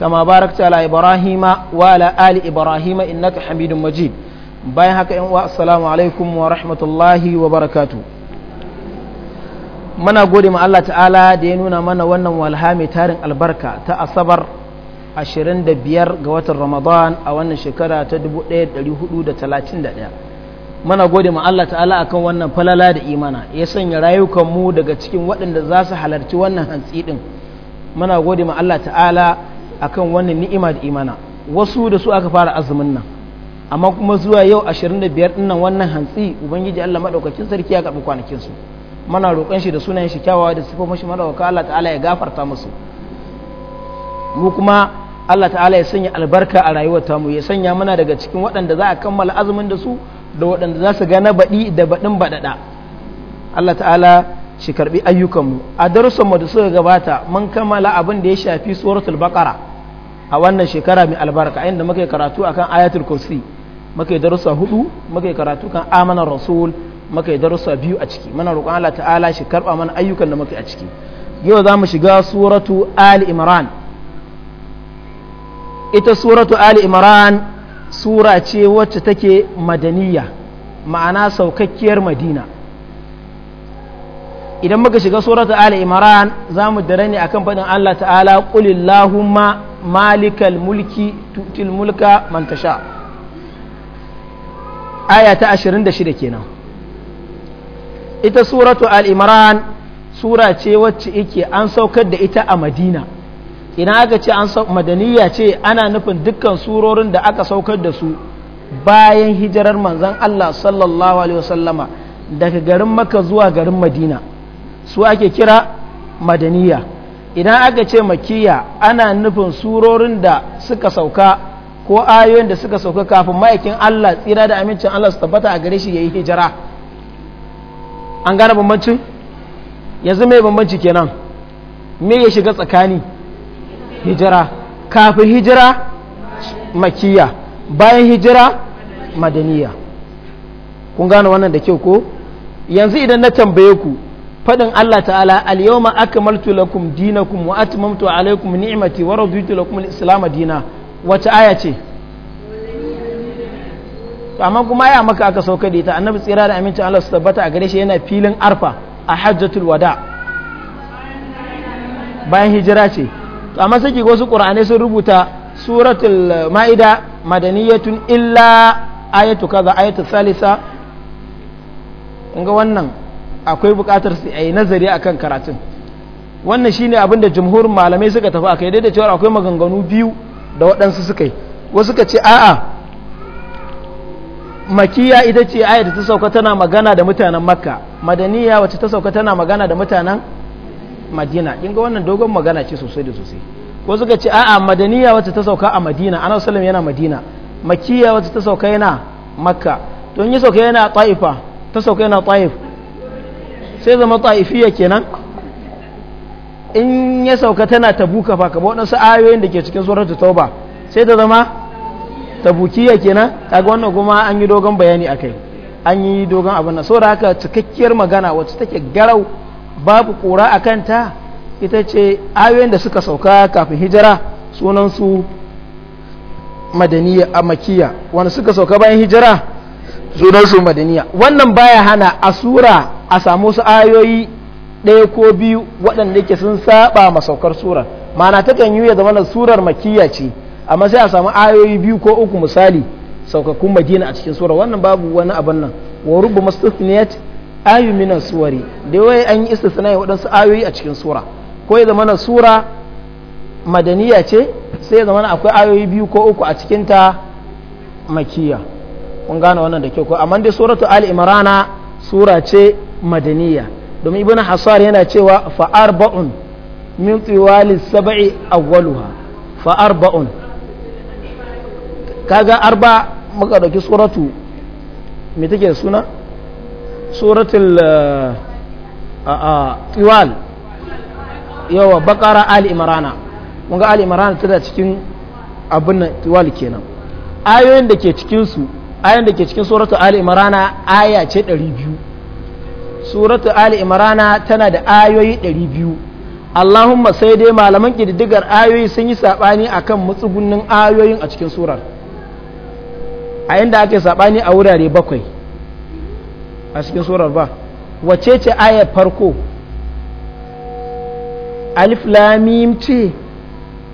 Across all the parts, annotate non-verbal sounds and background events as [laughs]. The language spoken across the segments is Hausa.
كما باركت على إبراهيم وعلى آل إبراهيم إنك حميد مجيد bayan haka yan uwa assalamu wa rahmatullahi wa barakatu muna gode ma Allah ta'ala da ya nuna mana wannan walha mai tarin albarka ta asabar 25 ga watan ramadan a wannan shekara ta 1431 muna gode ma Allah ta'ala akan wannan falala da imana ya sanya rayukanmu daga cikin waɗanda za su halarci wannan hantsi ɗin muna gode ma Allah ta'ala akan wannan ni'ima da imana wasu da su aka fara azumin nan amma kuma zuwa yau 25 dinnan wannan hantsi ubangiji Allah madaukakin sarki ya karɓi kwanakin su muna roƙon shi da sunayen shi kyawawa da sifofin shi madawaka Allah ta'ala ya gafarta musu mu kuma Allah ta'ala ya sanya albarka a rayuwar mu ya sanya muna daga cikin waɗanda za a kammala azumin da su da waɗanda za su gana baɗi da baɗin baɗaɗa Allah ta'ala shi karbi ayyukanmu a mu da suka gabata mun kammala abin da ya shafi suratul baqara a wannan shekara mai albarka inda muke karatu akan ayatul kursi muke darussa hudu muke karatu kan amana rasul muke darussa biyu a ciki muna roƙon Allah ta'ala shi karba mana ayyukan da muke a ciki yau za mu shiga suratu ali imran ita suratu ali imran sura ce wacce take madaniya ma'ana saukakkiyar madina idan muka shiga suratu ali imran za mu dare ne akan faɗin allah ta'ala ma malikal mulki tutil mulka man tasha aya ta 26 kenan ita suratu al imran sura ce wacce yake an saukar da ita a madina idan aka ce an madaniya ce ana nufin dukkan surorin da aka saukar da su bayan hijirar manzon allah sallallahu alaihi wasallama daga garin maka zuwa garin madina su ake kira madaniya idan aka ce makiya ana nufin surorin da suka sauka ko ayoyin da suka sauka kafin ma'aikin Allah tsira da amincin Allah su tabbata a gare shi ya yi hijira an gane bambancin yanzu mai bambanci kenan me ya shiga tsakani hijira kafin hijira makiya bayan hijira madaniya kun gane wannan da kyau ko yanzu idan na tambaye ku faɗin Allah ta'ala al-yawma akmaltu lakum dinakum wa atmamtu alaykum ni'mati wa raditu lakum islam dina wata aya ce to amma kuma ya maka aka sauka da ita annabi tsira da amincin Allah su tabbata a gare shi yana filin arfa a hajjatul wada bayan hijira ce to amma sai wasu qur'anai sun rubuta suratul ma'ida madaniyatun illa ayatu kaza ayatu thalitha ga wannan akwai bukatar su yi nazari a kan karatun wannan shi ne da jimhurin malamai suka tafi akai daidai cewar akwai maganganu biyu da waɗansu suka yi wasu ka ce a'a makiya ita ce aya da ta sauka tana magana da mutanen makka madaniya wacce ta sauka tana magana da mutanen madina in ga wannan dogon magana ce sosai da sosai wasu ka ce a'a madaniya wacce ta sauka a madina ana salam yana madina makiya wacce ta sauka yana makka to in ya sauka yana ta'ifa ta sauka yana ta'ifa sai zama ta'ifiyya kenan in ya sauka tana tabuka fa kaba waɗansu ayoyin da ke cikin suratu tauba sai ta zama tabukiya kenan kaga wannan kuma an yi dogon bayani akai an yi dogon abin nan saboda haka cikakkiyar magana wacce take garau babu kura a kanta ita ce ayoyin da suka sauka kafin hijira sunan madaniya a makiya wanda suka sauka bayan hijira sunan su madaniya wannan baya hana asura a samu su ayoyi ɗaya ko biyu waɗanda ke sun saba masaukar sura mana kan yi ya zama na surar makiyya ce amma sai a samu ayoyi biyu ko uku misali saukakkun madina a cikin sura wannan babu wani abin nan wa rubu mustasniyat ayu minan suwari da wai an yi istisna ya waɗansu ayoyi a cikin sura ko ya zama na sura madaniya ce sai ya zama na akwai ayoyi biyu ko uku a cikin ta makiyya kun gane wannan da kyau ko amma dai suratu al imrana sura ce madaniya domin ibn hasar yana cewa fa'ar ba'un min tiwali sab'i awwaluha fa'ar ba'un kaga arba muka dauki suratu me take suna suratul eh, a tiwal yawa bakara ali imrana mun ga ali imrana tana cikin abin nan tiwal kenan ayoyin da ke cikin su ayoyin da ke cikin suratul ali imrana aya ce 200 suratu ali imrana tana da ayoyi 200 allahumma sai dai malaman kididdigar ayoyi sun yi sabani akan matsugunnin ayoyin a cikin surar a inda ake sabani a wurare bakwai a cikin surar ba wace ce ayar farko alif lamim ce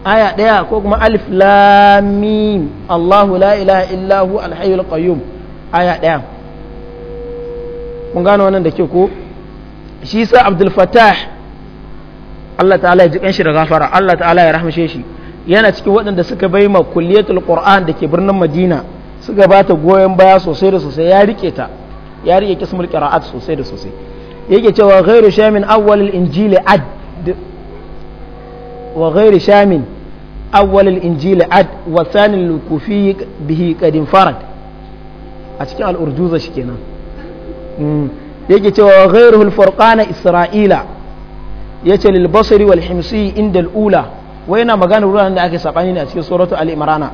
aya ɗaya ko kuma alif lamim Allahu la ilaha illahu alhayyul qayyum aya ɗaya mun gano wannan da ke ko shi sa abdul fatah Allah ta'ala ya ji kanshi da gafara Allah ta'ala ya rahmashe shi yana cikin waɗanda suka bai ma kulliyatul qur'an da ke birnin madina suka ba ta goyon baya sosai da sosai ya rike ta ya rike kismul qira'at sosai da sosai yake cewa ghairu shamin awwalil injili ad wa ghairu shamin awwalil injili ad wa thanil kufi bihi qad farad a cikin al-urjuza kenan Mm. yake cewa ghairuhul furqana isra'ila yace lil basri wal himsi inda al ula wa yana magana ruwan da ake sabani a cikin suratu al imrana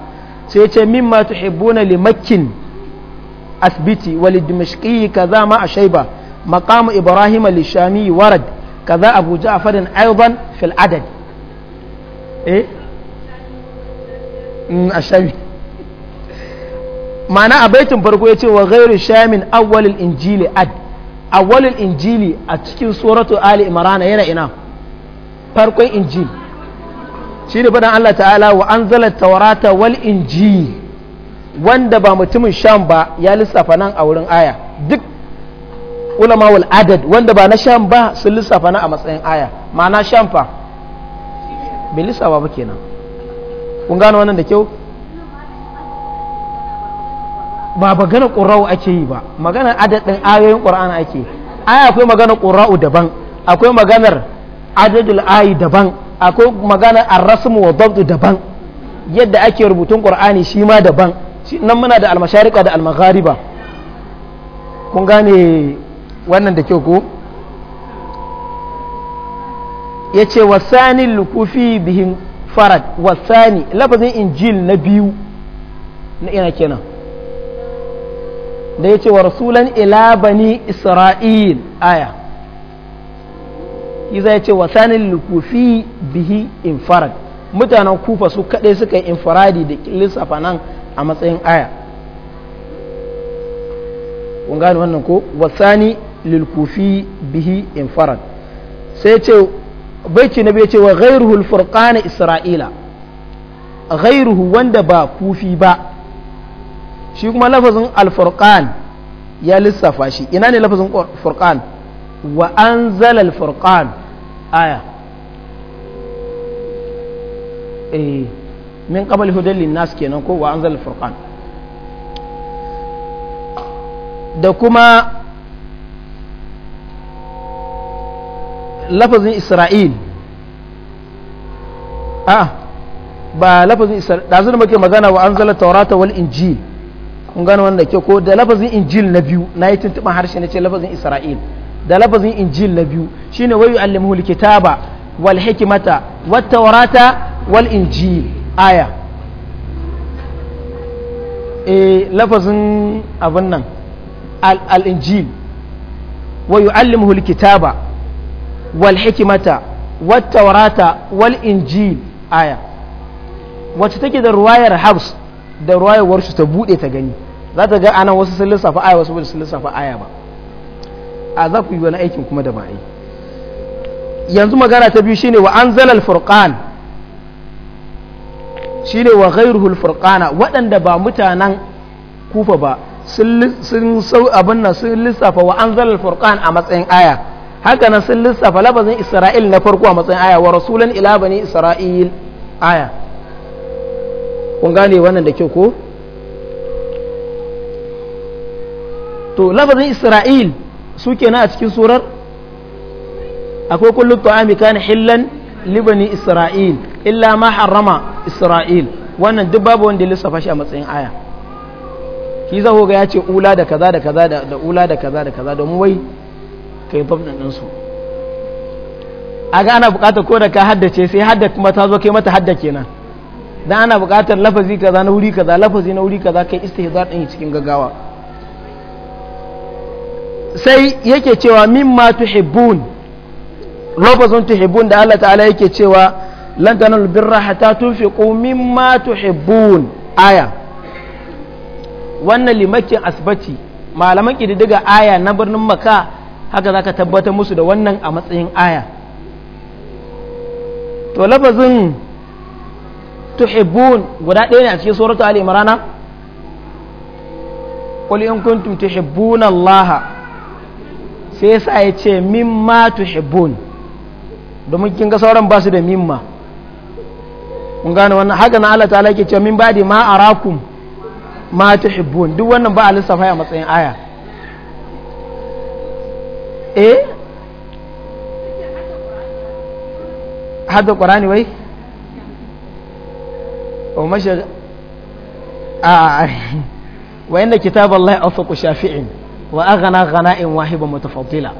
sai yace mimma tuhibbuna li makkin asbiti wa li dimashqi kaza ma ashayba maqam ibrahim al shami warad kaza abu ja'far aidan fil adad eh mm, ashami Ma'ana a baitin farko ya ce wa ghairu shamin awwalil injili ad awwalil injili a cikin suratu ali imrana yana ina farkon injil shi ne fadan Allah ta'ala wa anzala tawrata wal injili wanda ba mutumin sham ba ya lissafa nan a wurin aya duk ulama wal adad wanda ba na sham ba sun lissafa nan a matsayin aya ma'ana sham fa bai lissafa ba kenan kun gano wannan da kyau ba magana ƙura'u ake yi ba magana adadin ayoyin ƙura'an ake ai akwai magana ƙura'u daban akwai maganar adadul ayi daban akwai maganar arrasmu wa daban yadda ake rubutun ƙura'ani shi ma daban nan muna da almashariƙa da almaghariba kun gane wannan da kyau ko ya ce wasani lukufi bihin farad wasani lafazin injil na biyu na ina kenan da ya ce wa rasulan ila bani isra'il aya iza zai ce wa sanin lukufi bihi infarad mutanen kufa su kaɗai suka yi infaradi da lissafa nan a matsayin aya kun gane wannan ko wasani lilkufi bihi infarad sai ce baiti na bai ce wa ghairuhu alfurqana isra'ila ghairuhu wanda ba kufi ba shi kuma lafazin alfurqan ya lissafa shi ina ne lafazin furqan wa anzala alfurqan aya eh min qabl hudal linnas kenan ko wa anzala alfurqan da kuma lafazin isra'il a ah, ba lafazin isra'il da zai muke magana wa anzala taurata wal injil kun gano wanda ke ko da lafazin injil na biyu na yi tuntuɓin harshe na ce lafazin isra'il da lafazin injil na biyu shine wayu allimuhu likitaba wal hikimata wat tawrata wal injil aya eh lafazin abin nan al injil likitaba wal hikimata wat tawrata wal injil aya wacce take da ruwayar habs da ruwayar ta bude ta gani za ta ga ana wasu sun lissafa aya wasu sun lissafa aya ba a za ku yi wani aikin kuma da ma'ai yanzu magana ta biyu shine wa anzala al-furqan shine wa ghayruhu furkana furqana waɗanda ba mutanen kufa ba sun sau abin nan sun lissafa wa an al-furqan a matsayin aya haka nan sun lissafa labazin isra'il na farko a matsayin aya wa rasulun ila bani isra'il aya kun gane wannan da kyau ko to lafazin isra'il su kenan a cikin surar akwai kullum amika na hillan libani isra'il illa ma harama isra'il wannan duk babu wanda ya lissafa shi a matsayin aya ki za ga ya ce ula da kaza da kaza da ula da kaza da kaza domin wai kai bab din su a ga ana bukatar ko da ka haddace sai hadda kuma ta kai mata hadda kenan dan ana bukatar lafazi kaza na wuri kaza lafazi na wuri kaza kai istihzar din cikin gaggawa sai yake cewa min ma tuhibbun lafazin tuhibbun da Allah ta'ala yake cewa lan tanal birra hatta tunfiqu mimma tuhibbun aya wannan limakin asbati malaman kididdiga aya na birnin maka haka zaka tabbatar musu da wannan a matsayin aya to lafazin tuhibbun guda ɗaya ne a cikin suratul ali imrana qul in kuntum tuhibbuna allaha sai yasa ya ce mimma tuhibbun domin kin ga sauran ba su da mimma kun gane wannan haka na Allah ta'ala yake cewa min ba'di ma arakum ma tuhibbun duk wannan ba a lissafa a matsayin aya eh hada qur'ani wai o mashi a wa inna kitaballahi Allah asaqu shafi'in wa aghna ghana'in wahiba mutafaddila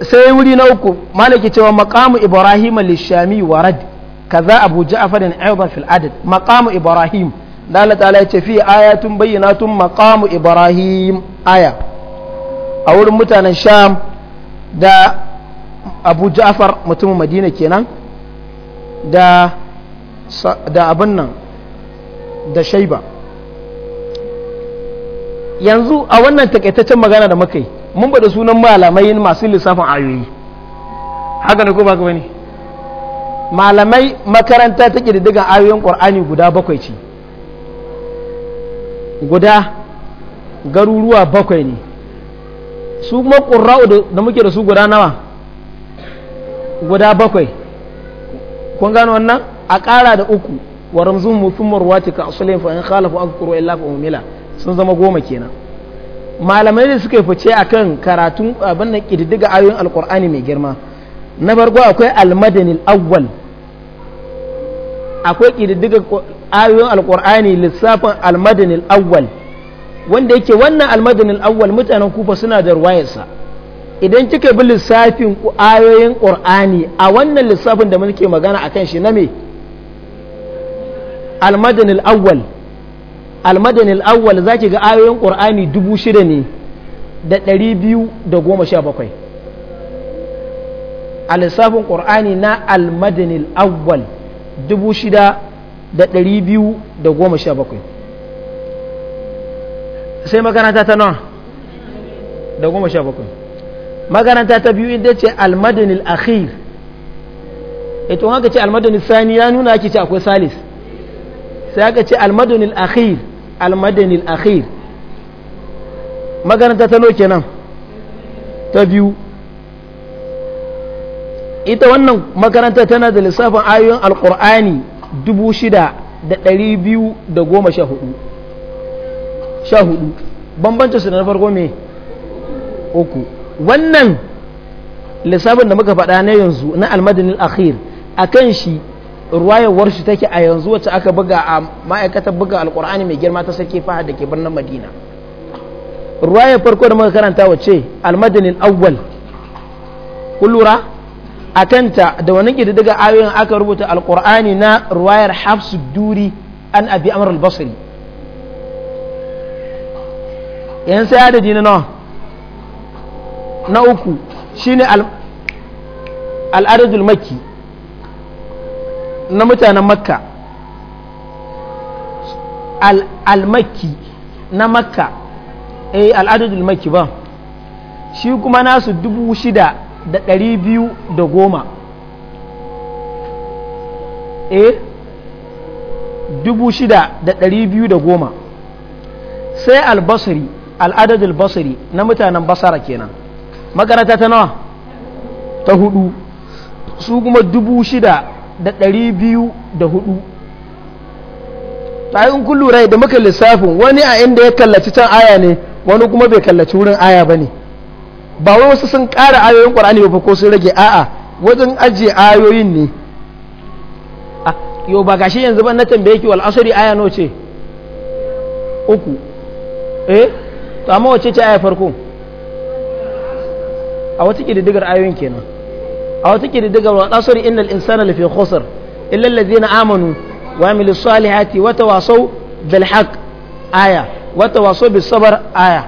sai wuri na uku malaki cewa maqamu ibrahim lishami warad kaza abu ja'far aidan fil adad maqamu ibrahim da Allah ta'ala ya ce fi ayatun bayyinatun maqamu ibrahim aya a wurin mutanen sham da abu ja'far mutumin madina kenan da da da shaiba yanzu a wannan takaitaccen magana da muka yi mun bada sunan malamai masu lissafin ayoyi haka ne ko ba ka bane malamai makaranta take da daga ayoyin qur'ani guda bakwai ce guda garuruwa bakwai ne su kuma ƙura'u da muke da su guda nawa guda bakwai kun gano wannan a ƙara da uku wa ramzun mutum marwati ka asulin fa'in khalafu aka illa illa umila sun zama goma kenan malamai da suka fice a kan karatun abin da ƙididdiga ayoyin alƙur'ani mai girma na farko akwai almadanil awwal akwai ƙididdiga ayoyin alƙur'ani lissafin almadanil awwal wanda yake wannan almadanil awwal mutanen kufa suna da ruwayarsa idan kika bi lissafin ayoyin ƙur'ani a wannan lissafin da muke magana akan shi na me almadanil awwal almadanil awwal za ki ga ayoyin ƙur'ani dubu shida ne da ɗari biyu da goma sha bakwai a lissafin ƙur'ani na almadanil awwal dubu shida da ɗari biyu da goma sha bakwai sai makaranta ta nawa da goma sha bakwai makaranta ta biyu inda ce almadanil akhir eh, ita haka ce almadanil sani ya nuna ake ce akwai salis sai aka ce almadanil akhir almadani al'akhir makaranta ta noke nan ta biyu ita wannan makaranta tana da lissafin ayoyin alkur'ani 6,214 bambancin su da na farko mai uku wannan lissafin da muka faɗa na yanzu na almadani akhir a kan shi ruwayar shi take a yanzu wacce aka buga a ma'aikatar buga alkur'ani mai girma ta sarki fahad da ke birnin madina ruwayar farko da muka karanta wacce almadinin awwal kullura a kanta da wani ƙididdiga ayoyin aka rubuta alkur'ani na ruwayar hafsu duri an abi amur al yan sai adadi na nawa na uku shine al'adadul adadul makki na mutanen makka al-makki na makka eh al'adadul makki ba shi kuma nasu dubu shida da ɗari biyu da goma eh dubu shida da ɗari biyu da goma sai albasari al'adadul basari na mutanen basara kenan makaranta ta nawa ta hudu su kuma dubu shida da ɗari biyu da hudu in kun lura da muka lissafin wani a inda ya kallaci can aya ne wani kuma bai kallaci wurin aya ba ne ba wai wasu sun ƙara ayoyin ƙwar'ani ba ko sun rage a'a wajen ajiye ayoyin ne A yau ba gashi yanzu ban na tambaye ki wal'asari aya no ce uku eh to amma wace ce aya farko a wata ƙididdigar ayoyin kenan a wata kididdigar wa qasr innal insana lafi khusr illa na amanu wa amilu salihati wa tawasaw aya wa tawasaw bis aya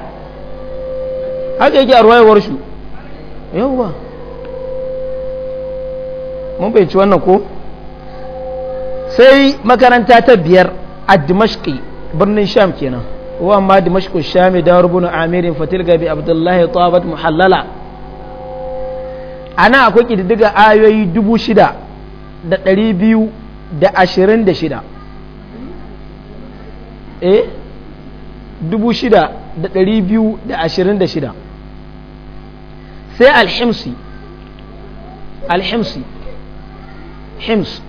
mun wannan ko sai makaranta ta biyar a dimashki birnin sham kenan wa amma dimashku shami da rubun amirin fatilga bi abdullahi tawabat muhallala a nan akwai ƙididdiga ayoyi dubu shida da ɗari biyu da ashirin da shida eh dubu shida da ɗari biyu da ashirin da shida sai alhimsi alhimsi hims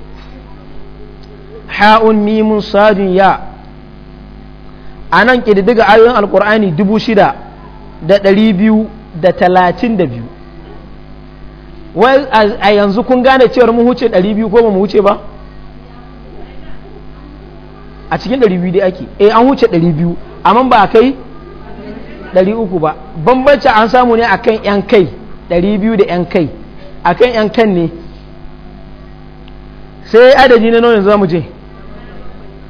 ha'un mimun sadin ya a nan ƙididdiga ayoyin alƙur'ani dubu shida da ɗari biyu da talatin da biyu a yanzu kun gane cewar mu huce 200 ko ba mu huce ba a cikin 200 dai ake eh an huce 200 amma ba a kai 300 ba bambanci an samu ne akan yan kai 200 da yan kai akan yan kan ne sai adadi na nauyin zamu je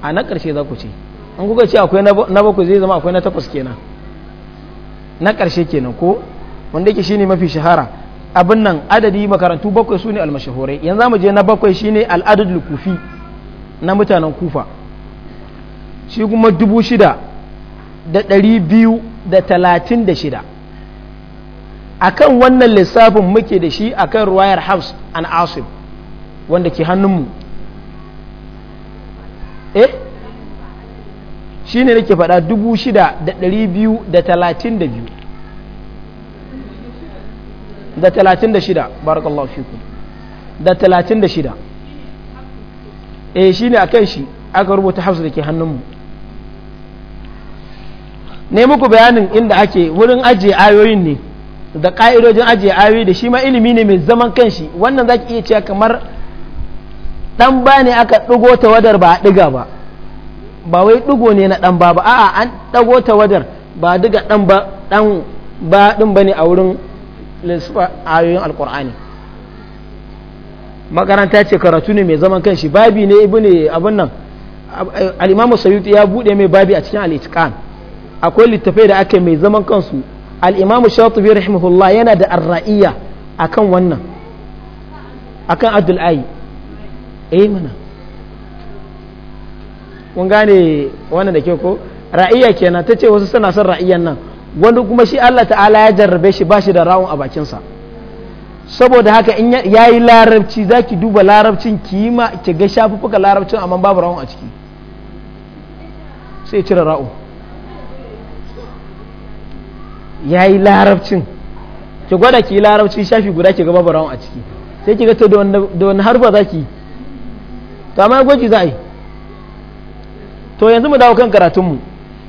a na karshe za ku ce an kuka ce akwai na bakwai zai zama akwai na takwas kenan na karshe kenan ko wanda yake shine mafi shahara abin nan adadi makarantu bakwai su ne almashahurai yanzu mu je na bakwai shi ne al'adadul kufi na mutanen kufa shi kuma dubu shida da ɗari biyu da talatin da shida a kan wannan lissafin muke da shi a kan ruwayar hafs an asib wanda ke hannunmu eh shi ne nake faɗa dubu shida da ɗari biyu da talatin da biyu da talatin da shida barakallahu fikum da talatin da shida e shi ne a kan shi aka rubuta hafsu da ke hannunmu ne muku bayanin inda ake wurin ajiye ayoyin ne da ƙa'idojin ajiye ayoyi da shi ma ilimi ne mai zaman kanshi wannan za ki iya cewa kamar ɗan ba ne aka ɗugo ta wadar ba a ɗiga ba ba wai ɗigo ne na ɗan ba ba a'a an ɗago ta wadar ba diga ɗan ba ɗan ba ɗin ba ne a wurin ayoyin alkur'ani makaranta ce karatu ne mai zaman kanshi babi ne ibn abin nan al sayuti ya bude mai babi a cikin al'itikan akwai littafai da ake mai zaman kansu al shatu biyar rahimahullah yana da arra'iya kan wannan a kan adul'ayi eh mana kun gane wannan da ke ko ra'iya kenan ta ce wasu suna son ra'iyan nan wani kuma shi Allah ta'ala ya jarrabe shi ba shi da rawun a bakinsa saboda haka in ya yi larabci za ki duba larabcin kima ki ga shafuffuka larabcin amma babu rawun a ciki sai cire ra'u'n ya yi larabcin ki gwada ki yi larabci shafi guda ki ga babu rawun a ciki sai ki ga ta da wani harba za ki to amma gwaji za a yi to yanzu mu dawo kan karatunmu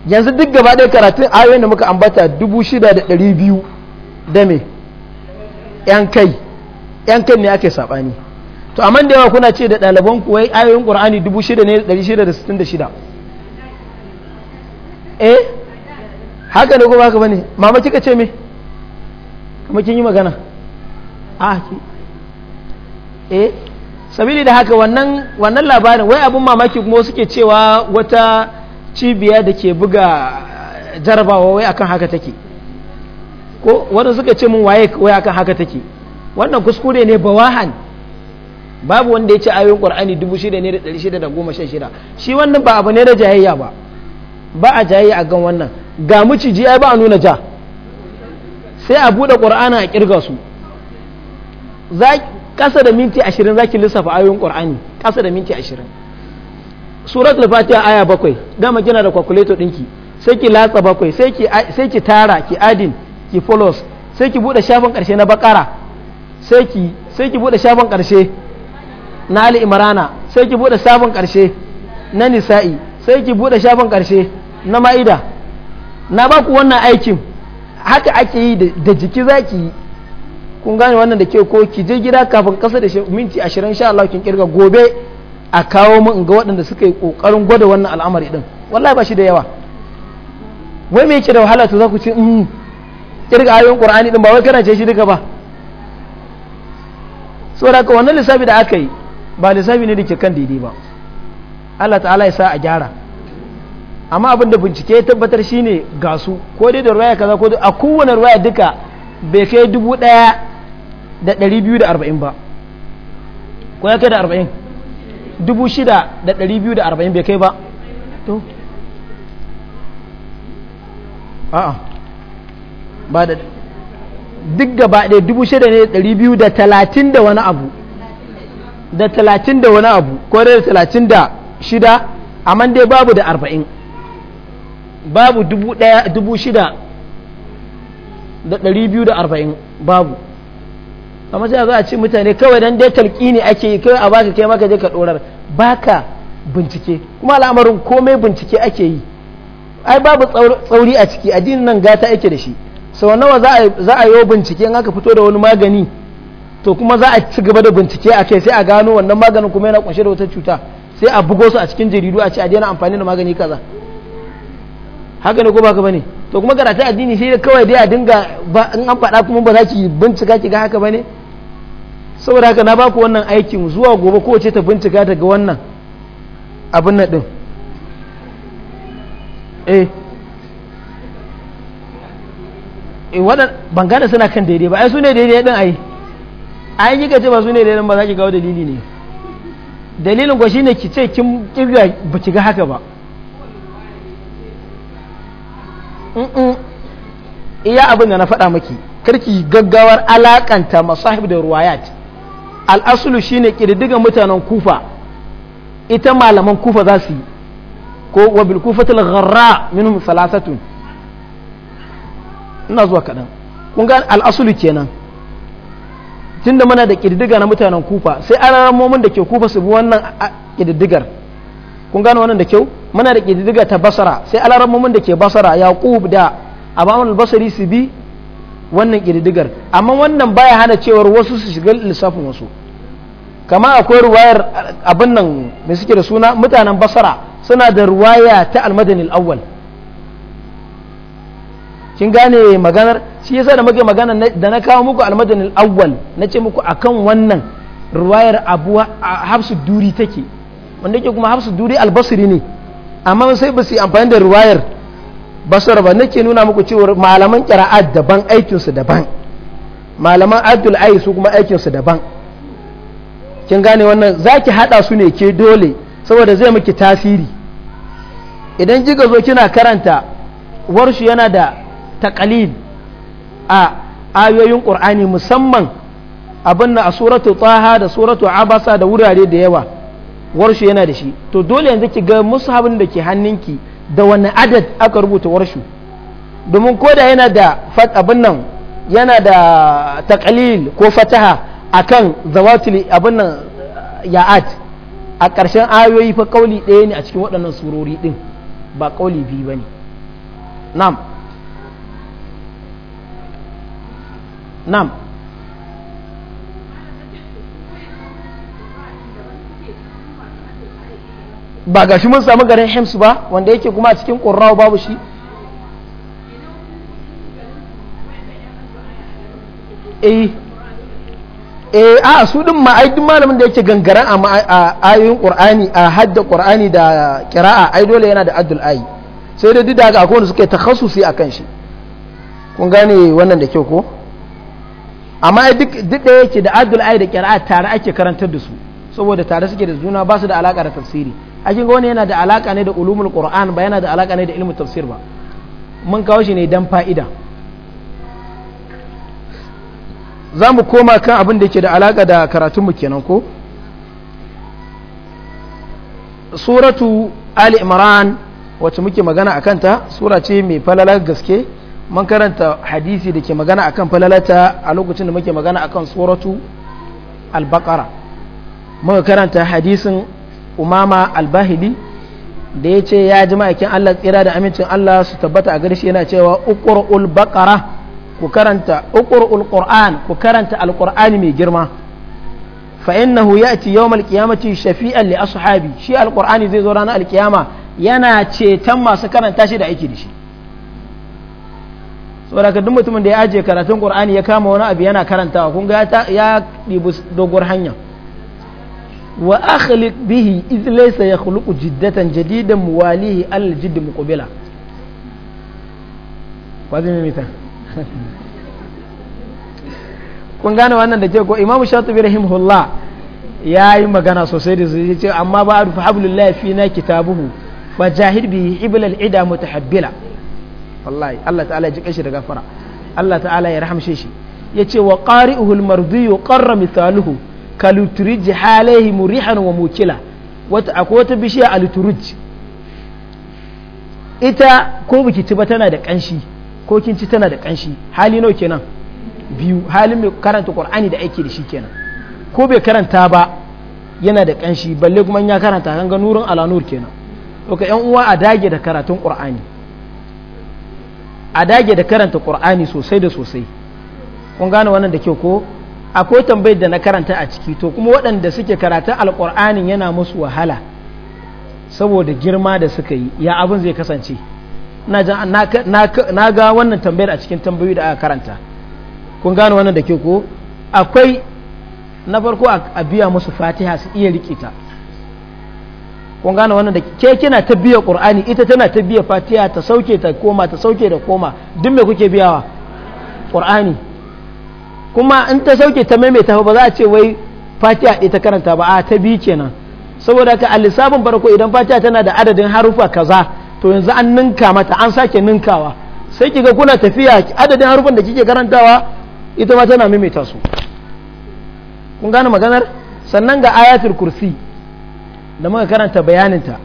yanzu duk gaba ɗaya karatun ayoyin da muka ambata dubu shida da ɗari biyu da me yan kai yan kai ne ake saɓani to amma da yawa kuna ce da ɗaliban kuwa wai ayoyin ƙur'ani dubu shida ne ɗari shida da sittin da shida eh haka ne kuma haka bane mama kika ce me kuma kin yi magana a ah, ki eh sabili da haka wannan wannan labarin wai abun mamaki kuma suke cewa wata cibiya da ke buga jarabawa wai akan haka take ko wani suka ce mun waye wai akan haka take wannan kuskure ne bawahan babu wanda ya ce ayoyin qur'ani 6616 shi wannan ba abu ne da jayayya ba ba a jayayya a gan wannan ga miciji ai ba a nuna ja sai a bude qur'ana a kirga su za kasa da minti 20 zaki lissafa ayoyin qur'ani kasa da minti 20 suratul fatiha aya bakwai dama kina da calculator dinki sai ki latsa bakwai sai ki tara ki adin ki follows sai ki bude shafin karshe na bakara sai ki sai ki bude shafin karshe na ali imrana sai ki bude shafin karshe na nisa'i sai ki bude shafin karshe na ma'ida na ba wannan aikin haka ake yi da jiki zaki yi kun gane wannan da ke ko ki je gida kafin kasa da minti ashirin sha Allah kin kirga gobe a kawo mu in ga waɗanda suka yi ƙoƙarin gwada wannan al'amari ɗin wallahi ba shi da yawa wai me yake da wahala to za ku ci in mm, kirga ayoyin qur'ani ɗin ba wai kana ce shi duka ba saboda ka wannan lissafi da aka yi ba lissafi ne da ke kan daidai ba Allah ta'ala ya sa a gyara amma abin da bincike ya tabbatar shine ga su ko dai da ruwaya kaza ko dai a kowane ruwaya duka bai kai dubu ɗaya da ɗari biyu da arba'in ba ko ya kai da arba'in dubu shida da ɗari biyu da arba'in bai kai ba to ba da duk gaba dubu shida ne ɗari biyu da talatin da wani abu da talatin da wani abu ko da talatin da shida amma dai babu da arba'in babu dubu ɗaya dubu shida da ɗari biyu da arba'in babu amma sai za a ce mutane kawai dan dai ne ake yi kawai a baka kai maka je ka dorar baka bincike kuma al'amarin komai bincike ake yi ai babu tsauri a ciki addinin nan gata yake da shi sau nawa za a yi bincike in aka fito da wani magani to kuma za a ci gaba da bincike a kai sai a gano wannan maganin kuma yana kunshe da wata cuta sai a bugo su a cikin jaridu a ce a daina amfani da magani kaza haka ne ko baka bane to kuma karatu addini sai kawai dai a dinga in an faɗa kuma ba za ki bincika ki ga haka bane saboda haka na baku wannan aikin zuwa gobe kowace ta bincika daga wannan abin na ɗin eh waɗanda eh, waɗan ban gane suna kan daidai ba ai su ne daidai ɗin ai ai yi ce ba su ne daidai ba za ki gawo dalili ne dalilin kwa shi ne ki ce kin kirga ba ki ga haka ba iya abin da na faɗa maki karki gaggawar alakanta masahib da ruwayat al'asulu shine ƙididdiga mutanen kufa ita malaman kufa za su yi ko wa bil kufatil gharra minhum salasatun ina zuwa kaɗan kun ga al'asulu kenan da muna da ƙididdiga na mutanen kufa sai alamomin da ke kufa su bi wannan ƙididdigar kun gane wannan da kyau mana da ƙididdiga ta basara sai alamomin da ke basara ya ƙub da abamun basari su bi wannan ƙididdigar amma wannan baya hana cewar wasu su shiga lissafin wasu kama akwai ruwayar abin nan mai suke da suna mutanen basara suna da ruwaya ta almadani awwal kin gane maganar shi yasa da muke magana da na kawo muku almadani awwal na ce muku akan wannan ruwayar a hafsu duri take wanda ke kuma hafsu duri albasiri ne amma sai ba su amfani da ruwayar basar ba nake nuna muku cewar malaman kira'a daban aikinsu daban malaman abdul ayi su kuma aikinsu daban kin gane wannan zaki hada su ne ke dole saboda zai miki tasiri idan kika zo kina karanta warshi yana da taqalil a ayoyin qur'ani musamman abin na a suratu taha da suratu abasa da wurare da yawa warshi yana da shi to dole yanzu ki ga mushabin da ke hannunki da wani adad aka rubuta warshu domin koda yana da abin nan yana da takalil ko fataha a kan zawatul abin nan ya'at a ƙarshen ayoyi fa kauli ɗaya ne a cikin waɗannan surori ɗin ba kauli biyu ba ne nam ba ga shi mun samu garin hims ba wanda yake kuma a cikin ƙorawa babu shi eh, eh a su ɗin ma duk malamin da yake gangaren a ayoyin qur'ani a hadda qur'ani da kira'a ai dole yana da adul ayi sai da duka ga akwai suke a kan shi kun gane wannan da kyau ko amma duk da yake da adul ayi da kira'a tare ake karantar da su saboda tare suke da juna ba su da alaka da tafsiri a kin wani yana da alaka ne da ulumul qur'an ba yana da alaka ne da ilmu tafsir ba mun kawo shi ne dan fa'ida za mu koma kan abin da ke da alaka da karatun mu kenan ko suratu ali imran wacce muke magana a kanta sura ce mai falalar gaske man karanta hadisi da ke magana akan falalata a lokacin da muke magana akan suratu al-baqara muka karanta hadisin umama albahidi da ya ce ya ji ma'aikin Allah tsira da amincin Allah su tabbata a garshi yana cewa uqra'ul baqara ku karanta uqra'ul qur'an ku karanta alqur'ani mai girma fa innahu ya'ti yawmal qiyamati shafi'an li ashabi shi alqur'ani zai zo ranar alkiyama yana ceton masu karanta shi da aiki da shi saboda duk mutumin da ya ajiye karatun qur'ani ya kama wani abu yana karantawa kun ga ya ɗibi doguwar hanya wa akhliq bihi iz laysa yakhluqu jiddatan jadidan muwalihi al jidd muqbila kwazi mai mita [laughs] kun gane wannan da ke ko imamu shatibi rahimahullah ya yi magana sosai da zai ce amma ba arfa hablullahi fi na kitabuhu fa jahid bihi iblal ida mutahabbila wallahi Allah ta'ala ya ji kashi da gafara Allah ta'ala ya rahamshe shi yace wa qari'uhu al-mardiyu qarra mithaluhu ka luturij halaihi murihan wa mukila wata akwai wata bishiya a luturij ita ko biki ci ba tana da kanshi ko kin ci tana da kanshi hali nawa kenan biyu halin mai karanta qur'ani da aiki da shi kenan ko bai karanta ba yana da kanshi balle kuma ya karanta kan ga nurin ala nur kenan ok yan uwa a dage da karatun qur'ani a dage da karanta qur'ani sosai da sosai kun gane wannan da kyau ko akwai tambayar da na karanta a ciki to kuma waɗanda suke karatun alƙur'anin yana musu wahala saboda girma da suka yi ya abin zai kasance na ga wannan tambayar a cikin tambayoyi da aka karanta kun gano wannan da ke ko akwai na farko a biya musu fatiha su iya rikita kun gano wannan da ke kina ta biya ƙur'ani ita tana ta biya fatiha ta sauke ta koma ta sauke da koma duk mai kuke biyawa ƙur'ani kuma in ta sauke ta maimaita ba za a ce wai fatiha ɗaya ta karanta ba a ta bi kenan saboda ka a lissafin farko idan fatiha tana da adadin harufa kaza to yanzu an ninka mata an sake ninkawa sai kiga kuna tafiya adadin harufan da kike karantawa ita ma tana maimaita su kun gane maganar sannan ga ayatul kursi da muka karanta bayaninta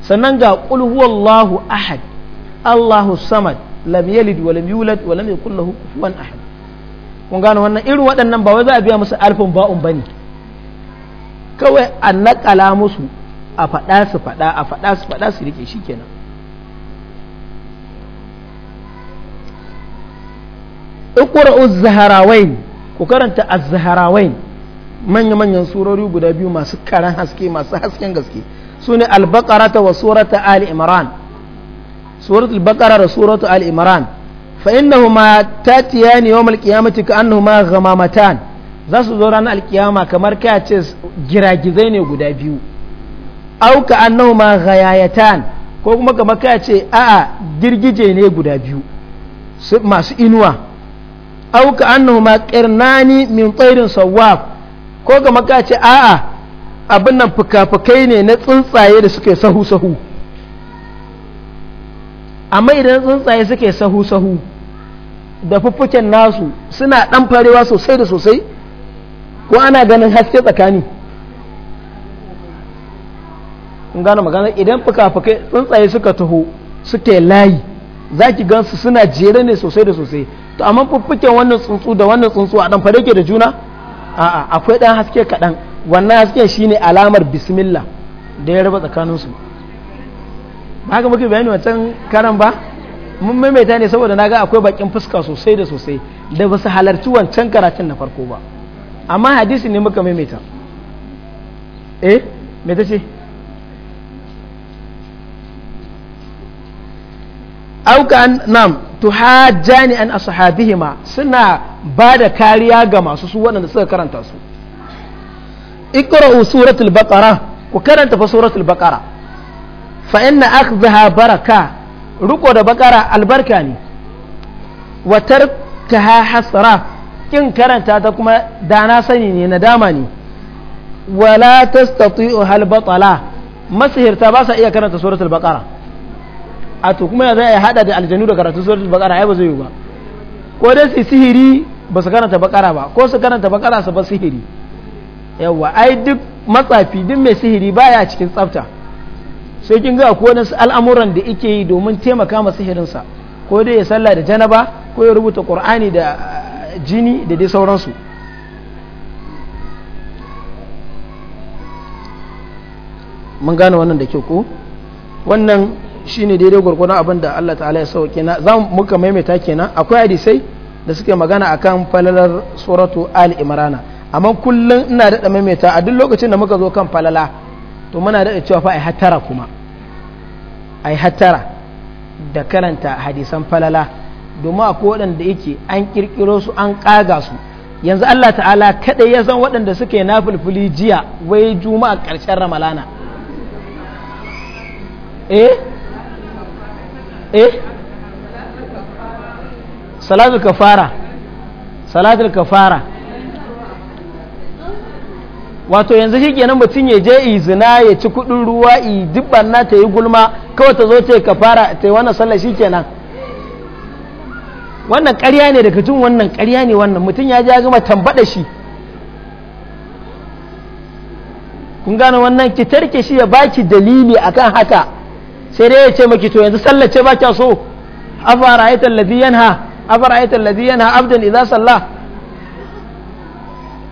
sannan ga qul huwallahu ahad allahu samad lam yalid wa lam yulad wa lam yakul lahu kufuwan ahad kun gano wannan irin waɗannan ba wai za a biya musu alfin ba'un ba ne kawai a naƙala musu a faɗa su faɗa a faɗa su faɗa su rike shi kenan iqra'u zaharawain ku karanta az-zaharawain manya-manyan surori guda biyu masu karan haske masu hasken gaske su ne al-baqara wa surata al'imran. imran suratul baqara da suratul ali imran fa innahuma tatiyani yawmal qiyamati ka annahuma ghamamatan za su zo ranar alkiyama kamar ka ce giragizai ne guda biyu au ka annahuma ghayayatan ko kuma kamar ka ce a'a girgije ne guda biyu masu inuwa au ka annahuma qirnani min tayrin sawwab ko kamar ka ce a'a abin nan fuka-fukai ne na tsuntsaye da suke sahu-sahu amma idan tsuntsaye suke sahu-sahu da fuffuken nasu suna ɗan farewa sosai da sosai ko ana ganin haske tsakani in gane magana idan fuka-fukai tsuntsaye suka taho suke layi za ki gansu suna jere ne sosai da sosai to amma fuffuken wannan tsuntsu da wannan tsuntsu a ɗan fare ke da juna a'a akwai ɗan haske kaɗan wannan hasken shine alamar bismillah da ya raba tsakaninsu ba haka muke bayani wancan karan ba mun maimaita ne saboda na ga akwai bakin fuska sosai da sosai da ba su halarci wancan karatun na farko ba amma hadisi ne muka maimaita eh me ta ce aukan nam hajjani an ashabihima suna ba da kariya ga masu su waɗanda suka karanta su iqra'u suratul baqara ku karanta fa suratul baqara fa inna akhdaha baraka riko da bakara albarka ne watar ka hasara kin karanta ta kuma dana sani ne nadama ne wala tastati'u hal batala masihirta ba sa iya karanta suratul baqara a to kuma ya zai hada da aljanu da karatu suratul baqara ai ba zai yi ba ko dai su sihiri ba su karanta bakara ba ko su karanta bakara su ba sihiri yawa ai duk matsafi duk mai sihiri baya cikin tsafta sai kin ga akwai wani al'amuran da yake yi domin taimaka ma sa ko dai ya sallah da janaba ko ya rubuta qur'ani da eh, jini da dai sauransu mun gane wannan da kyau ko wannan shine daidai gwargwadon abin da Allah ta'ala ya sauke na za muka maimaita kenan akwai hadisai da suke magana akan falalar suratu al imrana amma kullum ina daɗa maimaita a duk lokacin da muka zo kan falala to muna daɗa cewa fa a hattara kuma a hattara da karanta hadisan falala domin a waɗanda yake an ƙirƙiro su an ƙaga su yanzu Allah ta'ala kaɗai ya san waɗanda suke na fulfuli jiya wai juma'a ƙarshen ramalana eh eh salatul kafara salatul kafara wato yanzu shi kenan mutum ya je izina ya ci kuɗin ruwa i dubban na ta yi gulma kawai ta zo ta ka fara ta wannan sallar sallah shikenan wannan ƙarya ne daga tun wannan ƙarya ne wannan mutum ya ji ya gama tambaɗa shi kun gano wannan ki tarke shi ya baki dalili akan haka sai dai ya ce maki to yanzu sallar ce baki so afara ayatul ladhi yanha afara ayatul ladhi yanha abdan idza salla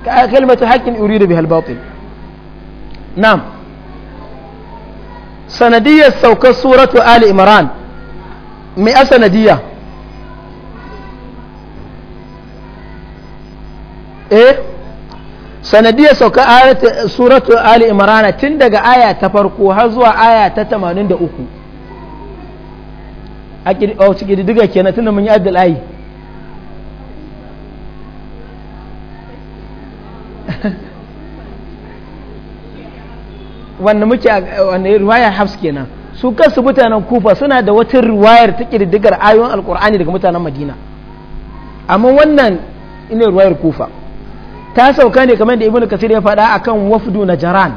ka kalmatu haqqin uridu bihal batil na'am sanadiyar saukar suratu ali imran mai a eh sanadiyar saukar suratu ali imran tun daga aya ta farko har zuwa aya ta 83 a cikin diga kenan tun da mun yi wanda muke wanda ruwayar Hafs kenan su kansu mutanen Kufa suna da wata ruwayar ta kididdigar ayoyin Alkur'ani daga mutanen Madina amma wannan ina ruwayar Kufa ta sauka ne kamar da Ibn kasir ya faɗa akan wafdu Najran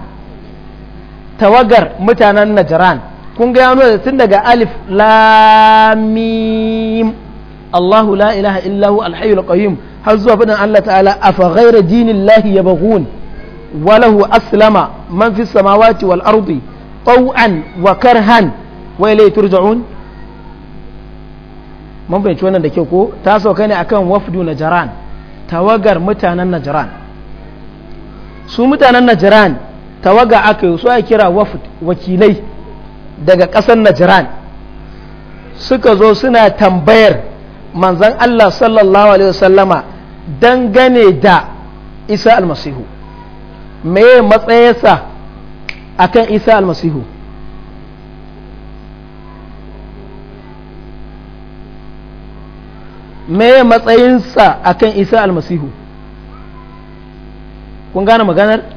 tawagar mutanen Najran kun ga yano tun daga alif lam mim Allahu la ilaha illahu hu har zuwa fadin Allah ta'ala afa ghayra dinillahi yabghun وله أسلم من في السماوات والأرض طوعا وكرها وإليه ترجعون mun fahimci wannan da kyau ko ta sauka ne akan wafdu najran tawagar mutanen najran su mutanen najran tawaga aka yi su a kira wafd wakilai daga ƙasar najran suka zo suna tambayar manzan Allah sallallahu alaihi wasallama dangane da Isa almasihu me matsayinsa akan isa almasihu me matsayinsa kan isa almasihu kun gane maganar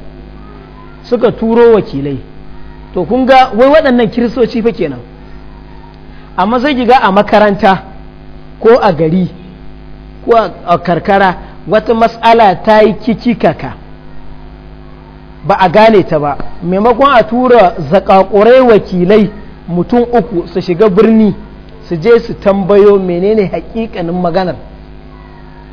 suka turo wakilai to kun ga wai waɗannan kiristoci fa kenan amma sai ki ga a makaranta ko a gari ko a karkara wata matsala ta yi kikikaka ba a gane ta ba maimakon a tura zakakurai wakilai mutum uku su shiga birni su je su tambayo menene hakikanin maganar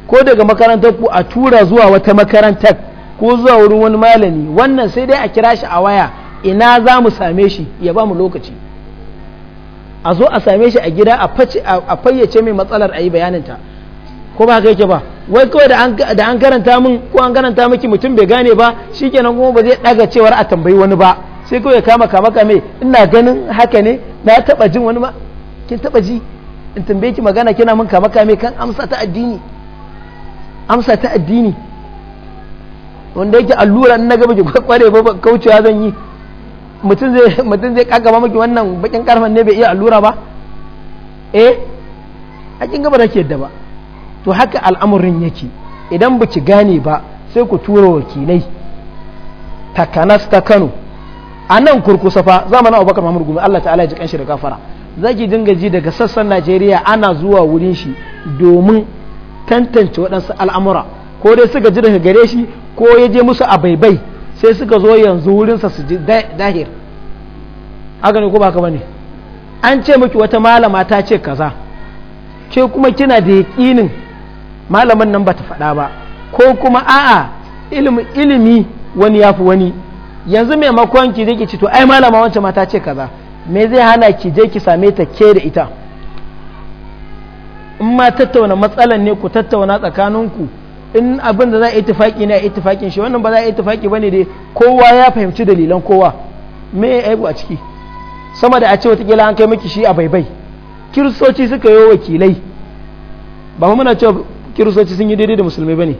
ko daga makarantar ku a tura zuwa wata makarantar ko zuwa wurin wani malami wannan sai dai a kira shi a waya ina za mu same shi ya ba mu lokaci a zo a same shi a gida a fayyace mai matsalar a yi bayaninta ko ba haka yake ba wai kawai da an karanta min ko an karanta miki mutum bai gane ba shikenan kuma ba zai daga cewar a tambayi wani ba sai kawai kama kama kame ina ganin haka ne na taba jin wani ma kin taba ji in tambaye ki magana kina min kama kame kan amsa ta addini amsa ta addini wanda yake allura na gaba ki kware ba kaucewa zan yi mutum zai mutum zai kakaba miki wannan bakin karfan ne bai iya allura ba eh a kin gaba ke yadda ba to haka al'amurin yake idan ba ki gane ba sai ku tura wakilai takanas ta kano a nan kurkusa fa zamanin abubakar mamur gumi allah ta'ala ya ji kanshi da kafara za ki dinga ji daga sassan najeriya ana zuwa wurin shi domin tantance waɗansu al'amura ko dai suka ji daga gare shi ko ya je musu a baibai sai suka zo yanzu wurinsa su ji dahir haka ne ko baka bane an ce miki wata malama ta ce kaza ke kuma kina da yaƙinin malaman nan ba ta faɗa ba ko kuma a'a ilimi wani ya fi wani yanzu mai makon ki ki ci to ai malama wancan mata ce kaza me zai hana ki je ki same ta ke da ita in ma tattauna matsalan ne ku tattauna tsakaninku in abin da za a tufaƙi ne a tufaƙin shi wannan ba za a tufaƙi ba ne dai kowa ya fahimci dalilan kowa me ya a ciki sama da a ce watakila an kai miki shi a baibai kiristoci suka yi wakilai ba muna cewa kiristoci sun yi daidai da ba bane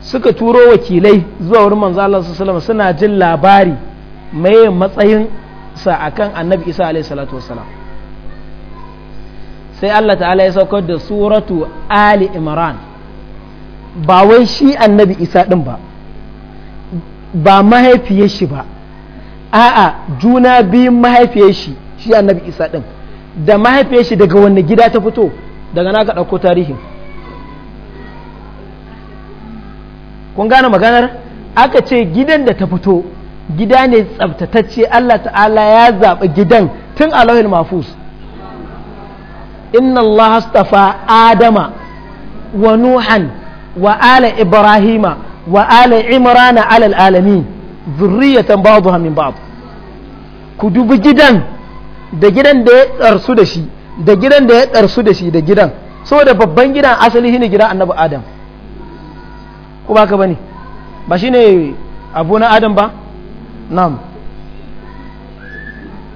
suka turo wakilai zuwa wurin manzo Allah sallallahu suna jin labari mai matsayin sa akan annabi Isa alaihi salatu wassalam sai Allah ta'ala ya saukar da suratu Ali Imran ba wai shi annabi Isa din ba ba mahaifiyar shi ba a'a juna biyun mahaifiyar shi shi annabi Isa din da mahaifiyar shi daga wani gida ta fito daga naka ɗauko tarihi. kun gane maganar aka ce gidan da ta fito gida ne tsabtatacce Allah ta'ala ya zaɓi gidan tun a lauhin mafus inna Allah astafa adama wa nuhan wa ala ibrahima wa ala imrana alal alamin zurriyatan ba'dha min ba'd ku dubi gidan da gidan da ya tsarsu da shi da gidan da ya ƙarsu da shi da gidan saboda babban gidan asali shine gidan annabi adam ko ba ka bane ba shi ne abu na adam ba nam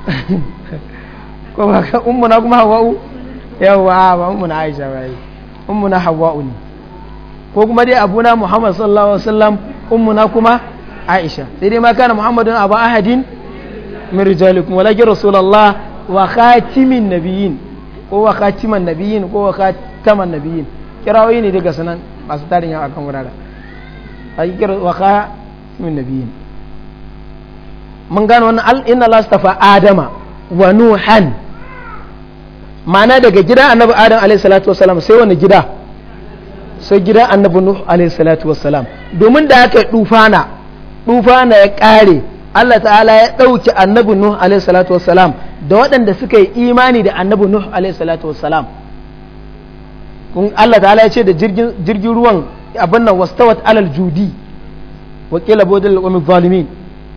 [laughs] ko ba ka ummu na kuma hawa'u yawa ba umu na aisha ba yi umu na hawa'u ne ko kuma dai abu na muhammad sallallahu alaihi wasallam umu na kuma aisha sai dai ma kana muhammadun abu ahadin min rijalikum walakin rasulullah wa khatimin nabiyyin ko wa khatiman nabiyyin ko wa khataman nabiyyin kirawoyi ne daga sanan masu tarin yawa kan wurare hakikar waka min nabiyin mun gano wannan al inna Allah stafa adama wa nuhan ma'ana daga gida annabi adam alayhi salatu salam sai wani gida sai gida annabi nuh alayhi salatu salam domin da aka dufana dufana ya kare Allah ta'ala ya ɗauki annabi nuh alayhi salatu salam da waɗanda suka yi imani da annabi nuh alayhi salatu salam kun Allah ta'ala ya ce da jirgin ruwan abin nan wastawat alal judi wa qila budul qawmi zalimin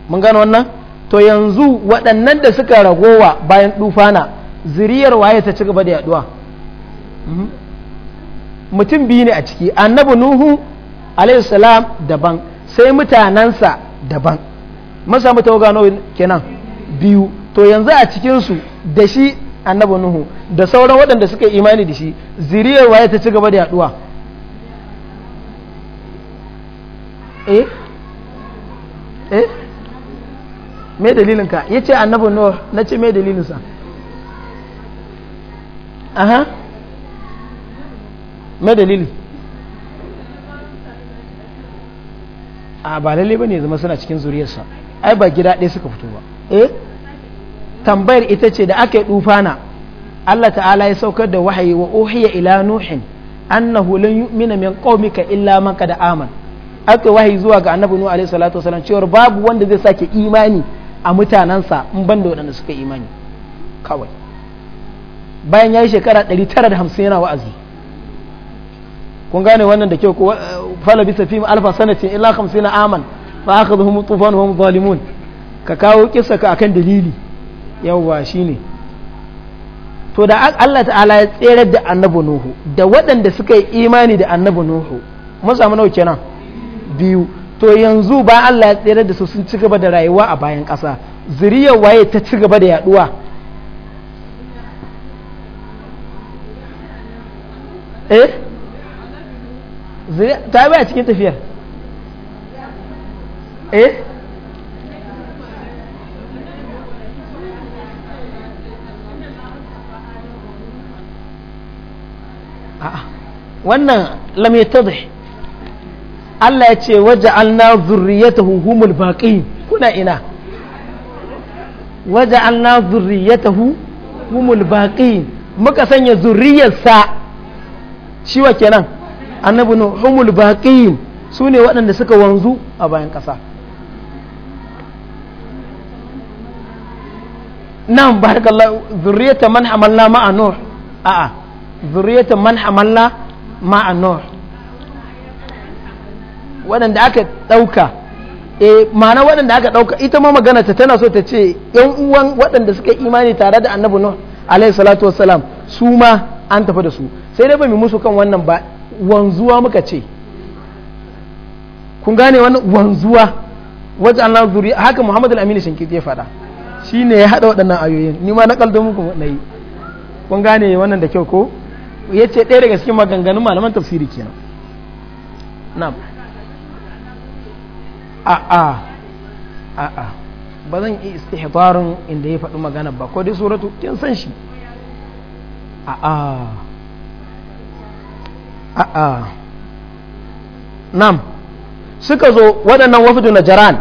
mun gano wannan to yanzu waɗannan da suka ragowa bayan dufana zuriyar waye ta ci gaba da yaduwa mhm. mutum biyu ne a ciki annabi nuhu alaihi salam daban sai mutanansa daban masa samu gano kenan biyu to yanzu a cikinsu da shi annabi nuhu da sauran waɗanda suka imani da shi zuriyar waye ta ci gaba da yaduwa eh eh me dalilin ka yace annabi nuh ce me dalilin sa aha me dalili a ba lalle bane zama suna cikin zuriyarsa ai ba gida ɗaya suka fito ba eh tambayar ita ce da aka yi dufana Allah ta'ala ya saukar da wahayi wa uhiya ila nuhin annahu lan yu'mina min qaumika illa man qad amana aka wahayi zuwa ga annabi nuhu alaihi salatu wasallam cewa babu wanda zai sake imani a mutanansa in ban da waɗanda suka imani kawai bayan ya yi shekara 950 yana wa'azi kun gane wannan da kyau ko eh, fala bisa fim alfa sanatin illa 50 aman fa akhadhuhum tufan wa hum zalimun ka kawo kissa ka akan dalili yawwa shine to da Allah ta'ala ya tsere da annabi nuhu da waɗanda suka yi imani da annabi nuhu mun samu nawa kenan biyu to yanzu ba Allah ya tsere da su sun ci gaba da rayuwa a bayan ƙasa zuriyar waye ta ci gaba da yaduwa eh ta bai cikin tafiyar eh wannan lam yatadhi Allah ya ce waje alna zurriyatahu humul baƙi kuna ina waje alna zurriyatahu humul baƙi muka sanya zurriyarsa ciwa wa kenan annabi nu humul baƙi su ne waɗanda suka wanzu a bayan ƙasa nan barakallahu zurriyata man hamalla ma'a nuh a'a zurriyata man hamalla ma'a waɗanda aka ɗauka e ma'ana waɗanda aka ɗauka ita ma magana ta tana so ta ce yan uwan waɗanda suka imani tare da annabi nuh alaihi salatu wassalam su ma an tafi da su sai dai ba mu musu kan wannan ba wanzuwa muka ce kun gane wannan wanzuwa wajen Allah zuri haka Muhammad al-Amin Shinkiti ya faɗa shine ya haɗa waɗannan ayoyin ni ma na kaldo muku na yi kun gane wannan da kyau ko yace ɗaya daga cikin maganganun malaman tafsiri kenan na'am a'a a'a ba zan yi istihbarin inda ya faɗi magana ba ko dai suratu kin san shi a'a a'a nam suka zo waɗannan wafidu na jaran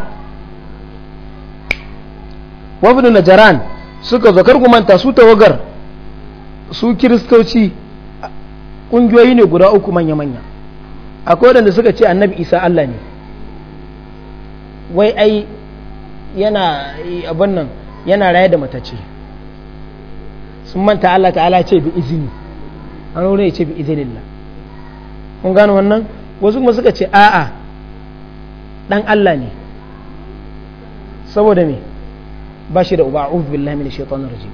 wafidu na jaran suka zo kar manta su tawagar su kiristoci ƙungiyoyi ne guda uku manya-manya akwai waɗanda suka ce annabi isa Allah ne wai ai yana abin nan yana raye da matace sun manta Allah ta'ala ce bi izini an wurin ce bi izinillah kun gano wannan wasu kuma suka ce a'a dan Allah ne saboda me ba shi da uba a'udhu billahi minash shaitanir rajim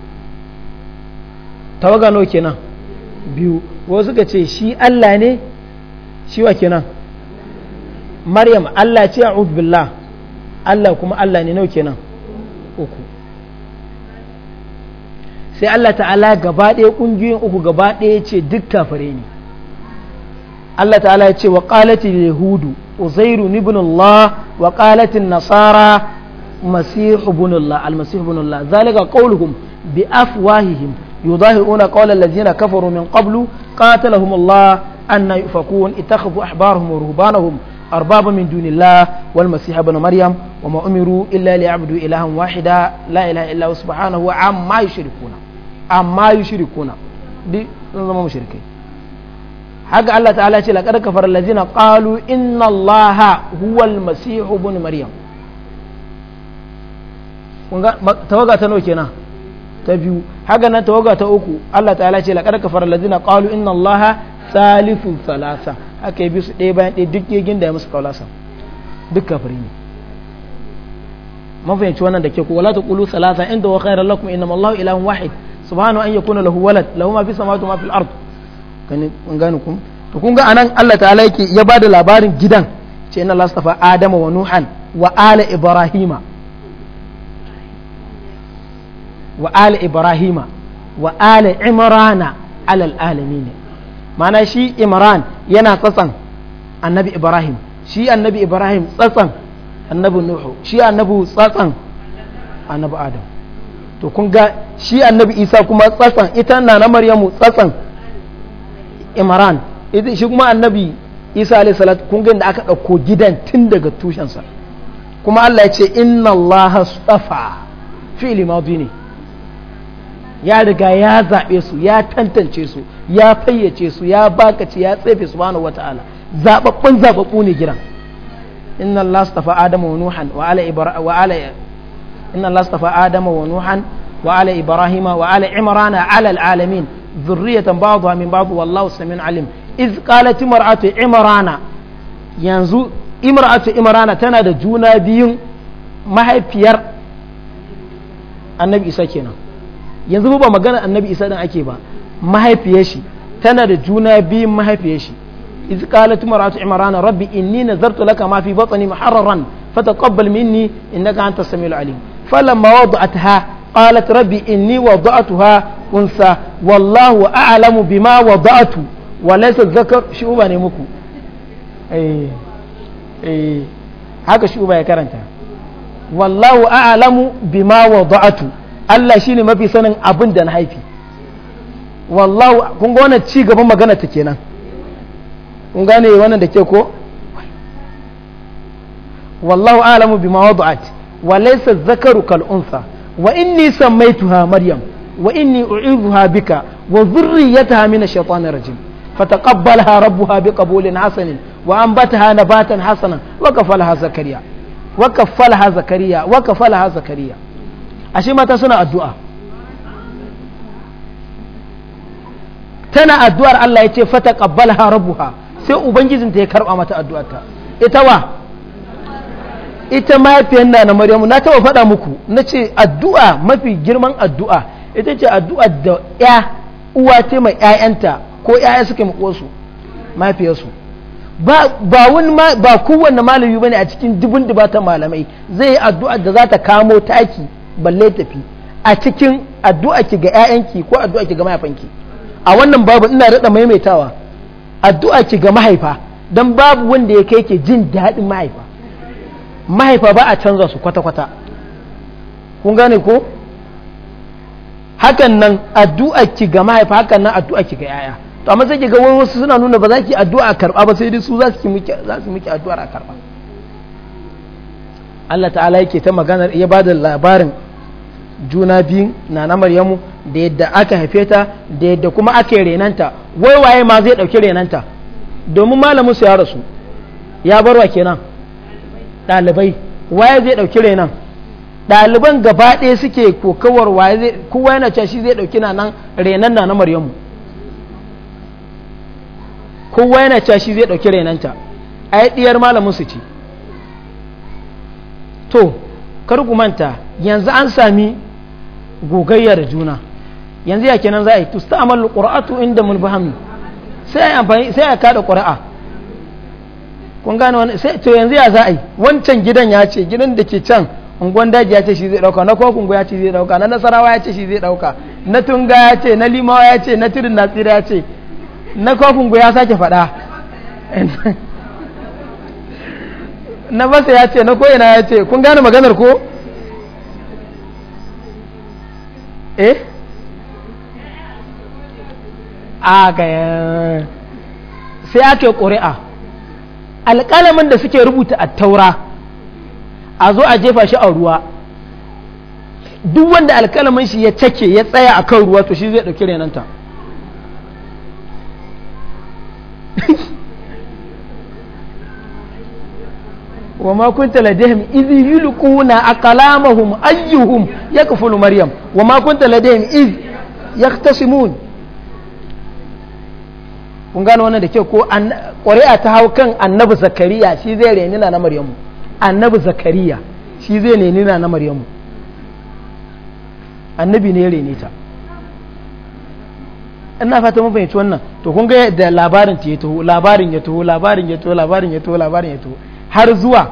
tawaga kenan biyu wasu suka ce shi Allah ne shi wa kenan maryam Allah ce a'udhu billahi Allah kuma Allah ne nau kenan uku sai Allah ta'ala gaba ɗaya ƙungiyoyin uku gaba ɗaya ce duk kafare ne Allah ta'ala ya ce wa qalatil yahudu uzairu ibn Allah wa qalatin nasara masih ibn Allah al zalika qawluhum bi afwahihim yudahiruna qawla allazina kafaru min qablu qatalahum Allah anna yufakun ittakhadhu ahbarahum wa ruhbanahum أربابا من دون الله والمسيح ابن مريم وما أمروا إلا ليعبدوا إلها واحدا لا إله إلا هو سبحانه عما يشركون عما يشركون دي نظام مشركين حق الله تعالى يقول لقد كفر الذين قالوا إن الله هو المسيح ابن مريم tawaga ta nawa kenan ta biyu haka nan tawaga ta uku Allah ta'ala ce laqad kafara allazina qalu inna allaha salisu salasa aka yi bi su ɗaya bayan ɗaya duk yagin da ya musu kaulasa duk kafiri ne mun fahimci wannan da ke ku wala kulu salasa inda wa khairu lakum innama Allahu ilahun wahid subhanahu an yakuna lahu walad lahu ma fis samawati ma fil ard kan kun gane ku to kun ga anan Allah ta'ala yake ya bada labarin gidan ce inna Allah Adama wa Nuhan wa ala Ibrahima wa ala Ibrahima wa ala Imrana alal alamin mana shi imran yana tsatsan annabi ibrahim shi annabi ibrahim tsatsan annabi nuhu shi annabi tsatsan annabi adam to kun ga shi annabi isa kuma tsatsan ita na na maryamu tsatsan imran shi kuma annabi isa alayhi salatu kun ga da aka ɗauko gidan tun daga tushensa kuma allah ya ce inna allaha stafa fi'li madini ne ya riga ya zaɓe su ya tantance su ya fayyace su ya bakace ya tsefe su subhanahu wata'ala zaɓaɓɓun zaɓaɓɓu ne gidan inna Allah stafa Adama wa Nuhan wa ala wa ala inna Allah stafa Adama wa Nuhan wa ala Ibrahim wa ala Imran ala alalamin dhurriyatan ba'dha min ba'd wallahu samiun alim iz qalat imra'atu Imran yanzu imra'atu Imran tana da juna biyun mahaifiyar annabi Isa kenan yanzu ba magana annabi isa din ake ba mahaifiyar shi tana da juna biyun mahaifiyar shi iz qalat maratu imran rabbi inni nazartu laka ma fi batni muharraran fataqabbal minni innaka antas samiul alim falamma wada'atha qalat rabbi inni wada'tuha unsa wallahu a'lamu bima wada'tu wa laysa dhakar shi uba ne muku eh eh haka shi uba ya karanta wallahu a'lamu bima wada'tu Allah shi ne mafi sanin abin da na haifi wallahu kun gwana ci gaban magana ta kenan kun gane wannan da ke ko wallahu alamu bi mawadu'at wa laysa zakaru kal unsa wa inni sammaytuha maryam wa inni u'idhuha bika wa dhurriyyataha min ash-shaytani rajim fataqabbalaha rabbuha biqabulin hasanin wa anbataha nabatan hasanan wa kafalaha zakariya wa kafalaha zakariya wa kafalaha zakariya, wakafalha zakariya. ashe mata suna addu'a tana addu'ar Allah ya ce fata qabbalha ha sai Ubangijin ta ya karɓa mata addu'arta ita wa ita mahaifiyar na na maryamu na taɓa faɗa muku na ce addu'a mafi girman addu'a ita ce addu'a da ya uwa ce mai ‘ya’yanta ko yaya suke mu uwarsu ba ba wani ba kowanne malami bane a cikin dubun dubatan malamai zai yi addu'a da za ta kamo taki balle tafi a cikin addu'a ki ga ƴaƴanki ko addu'a ki ga mahaifanki a wannan babu ina rada maimaitawa addu'a ki ga mahaifa dan babu wanda ya kai ke jin daɗin mahaifa mahaifa ba a canza su kwata-kwata kun gane ko hakan nan addu'a ki ga mahaifa hakan nan addu'a ki ga yaya to amma sai ki ga wasu suna nuna ba za ki addu'a a karba ba sai dai su za su miki za su miki addu'a a karba Allah ta'ala yake ta maganar ya bada labarin juna biyun na na maryamu da yadda aka haife ta da yadda kuma ake renanta wai waye ma zai ɗauki renanta domin malamin su ya rasu ya barwa kenan ɗalibai waye zai ɗauki renan ɗaliban gaba ɗaya suke kokawar waye zai kowa yana cewa shi zai ɗauki nan renan na na maryamu kowa yana cewa shi zai ɗauki renanta ai ɗiyar malamin su ce to kar ku manta yanzu an sami gogayya da juna yanzu ya kenan za a yi tusta'amalu qur'atu inda mulbahami sai amfani sai a kada qur'a kun gane wani sai to yanzu ya za a yi wancan gidan ya ce gidan da ke can unguwan daji ya ce shi zai dauka na kokungo ya ce zai dauka na nasarawa ya ce shi zai dauka na tunga ya ce na limawa ya ce na tirin na tsira ya ce na kokungo ya sake faɗa [laughs] na basa ya ce na koyina ya ce kun gane maganar ko eh a sai ake ƙuri'a alƙalamin da suke rubuta a taura a zo a jefa shi a ruwa duk wanda alƙalamin shi ya cake ya tsaya a kan ruwa to shi zai ɗauki renanta [laughs] wa ma kunta ladayhim idh yulquna aqlamahum ayyuhum yakfulu maryam wa ma kunta ladayhim idh yaktasimun kun gano wannan da ke ko ƙuri'a ta hau kan annabi zakariya shi zai reni na maryamu annabi zakariya shi zai reni na maryamu annabi ne ya reni ta ina fata mun fahimci wannan to kun ga da labarin ta ya taho labarin ya taho labarin ya taho labarin ya taho labarin ya taho har zuwa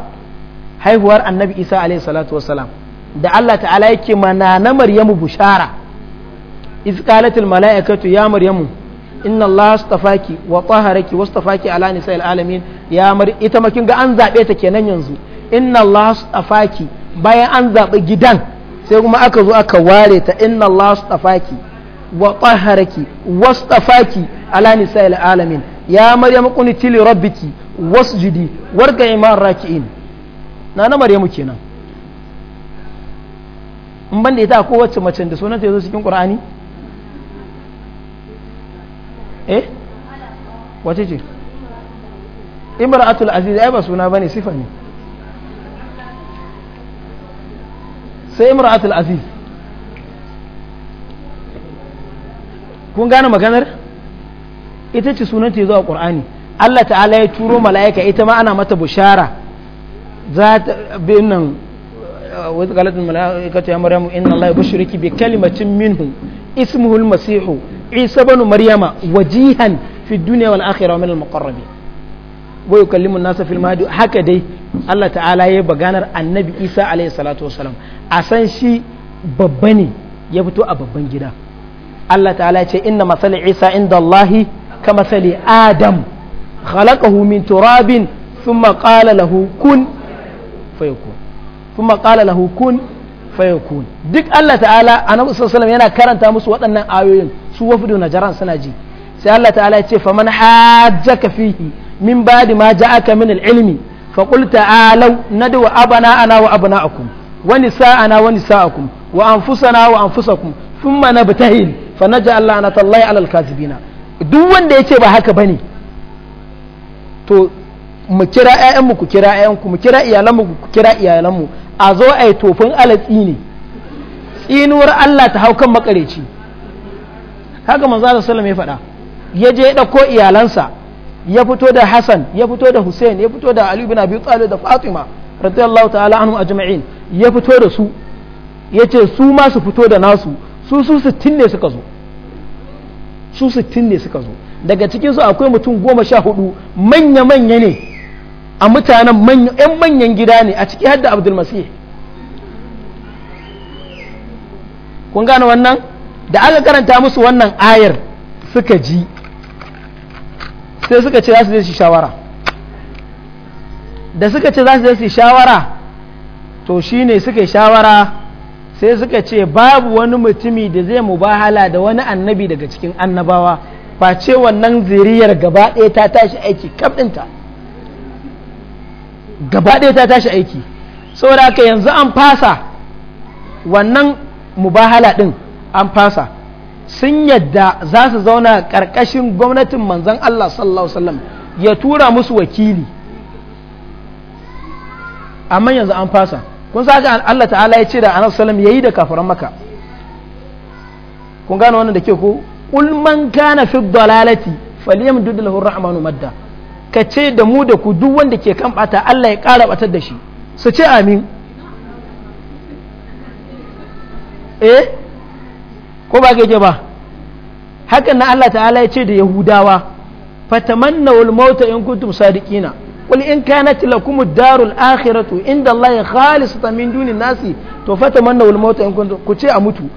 haihuwar annabi isa alaihi salatu wasalam da allah ta'ala yake mana na maryamu bushara izkalatul mala'ikatu ya maryamu inna allah astafaki wa taharaki wa astafaki ala nisa'il alamin ya mar ita makin ga an zabe ta kenan yanzu inna allah astafaki bayan an zabi gidan sai kuma aka zo aka ware ta inna allah astafaki wa taharaki wa astafaki ala nisa'il alamin ya maryamu qunti li rabbiki wasu wasjudi warka iman raki'in na na maryamu kenan in ban da ita ko wacce macen da sunanta yazo cikin qur'ani eh wace ce imar atul aziz ai ba suna bane sifa ne sai imar atul aziz kun gane maganar ita ce sunanta yazo a qur'ani Allah ta'ala ya turo mala'ika ita ma ana mata bushara za ta bin nan uh, wata galatin mala'ika ta maryamu inna Allah bi kalimacin minhu ismuhu masihu Isa banu maryama wajihan fi dunya wal akhirah min al-muqarrabin wa yukallimu nasa fil mahdi haka dai Allah ta'ala ya baganar annabi Isa alayhi salatu wasalam a san shi babba ne ya fito a babban gida Allah ta'ala ya ce inna masali Isa inda Allah ka masali Adam khalaqahu min turabin thumma qala lahu kun fayakun thumma qala lahu kun fayakun duk Allah ta'ala annabi sallallahu alaihi yana karanta musu waɗannan ayoyin su wafdu najaran suna ji sai Allah ta'ala ya ce faman hajjaka fihi min ba'di ma ja'aka min al-ilmi fa qul ta'alu nadu abana ana wa abna'akum wa nisa'ana wa nisa'akum wa anfusana wa anfusakum thumma nabtahil fa Allah la'nata Allahi 'alal kadhibina duk wanda yace ba haka bane to mu kira ya'yanmu ku kira ku mu kira iyalanmu ku kira iyalanmu a zo a yi tofin alatsi ne tsinuwar Allah ta hau kan makareci haka manzo Allah sallallahu alaihi wasallam ya faɗa ya je ya ɗauko iyalansa ya fito da Hassan ya fito da Hussein ya fito da Ali ibn Abi Talib da Fatima radiyallahu ta'ala anhum ajma'in ya fito da su yace su ma su fito da nasu su su 60 ne suka zo su 60 ne suka zo daga cikinsu akwai mutum goma sha hudu manya-manya ne a mutanen yan manyan gida ne a ciki hadda abdul masih kun gane wannan da aka karanta musu wannan ayar suka ji sai suka ce za su je su shawara da suka ce za su je su shawara to shine suka shawara sai suka ce babu wani mutumi da zai mubahala da wani annabi daga cikin annabawa face wannan ziriyar gaba ɗaya ta tashi aiki kamɗinta gabaɗaya gaba ɗaya ta tashi aiki saboda haka yanzu an fasa wannan mubahala ɗin an fasa sun yadda za su zauna ƙarƙashin gwamnatin manzan Allah sallallahu wasallam ya tura musu wakili amma yanzu an fasa kun sa ga Allah ta'ala ya ce da anasalam ya yi da kafaran maka kun gano wannan da ke ko qul man kana fi dhalalati falyamdud lahu rahmanu madda ka ce da mu da ku duk wanda ke kan bata Allah ya ƙara batar da shi su ce amin eh ko ba ke ba hakan na Allah ta'ala ya ce da yahudawa fatamanna wal mauta in kuntum sadiqina qul in kanat lakum ad-darul akhiratu inda Allah khalisatan min dunin nasi to fatamanna wal mauta in kuntum ku ce a mutu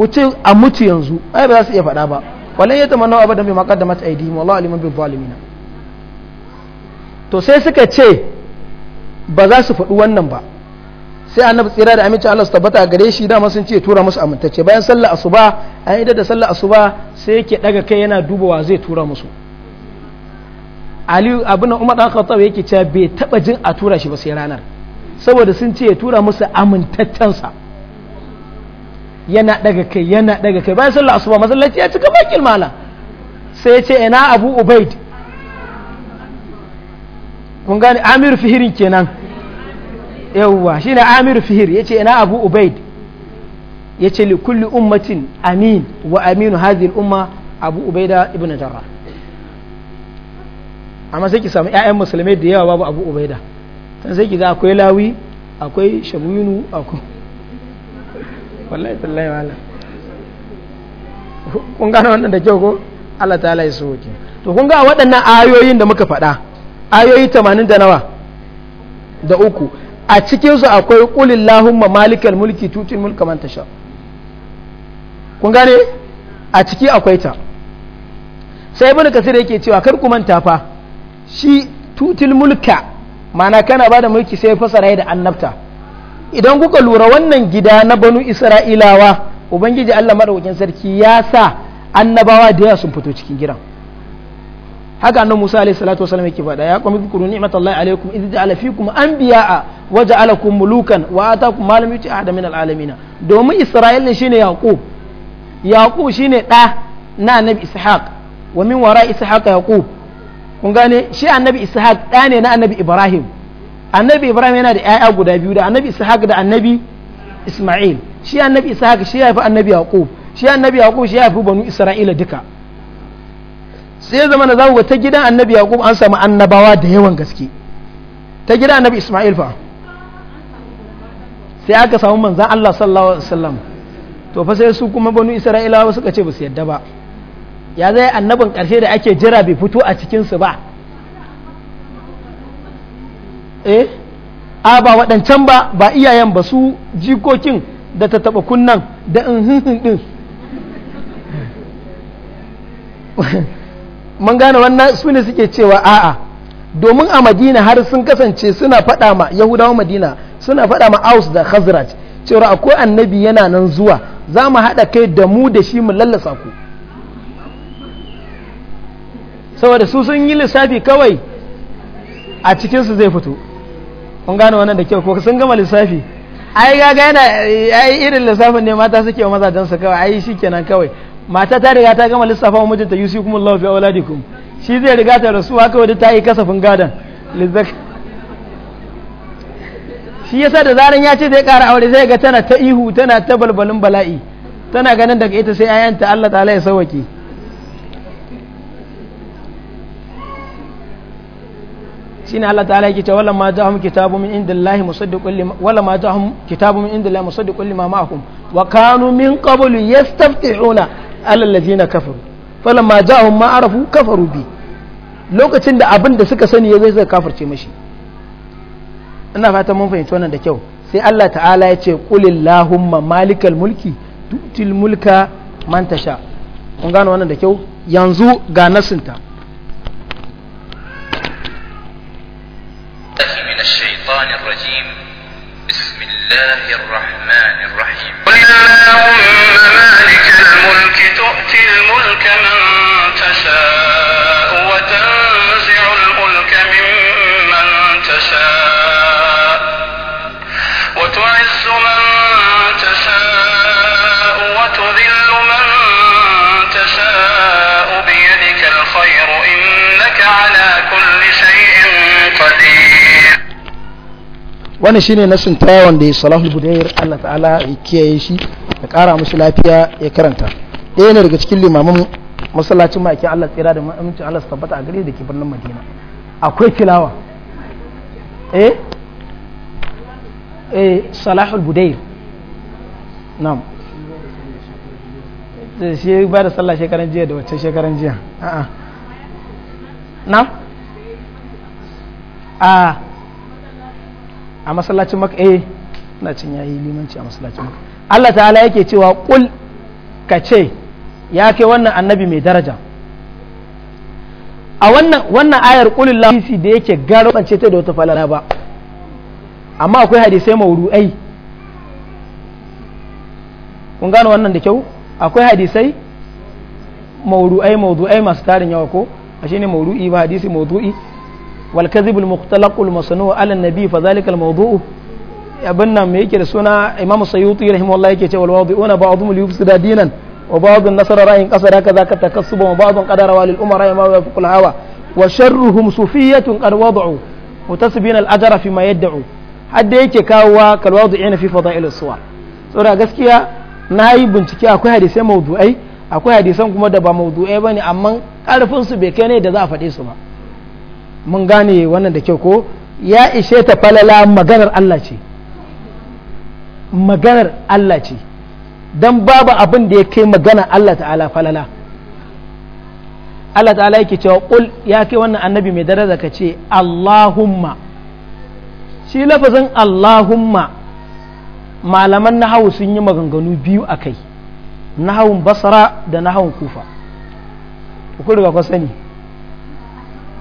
ku ce a mutu yanzu ai ba za su iya faɗa ba walan ya tamanna abadan bi maqaddamat aydihim wallahu aliman bil zalimin to sai suka ce ba za su faɗi wannan ba sai annabi tsira da aminci Allah su tabbata gare shi dama sun ce tura musu amintacce bayan sallar asuba an idar da sallar asuba sai yake daga kai yana duba wa zai tura musu Ali abin Umar dan Khattab yake cewa bai taba jin a tura shi ba sai ranar saboda sun ce ya tura musu amintaccensa sa yana daga kai yana daga kai bayan sallar asuba masallaci ya cika bakil mala sai ya ce ina abu ubaid kun gane amir fihirin kenan yawwa shine amir fihir yace ina abu ubaid yace li kulli ummatin amin wa aminu hadhihi umma abu ubaida ibn jarrah amma sai ki samu ƴaƴan musulmai da yawa babu abu ubaida sai ki ga akwai lawi akwai shabuyunu akwai wallahi tallahi wala kun gano wannan da kyau ko Allah ta'ala ya soke to kun ga waɗannan ayoyin da muka faɗa ayoyi 80 da nawa da uku a cikin su akwai lahumma malikal mulki tutil mulka man tasha kun gane a ciki akwai ta sai ibn kasir yake cewa kar ku manta fa shi tutil mulka mana kana bada mulki sai fasara da annabta idan kuka lura wannan gida na banu isra'ilawa ubangiji allah maɗaukin sarki ya sa annabawa da yawa sun fito cikin gidan haka annabi Musa alaihi salatu wasallam yake faɗa ya qum bikuru ni'matallahi alaikum kuma ja'ala fikum anbiya'a wa ja'alakum mulukan wa ataakum ma lam yuti ahada min alalamin domin Isra'il ne shine Yaqub Yaqub shine da na annabi Ishaq wa min wara Ishaq Yaqub kun gane shi annabi Ishaq da ne na annabi Ibrahim annabi ibrahim yana da ƴaƴa guda biyu da annabi ishaq da annabi isma'il shi annabi ishaq shi ya haifi annabi yaqub shi annabi yaqub shi ya banu isra'ila duka sai zama na zaku ta gidan annabi yaqub an samu annabawa da yawan gaske ta gidan annabi isma'il fa sai aka samu manzan Allah sallallahu alaihi wasallam to fa sai su kuma banu isra'ilawa suka ce ba su yadda ba ya zai annabin karshe da ake jira bai fito a cikin su ba eh a ba waɗancan ba ba iyayen ba su jikokin da ta taɓa kunnan da in hinhin ɗin [laughs] mun gane wannan su ne suke cewa a'a domin a madina har sun kasance suna faɗa ma yahudawa madina suna faɗa ma aus da khazraj cewa akwai annabi yana nan zuwa za mu haɗa kai da mu da shi mu lallasa ku saboda su sun yi lissafi kawai a cikinsu zai fito kun gane wannan da kyau ko sun gama lissafi ai gaga yana ai irin lissafin ne mata suke wa mazajen su kawai ai shikenan kawai mata ta riga ta gama lissafa wa mijinta yusikum Allahu fi auladikum shi zai riga ta rasu haka wadda ta yi kasafin gadan lizzak shi yasa da zaran ya ce zai kara aure zai ga tana ta ihu tana ta balbalin bala'i tana ganin daga ita sai ayanta Allah ta'ala ya sauwake shine Allah ta'ala yake cewa wala ma ja'ahum kitabu min indillahi musaddiqun lima wala ma ja'ahum kitabu min indillahi musaddiqun lima ma'akum wa kanu min qabl yastaftihuna ala allazina kafaru falamma ja'ahum ma arafu kafaru bi lokacin da abin da suka sani ya zai kafirce mashi ina fatan mun fahimci wannan da kyau sai Allah ta'ala ya ce qulillahumma malikal mulki tutil mulka man tasha kun gano wannan da kyau yanzu ga nasinta الله من الشيطان الرجيم بسم الله الرحمن الرحيم قل اللهم مالك الملك تؤتي الملك من تشاء وتنزع الملك ممن تشاء وتعز من تشاء وتذل من تشاء بيدك الخير إنك على كل شيء قدير wani shine nasin tawon da ya salahu budayar Allah ta'ala ya kiyaye shi ya kara musu lafiya ya karanta ɗaya ne daga cikin limamin masallacin ma'aikin Allah tsira da mu'amincin Allah su tabbata a gare da ke birnin Madina akwai tilawa eh eh salahu budayar na'am eh, shi ya ba da sallah shekaran jiya da wacce shekaran jiya a'a na a a masallacin maka eh na cin yayi limanci a masallacin maka Allah ta'ala yake cewa kul ka ce ya kai wannan annabi mai daraja a wannan wannan ayar kulin lafisi da yake garo bance ta da wata falala ba amma akwai hadisai ai kun gano wannan da kyau akwai hadisai mauru'ai maudu'ai masu tarin yawa ko a ne mauru'i ba hadisi maudu'i والكذب المختلق المصنوع على النبي فذلك الموضوع abin nan mai yake da suna imamu sayyuti rahimahullah yake cewa walwadi una ba'dhum liyufsida dinan wa ba'dhum nasara ra'in qasara haka zaka takassuba wa ba'dhum qadara wa lil umara ma wa fil hawa wa sharruhum sufiyatun qad wada'u mutasibina al ajra fi ma yad'u hadda yake kawowa kal wadi'ina fi fada'il as-suwar saboda gaskiya nayi bincike akwai hadisai mawdu'ai akwai hadisan kuma da ba ba ne amma karfin su bai kai ne da za a faɗe su ba mun gane wannan da kyau ko ya ishe ta falala maganar Allah ce maganar Allah ce don babu abin da ya kai maganar Allah ta'ala falala Allah ta'ala yake cewa ƙul ya kai wannan annabi mai daraja ka ce Allahumma shi lafazin Allahumma malaman nahawu sun yi maganganu biyu a kai nahawun basara da nahawun kufa ku riga ku sani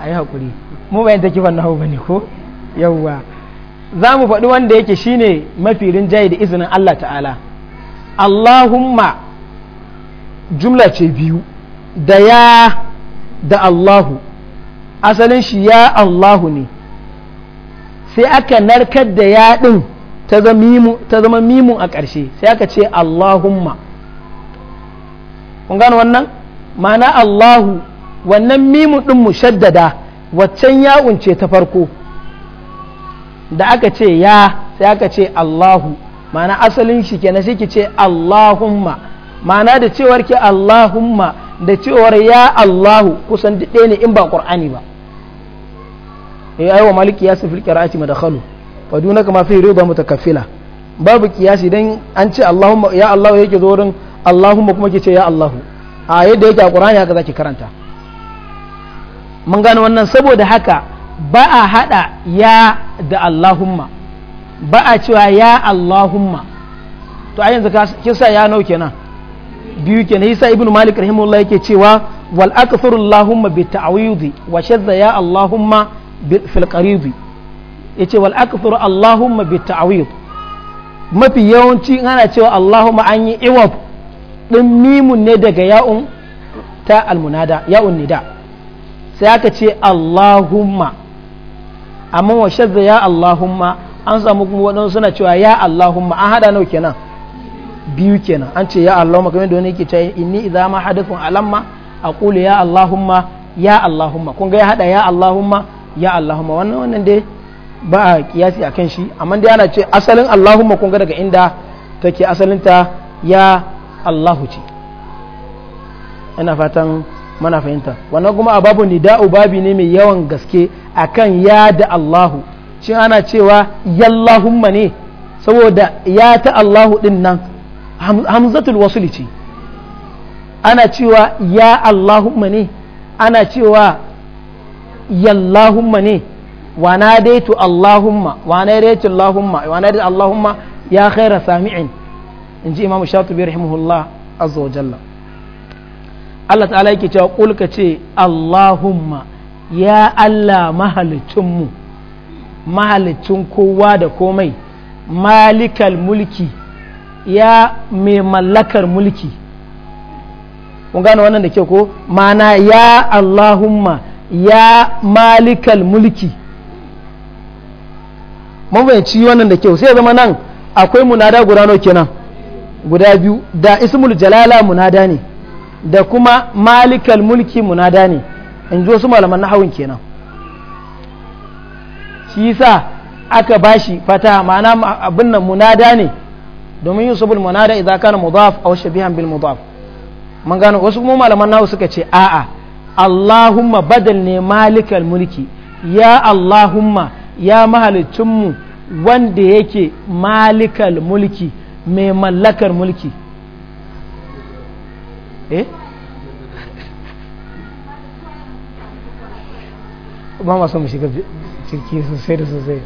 a yi haƙuri mu bayan ta kifan nahu bane ko yawwa za mu faɗi wanda yake shine mafi rinjaye da izinin Allah ta'ala Allahumma jumla ce biyu da ya da Allahu asalin shi ya Allahu ne sai aka narkar da ya ɗin ta zama mimu a ƙarshe sai aka ce Allahumma kun gano wannan ma'ana Allahu wannan mimu ɗin mu shaddada waccan ya'un ce ta farko da aka ce ya sai aka ce Allahu ma'ana asalin shi kenan shi ki ce Allahumma ma'ana da cewar ki Allahumma da cewar ya Allahu kusan ɗaya ne in ba Qur'ani ba eh aiwa maliki ya sifil qira'ati madakhalu faduna kama fi riba mutakaffila babu kiyasi dan an ce Allahumma ya allahu yake zo wurin Allahumma kuma ke ce ya Allahu a yadda yake a Qur'ani haka zaki karanta mun gano wannan saboda haka ba a hada ya da Allahumma ba a cewa ya Allahumma to a yanzu kisa ya nau kenan biyu kenan yasa ibnu malik rahimahullah yake cewa wal akthar Allahumma bi ta'widi wa shadda ya Allahumma fil qaridi yace wal akthar Allahumma bi ta'wid mafi yawanci ana cewa Allahumma an yi iwab din mimun ne daga ya'un ta almunada ya'un nida' sai aka ce Allahumma amma wa shadda ya Allahumma an samu kuma waɗansu suna cewa ya Allahumma an haɗa nau kenan biyu kenan an ce ya Allahumma kamar da wani yake cewa inni idza ma hadathun alamma aqulu ya Allahumma ya Allahumma kun ga ya haɗa ya Allahumma ya Allahumma wannan wannan dai ba a kiyasi akan shi amma dai ana ce asalin Allahumma kun ga daga inda take asalinta ya Allahu ce ina fatan mana fahimta wannan kuma a babu nida'u babi ne mai yawan gaske akan ya da Allahu shin ana cewa yallahumma ne saboda ya ta Allahu din nan hamzatul wasuli ce ana cewa ya Allahumma ne ana cewa yallahumma ne wa daitu Allahumma wa daitu Allahumma wa daitu Allahumma ya khaira sami'in in ji Imam Shatibi rahimahullah azza wa jalla Allah ta'ala yake cewa kul ka ce Allahumma ya Allah mahalicinmu mahalicin kowa da komai malikal mulki ya mai mallakar mulki kun gane wannan da ke ko mana ya Allahumma ya malikal mulki mabayanci wannan da kyau sai zama nan akwai munada guda nawa kenan guda biyu da ismul jalala munada ne da kuma malikal mulki munada ne in ji wasu malaman nahawun kenan shi yasa aka bashi fata ma'ana abin nan munada ne domin sabul munada idan kana mudaf aw shabihan bil mudaf man gano wasu kuma malaman nahu suka ce a'a Allahumma badal ne malikal mulki ya Allahumma ya mahalicinmu wanda yake malikal mulki mai mallakar mulki eh ba ma son mu shiga ciki sosai da sosai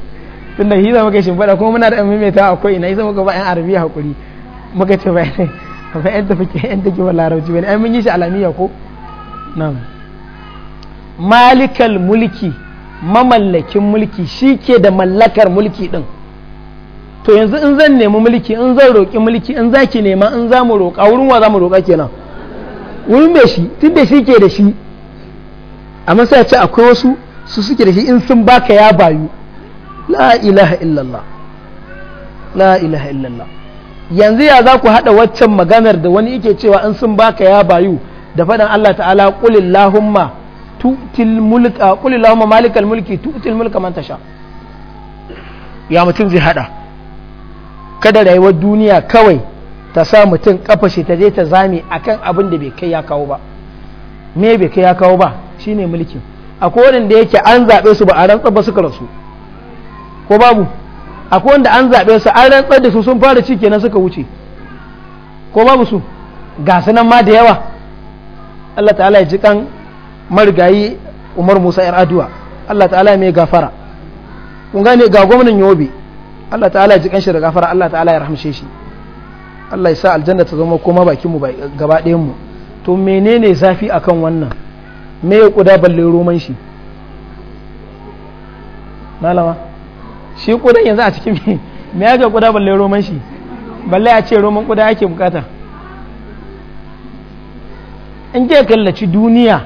tun da hiza muka shimfiɗa kuma muna da ɗan maimaita akwai ina hiza muka ba 'yan arabiya haƙuri muka ce ba ba 'yan tafi ke 'yan take wala rauci ba ai mun yi shi alamiya ko nan malikal mulki mamallakin mulki shi ke da mallakar mulki din to yanzu in zan nemi mulki in zan roƙi mulki in za ki nema in za mu roƙa wurin wa za mu roƙa kenan wurin mai shi tun da shi ke da shi a sai a akwai wasu su suke da shi in sun baka ya bayu la ilaha illallah la ilaha illallah yanzu ya za ku haɗa waccan maganar da wani yake cewa in sun baka ya bayu da faɗin Allah ta'ala qulillahumma tu'til mulka qulillahumma malikal mulki tu'til mulka man tasha ya mutum zai haɗa kada rayuwar duniya kawai ta sa mutum kafa shi ta je ta zame akan abin da bai kai ya kawo ba me bai kai ya kawo ba shine mulkin akwai wanda yake an zaɓe su ba a rantsar ba suka rasu ko babu akwai wanda an zaɓe su an rantsar da su sun fara ci kenan suka wuce ko babu su ga sanan ma da yawa Allah ta'ala ya ji kan marigayi Umar Musa yar Aduwa Allah ta'ala ya mai gafara kun gane ga gwamnan Yobe Allah ta'ala ya ji kan shi da gafara Allah ta'ala ya rahamshe shi Allah ya sa aljanna ta zama koma bakin mu gaba ɗayan mu to menene zafi akan wannan me ya kuda balle roman shi malama shi kudan yanzu a cikin me me ya ga kuda balle roman shi balle a ce roman kuda yake bukata in ke kallaci duniya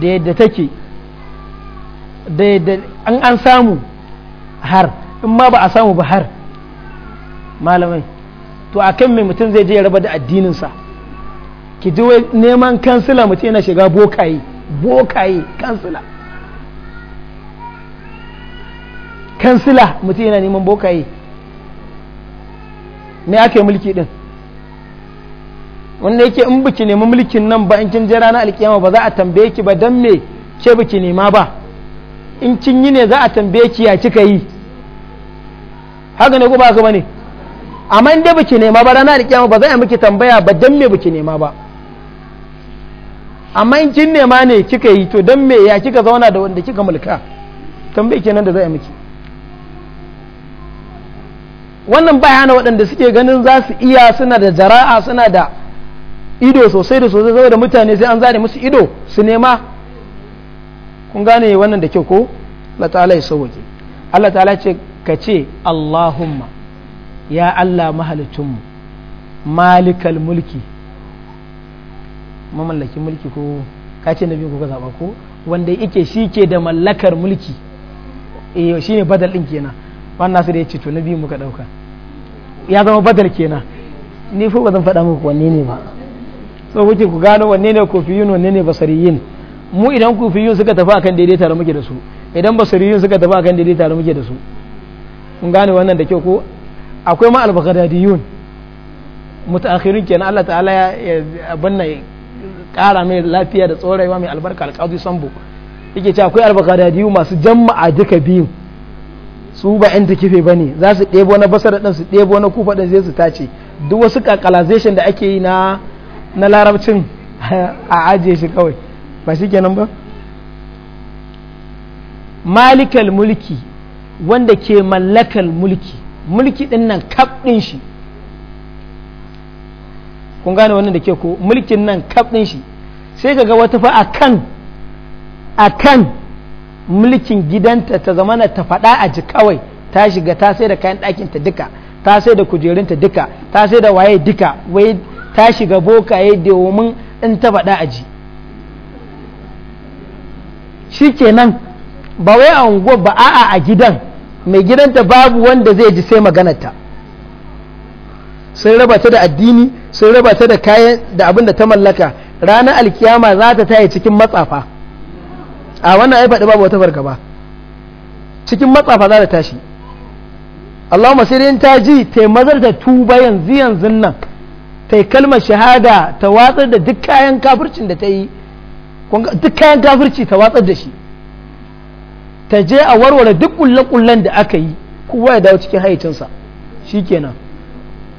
da yadda take da yadda an samu har in ma ba a samu ba har malamai to a kan mai mutum zai je ya raba da addininsa ki ji wai neman kansila mutum yana shiga bokaye bokaye kansila kansila mutum yana neman bokaye me ake mulki din wanda yake in biki nemi mulkin nan ba in kin je na alkiyama ba za a tambaye ki ba dan me ke biki nema ba in kin yi ne za a tambaye ki ya kika yi haka ne ko ba ka bane amma inda biki nema ba ranar kiyama ba zai a miki tambaya ba dan me biki nema ba amma in kin nema ne kika yi to dan me ya kika zauna da wanda kika mulka tambaye kenan da zai a miki wannan bayana waɗanda suke ganin za su iya suna da jara'a suna da ido sosai da sosai saboda mutane sai an zare musu ido su nema kun gane wannan da kyau ko Allah ta'ala ya sauwake Allah ta'ala ce ka ce Allahumma ya Allah mahalicinmu malikal mulki mamallakin mulki ko kace na biyu ko zaba ko wanda yake shi ke da mallakar mulki eh shi ne badal ɗin kenan wannan su da ya ce to na biyu muka ɗauka ya zama badal kenan ni fa ba zan faɗa muku wanne ne ba so kuke ku gano wanne ne kofiyun wanne ne basariyin mu idan kofiyun suka tafi akan daidai tare muke da su idan basariyin suka tafi akan daidai tare muke da su kun gane wannan da kyau ko akwai ma albagadadiyun mutakhirin kenan Allah ta'ala ya abin nan kara mai lafiya da tsorewa mai albarka alƙadu sambo yake ce akwai albagadadiyu masu jama'a duka biyu su ba yan kife ba ne za su ɗebo na basar ɗin su ɗebo na kufa ɗin zai su tace duk wasu kakalazeshin da ake yi na na larabcin [laughs] a ajiye shi kawai ba shi kenan ba malikal mulki wanda ke mallakal mulki mulki din nan kaf din shi kun gane wannan da ke ko mulkin nan kaf din shi sai ga wata fa akan akan mulkin gidanta ta zamana ta faɗa a ji kawai ta shiga ta sai da kayan ɗakinta duka ta sai da kujerunta duka ta sai da waye duka wai ta shiga bokaye domin in ta faɗa a ji shi kenan ba wai a unguwa ba a'a a gidan mai gidanta babu wanda zai ji sai maganarta sun raba da addini sun raba ta da kayan da abin da ta mallaka ranar alkiyama za ta taye cikin matsafa a wannan ai faɗi babu wata ba cikin matsafa za ta tashi Allahumma sai dai ta ji ta yi mazar da tuba yanzu yanzu nan ta yi kalmar shahada ta watsar da duk kayan kafircin da ta yi duk kayan kafirci ta watsar da shi ta je a warware duk kulle-kullen da aka yi kowa ya dawo cikin shi kenan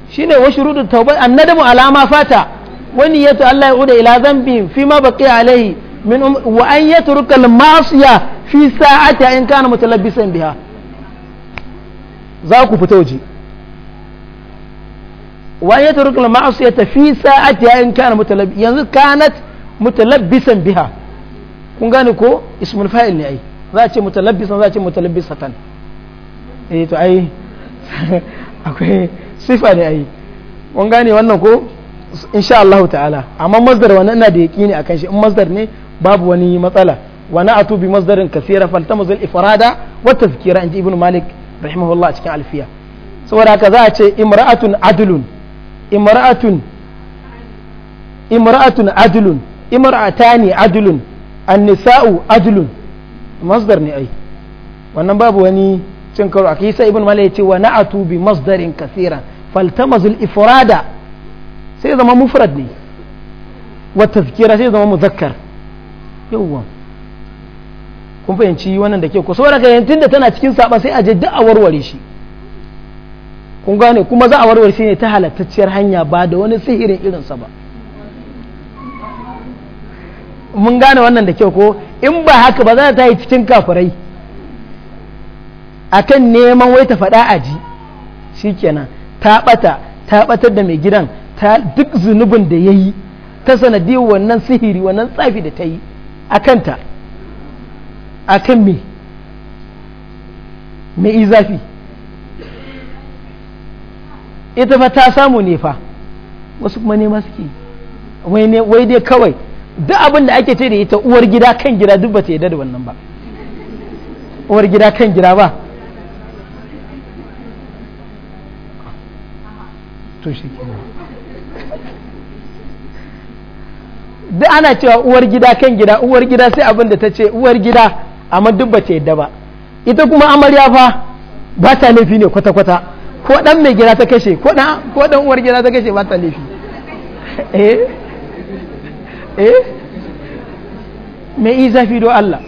shi ne wa shuruɗu tauba annadamu alama fata wani yato Allah ya uda ila zambin fi ma baki alaihi min um- wa an yatruka al-ma'siya fi sa'ati in kana mutalabbisan biha za ku fita waje wa ya turuk al ma'asiyata fi sa'ati in kana mutalabbi yanzu kanat mutalabbisan biha kun gane ko ismul fa'il ne ai za a ce mutalabbisan za a ce mutalabbisatan eh to ai [laughs] akwai sifa ne ai kun gane wannan ko insha Allah ta'ala amma masdar wani ina da a akan shi in masdar ne babu wani matsala wani atubi bi masdarin kaseera faltamazul ifrada wa tazkira inji ibnu malik rahimahullah cikin alfiya saboda haka za a ce imra'atun adlun imra'atun imra'atun adlun imra'atani adlun an annisa'u adlun masdar ne ai wannan babu wani cin karo yi sa ibn malik ya ce wa na'atu bi masdarin kaseeran faltamazul ifrada sai zama mufrad ne wa tazkira sai zama muzakkar yawwa kun fahimci wannan da ke ku saboda ga yantin da tana cikin saba sai a je duk a warware shi kun gane kuma za a warware shi ne ta halattacciyar hanya ba da wani sihirin irinsa ba mun gane wannan da kyau ko in ba haka ba za ta yi cikin kafirai akan neman wai ta faɗa a ji shikenan ta ɓata ta ɓatar da mai gidan ta duk zunubin da ya yi ta sanadiyar wannan sihiri wannan tsafi da ta yi a kanta a kan me me izafi ita fa ta samu ne fa wasu kuma nema suke wai dai kawai duk abin da ake ce da ita uwar gida kan gida duk ba ta yadda da wannan ba uwar gida kan gida ba to shi duk ana cewa uwar gida kan gida uwar gida sai abin da ta ce uwar gida amma duk ba ta yadda ba ita kuma amarya fa ba ta laifi ne kwata-kwata ko dan mai gida ta kashe ko dan uwar gida ta kashe ba ta laifi eh eh mai zafi do Allah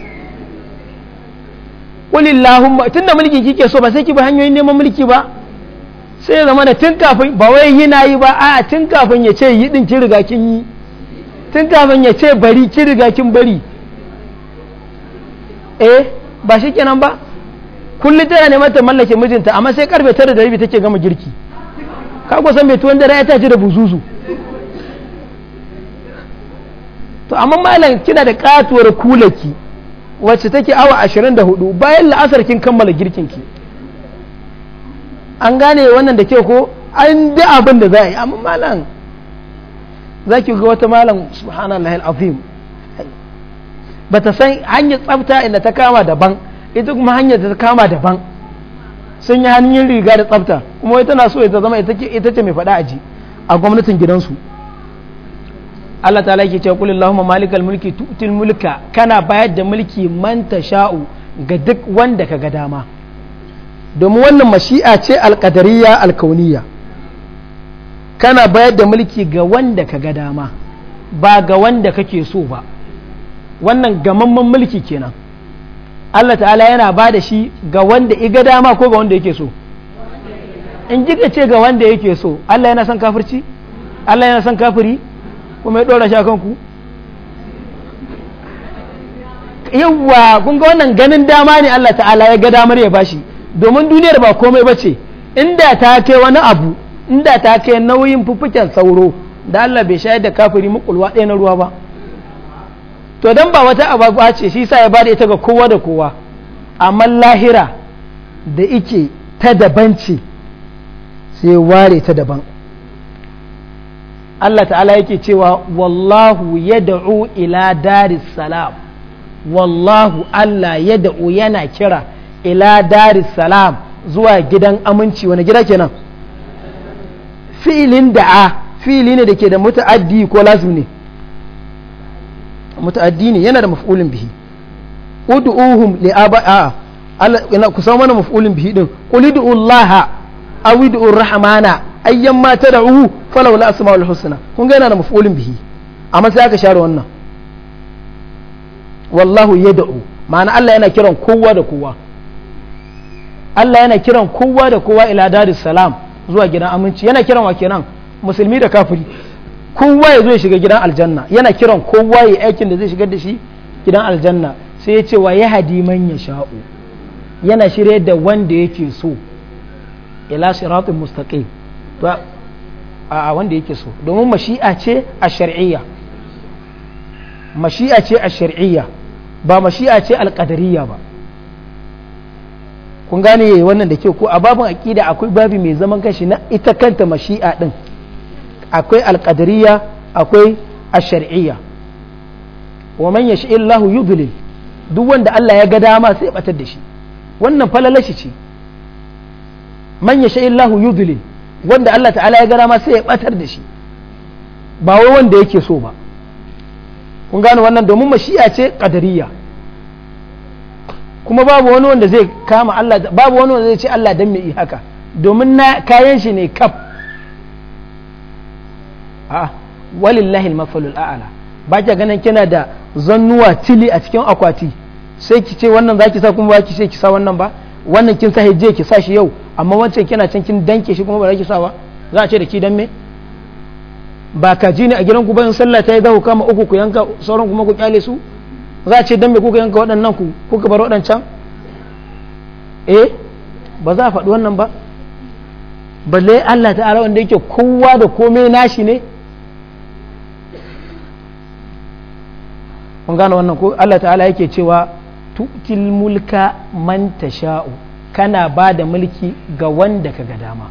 tun tunda mulki kike so ba sai ki bi hanyoyin neman mulki ba sai ya zama da tun kafin ba wai na yi ba a tun kafin ya ce yi din kin riga kin yi tun kafin ya ce bari kin riga kin bari eh ba shi kenan ba kullum tana neman ta mallake mijinta amma sai karfe tara da rabi take gama girki kago san bai tuwon dare ya ji da buzuzu to amma malam kina da katuwar kulaki wacce take awa 24 bayan la'asar kin kammala girkin ki an gane wannan da ke ko an da abin da za a yi amma malam za ki ga wata malam subhanallah al-azim ba ta san hanyar tsafta inda ta kama daban ita kuma hanyar ta kama daban sun yi hannun riga da tsafta kuma wai tana so ita zama ita ce mai faɗa aji a gwamnatin gidansu Allah ta'ala ke cewa kulli Allahumma malikal mulki tu'til mulka kana bayar da mulki man tasha'u ga duk wanda ka ga dama domin wannan mashi'a ce alqadariyya alkauniyya kana bayar da mulki ga wanda ka ga dama ba ga wanda kake so ba wannan gamamman mulki kenan Allah ta'ala yana ba da shi ga wanda iga dama ko ga wanda yake so in ji ce ga wanda yake so Allah yana son kafirci Allah yana son kafiri kuma ya ɗora shi akan ku yawwa kun ga wannan ganin dama ne Allah ta'ala ya ga damar ya bashi domin duniyar ba komai ba ce inda ta kai wani abu inda ta kai nauyin fufuken sauro da Allah bai shayar da kafiri mukulwa ɗaya na ruwa ba to dan ba wata abu ce shi sa ya bada ita ga kowa da kowa amma lahira da ike ta daban ce sai ware ta daban Allah ta'ala yake cewa wallahu ya da'u ila daris salam wallahu Allah ya da'u yana kira ila daris salam zuwa gidan aminci wani gida kenan fi'ilin da'a fi'ili ne da ke da muta'addi ko lazim ne muta'addi ne yana da maf'ulin bihi ud'uhum li aba a Allah ku san mana maf'ulin bihi din qul ud'u Allah rahmana ayyan ma da'uhu falau la asmaul husna kun ga yana da maf'ulin bihi amma sai aka share wannan wallahu yad'u ma'ana Allah yana kiran kowa da kowa Allah yana kiran kowa da kowa ila daris salam zuwa gidan aminci yana kiran wa kenan musulmi da kafiri kowa ya zo ya shiga gidan aljanna yana kiran kowa ya aikin da zai shigar da shi gidan aljanna sai ya ce wa ya hadi man ya sha'u yana shirye da wanda yake so ila siratul mustaqim a wanda yake so domin mashi'a ce a shar'iyya mashi'a ce a shar'iyya ba mashi'a ce alƙadariya ba kun gane wannan da ke ko a babin aƙida akwai babi mai zaman kanshi na ita kanta mashi'a ɗin akwai alƙadariya akwai a shar'iyya wa man yashi illahu yudlil duk wanda Allah ya ga dama sai ya batar da shi wannan falalashi ce man yashi illahu yudlil wanda Allah ta'ala ya gara ma sai ya batar da shi ba wai wanda yake so ba kun gano wannan domin mashiya ce qadariyya kuma babu wani wanda zai kama Allah babu wani wanda zai ce Allah dan me yi haka domin na kayan shi ne kaf a ah, walillahi al-mafalul a'la ba ki ganin kina da zannuwa tili a cikin akwati sai ki ce wannan zaki sa kuma ba ki ce ki sa wannan ba wannan kin sa hijje ki sa shi yau amma wancan kina can kin danke shi kuma ba za ki sawa za a ce da ki dan me ba ji ne a gidan ku bayan sallah ta yi za kama uku ku yanka sauran kuma ku kyale su za a ce dan me kuka yanka waɗannan ku kuka bar waɗancan eh ba za a faɗi wannan ba balle Allah ta'ala wanda yake kowa da komai nashi ne kun gane wannan ko Allah ta'ala yake cewa tu'til mulka man tasha'u kana ba da mulki ga wanda ka ga dama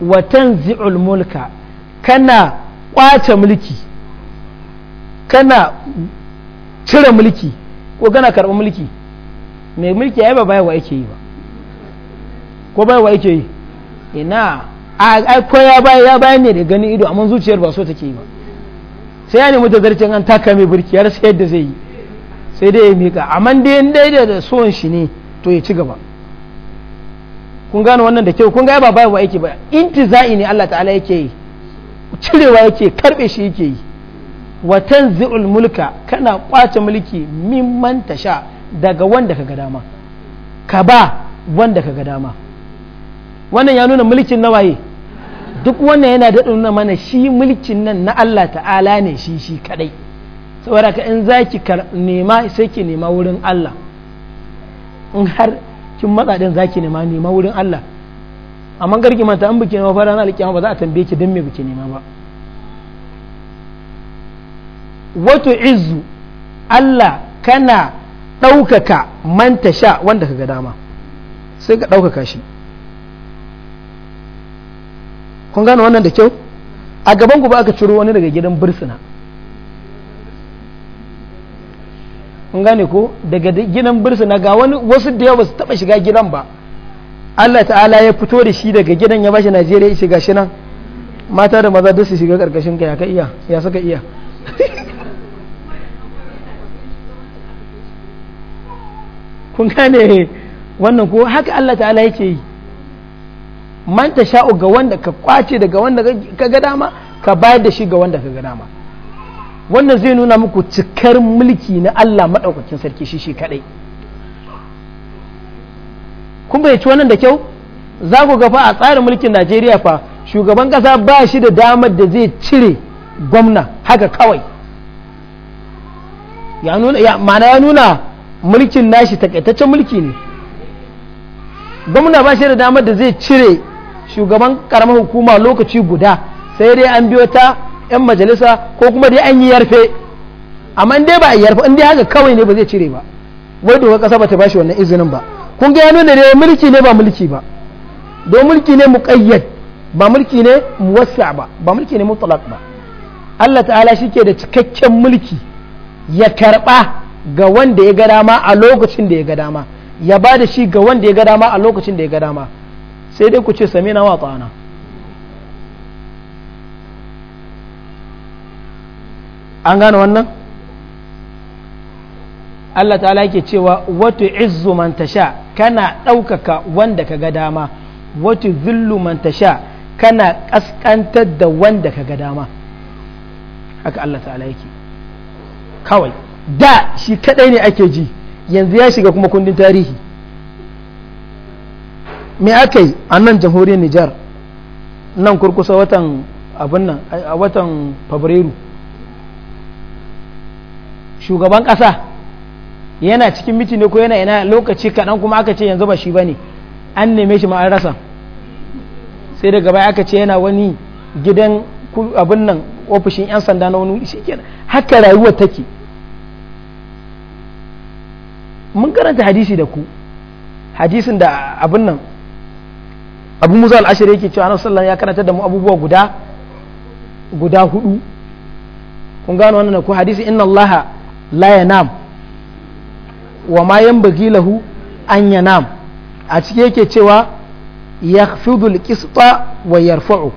watan zi'ul mulka kana kwace mulki kana cire mulki ko kana karɓi mulki mai mulki ya yi ba bayawa yake yi ba ko bayawa yake yi ina a ko ya baya ya bayan ne da ganin ido amma zuciyar ba so take yi ba sai ya nemi tazarcin an taka mai burki ya rasa yadda zai yi sai dai ya mika amma dai dai da son shi ne to ya ci gaba kun gano wannan da kyau kun ga ba bayan wa yake ba intiza'i ne Allah ta'ala yake yi cirewa yake karbe shi yake yi watan zi'ul mulka kana kwace mulki mimman sha daga wanda ka ga dama ka ba wanda ga dama wannan ya nuna mulkin na waye duk wannan yana da nuna mana shi mulkin nan na Allah ta'ala ne shi shi kadai saboda ka in zaki nema sai ki nema wurin Allah in har kin matsa din zaki nema nema wurin Allah amma garki mata an biki nema fara na alƙiyama ba za a tambaye ki dan me biki nema ba wato izu Allah kana ɗaukaka manta sha wanda ka ga dama sai ka ɗaukaka shi kun gane wannan da kyau a gaban ku ba aka ciro wani daga gidan bursuna kun gane ko daga gidan na ga wani wasu da yawa su taba shiga gidan ba Allah ta'ala ya fito da shi daga gidan ya bashi Najeriya ya shiga shi nan mata da maza duk su shiga karkashin ka ya ka iya ya saka iya [laughs] kun gane wannan ko haka Allah ta'ala yake yi man ta sha'u ga wanda ka kwace daga wanda ka ga dama ka bayar da shi ga wanda ka ga dama wannan zai nuna muku cikar mulki na Allah maɗaukakin sarki shi shi kaɗai kun bayyaci wannan da kyau za ku ga fa a tsarin mulkin Najeriya fa shugaban ƙasa ba shi da damar da zai cire gwamna haka kawai ya nuna ya mana ya nuna mulkin nashi takaitaccen mulki ne gwamna ba shi da damar da zai cire shugaban karamar hukuma lokaci guda sai dai an biyo ta 'yan majalisa ko kuma dai an yi yarfe amma dai ba a yarfe in dai haka kawai ne ba zai cire ba wai doka kasa ba ta bashi wannan izinin ba kun ga ya nuna ne mulki ne ba mulki ba don mulki ne muqayyad ba mulki ne muwassa ba ba mulki ne mutlaq ba Allah ta'ala shi ke da cikakken mulki ya karɓa ga wanda ya ga dama a lokacin da ya ga dama ya ba da shi ga wanda ya ga dama a lokacin da ya ga dama sai dai ku ce sami na wa tsana an gane wannan Allah ta'ala yake cewa watu izu mantasha kana ɗaukaka wanda ka ga dama watu zillu mantasha kana ƙasƙantar da wanda ka ga dama haka Allah ta'ala yake kawai da shi kadai ne ake ji yanzu ya shiga kuma kundin tarihi me aka yi a nan jamhuriyar Nijar nan kurkusa watan abin nan a watan Fabrairu shugaban ƙasa yana cikin miti ne ko yana ina lokaci kaɗan kuma aka ce yanzu ba shi ba ne an neme shi ma an rasa sai daga baya aka ce yana wani gidan abin nan ofishin 'yan sanda na wani shi kenan haka rayuwar take mun karanta hadisi da ku hadisin da abin nan abu musa al'ashir yake cewa annabi sallan ya karanta da mu abubuwa guda guda hudu kun gano wannan ko hadisi inna allaha la yanam wa ma yanbaghi lahu an yanam a ciki yake cewa yakhfidu alqisṭa wa yarfa'u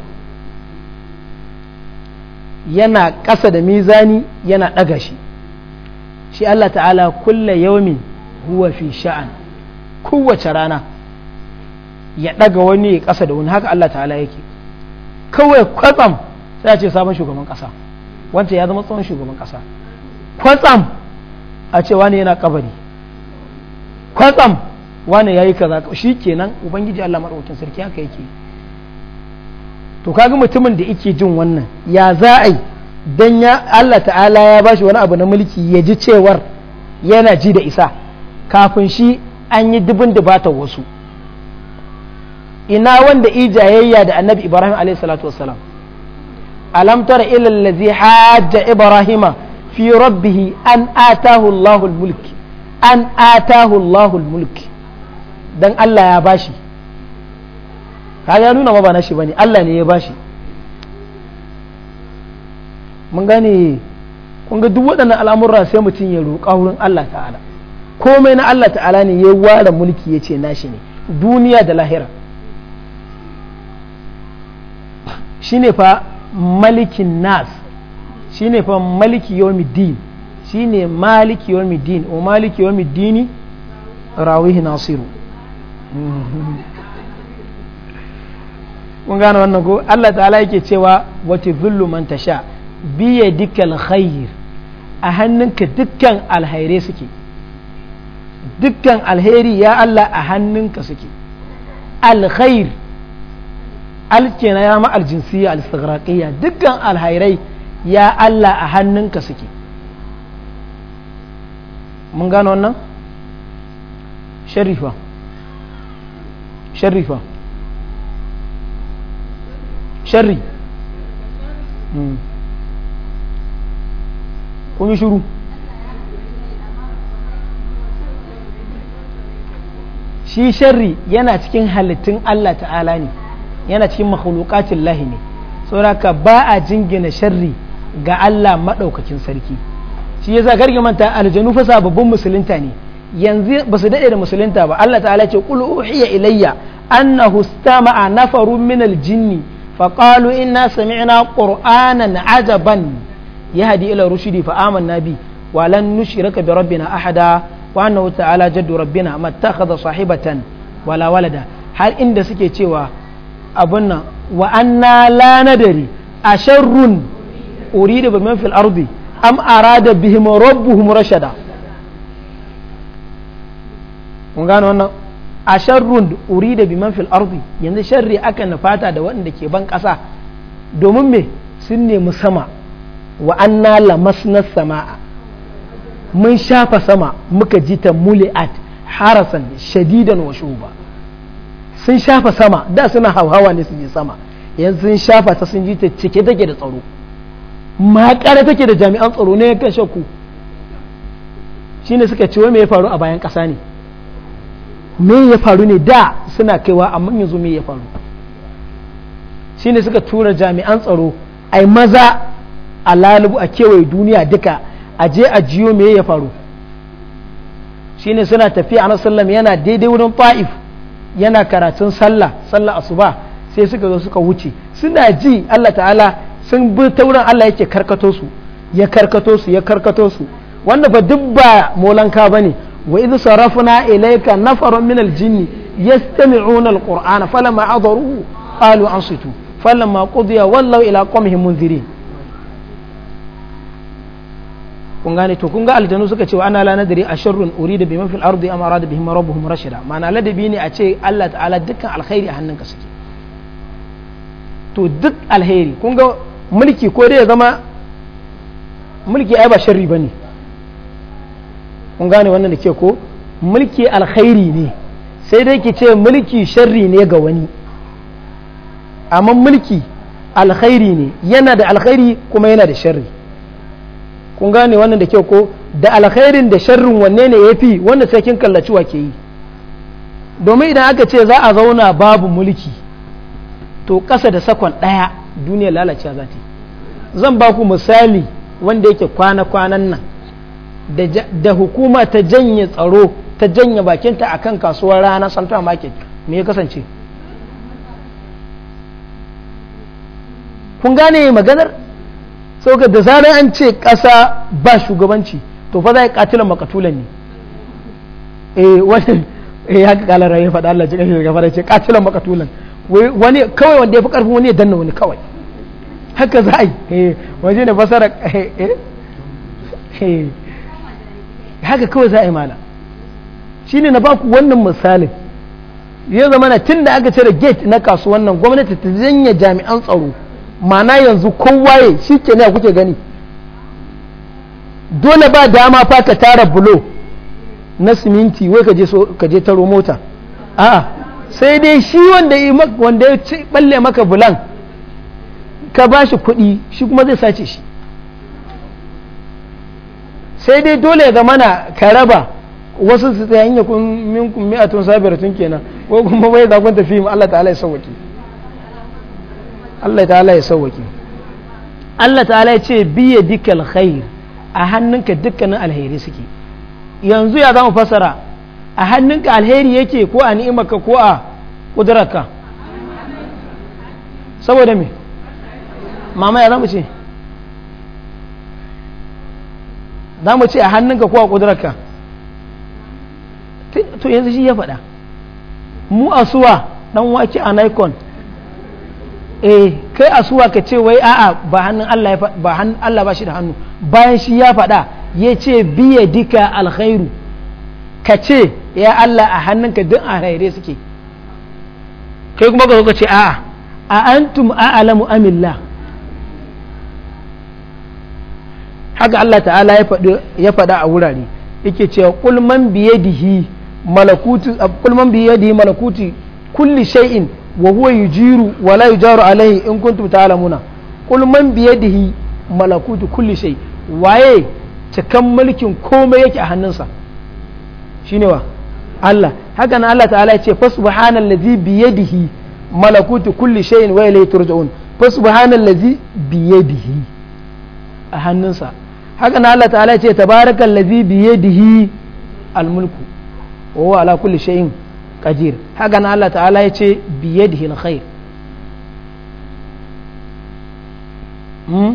yana ƙasa da mizani yana ɗaga shi shi Allah ta'ala kulle yawmin huwa fi sha'an kowace rana ya ɗaga wani ya ƙasa da wani haka Allah ta'ala yake kawai kwatsam sai a ce sabon shugaban ƙasa wancan ya zama tsohon shugaban ƙasa kwatsam a ce wani yana kabari kwatsam wani ya yi kaza shi kenan ubangiji allah maɗaukin sarki haka yake to kaga mutumin da yake jin wannan ya za a yi don ya allah ta'ala ya bashi wani abu na mulki ya ji cewar yana ji da isa kafin shi an yi dubin dubata wasu ina wanda ijayayya da annabi ibrahim alaihi salatu wassalam alam tara ibrahima fi rabbihi an atahu Allahul mulki an atahu Allahul mulki dan Allah ya bashi kaga ya nuna ma ba nashi bane Allah ne ya bashi mun gane kun ga duk waɗannan alamuran sai mutum ya roƙa wurin Allah ta'ala komai na Allah ta'ala ne ya ware mulki ya ce nashi ne duniya da lahira shine fa malikin nas Shi ne fa maliki din shi ne maliki din o maliki yawmiddini rawihi nasiru kun gane wannan ko Allah ta'ala yake cewa wace zullu man tasha biye dukkan khair a hannunka dukkan alhairai suke dukkan alheri ya Allah a hannunka suke alkhair alkena ya ma aljinsiyya al dukkan alhairai ya Allah a hannunka suke mun gano wannan sharifa sharifa shari hmm. kun yi shuru shi shari yana cikin halittun Allah ta'ala ne yana cikin makhluqatin lahi ne sauraka ba a jingina shari ga Allah maɗaukakin sarki shi yasa karki manta aljanu fa sababbin musulunta ne yanzu ba su daɗe da musulunta ba Allah ta'ala ce kul uhiya ilayya annahu istama'a nafarun min aljinni fa qalu inna sami'na qur'anan ajaban yahdi ila rushdi fa amanna bi wa lan nushrika bi rabbina ahada wa annahu ta'ala jaddu rabbina mattakhadha sahibatan wala walada har inda suke cewa abun nan wa anna la nadari asharrun urida bi man fil ardi am arada bihim rabbuhum rashada kun gano wannan a sharrun urida bi man fil ardi yanzu sharri aka nufata da waɗanda ke ban ƙasa domin me sun nemi sama wa anna lamasna sama'a mun shafa sama muka ji ta muli'at harasan shadidan wa shuba sun shafa sama da suna hauhawa ne su sama yanzu sun shafa sun ji ta cike take da tsaro makare take da jami'an tsaro ne ga shakku ne suka ce me ya faru a bayan kasa ne me ya faru ne da suna kaiwa amma yanzu me ya faru shi ne suka tura jami'an tsaro ai maza a lalubu a kewaye duniya duka a je a jiyo me ya faru shi ne suna tafiya a sallam yana daidai wurin fa'if yana karatun sallah sallah asuba sai suka zo suka wuce suna ji Allah ta'ala sun bi ta wurin Allah yake karkato su ya karkato su ya karkato su wanda ba duk ba molanka bane wa idh sarafna ilayka nafarun min al-jinni yastami'una al-qur'ana falamma adaru qalu ansitu falamma qudiya wallaw ila qawmihim munzirin kun gane to kun ga aljanu suka ce wa ana la nadri asharrun urida bima fil ardi am arada bihim rabbuhum rashida ma'ana ladabi ne a ce Allah ta'ala dukkan alkhairi a hannunka suke to duk alheri kun ga mulki ko dai ya zama mulki ai ba sharri bane kun gane wannan da ke ko mulki alkhairi ne sai dai ki ce mulki sharri ne ga wani amma mulki alkhairi ne yana da alkhairi kuma yana da sharri kun gane wannan da ke ko da alkhairin da sharrin wanne ne ya fi wanda sai kin kallaci wa ke yi domin idan aka ce za a zauna babu mulki to ƙasa da sakon ɗaya duniya lalacewa za ta zan ba ku misali wanda yake kwana-kwanan nan da hukuma ta janye tsaro ta janye bakinta a kan kasuwar rana central market me ya kasance kun gane maganar sauka da zarar an ce ƙasa ba shugabanci to fa za yi katilan makatulan ne eh wannan eh haka kalar rayu faɗa Allah ji ƙashi daga fara ce katilan makatulan wani kawai wanda ya fi ƙarfin wani ya danna wani kawai haka za a yi eh, waje ne fasara eh, eh. haka kawai za a yi mana shi ne na baku wannan misalin ya zama na tun da aka cire gate na kasuwan nan gwamnati ta zanya jami'an tsaro mana yanzu kowa ya shi ke ne kuke gani dole ba dama fa ka tara bulo na siminti wai ka je taro mota a'a sai dai shi wanda ya balle maka bulan ka ba shi kuɗi shi kuma zai sace shi sai dai dole ya mana ka raba wasu su tsaye hanyar kun minkum mi'atun tun kenan ko kuma bai zagon tafi mu Allah ta'ala ya sauwaki Allah ta'ala ya sauwaki Allah ta'ala ya ce biye dikal khair a hannunka dukkanin alheri suke yanzu ya zama fasara a hannunka alheri yake ko a ni'imarka ko a kudurarka saboda me mama ya zamu ce za mu ce a hannunka ko a ƙudurarka to yanzu shi ya faɗa mu asuwa ɗan wake a nikon eh kai asuwa ka ce wai a'a ba hannun Allah ba hannun Allah ba shi da hannu bayan shi ya faɗa ya ce biya dika alkhairu ka ce ya Allah a hannunka duk a raire suke kai kuma ka ce a'a a antum a'lamu amillah haka Allah ta'ala ya faɗa a wurare yake cewa kulman biyadihi malakutu kulman biyadihi malakuti kulli shay'in wa huwa yujiru wa la yujaru alaihi in kuntum ta'lamuna kulman biyadihi malakutu kulli shay waye cikan mulkin komai yake a hannunsa shine wa Allah haka nan Allah ta'ala ya ce fasubhanallazi biyadihi malakutu kulli shay'in wa ilayhi turja'un fasubhanallazi biyadihi a hannunsa haka na Allah ta'ala ce tabarakal ladhi bi yadihi al mulku wa huwa ala kulli shay'in qadir haka na Allah ta'ala ya ce bi yadihi al khair hmm?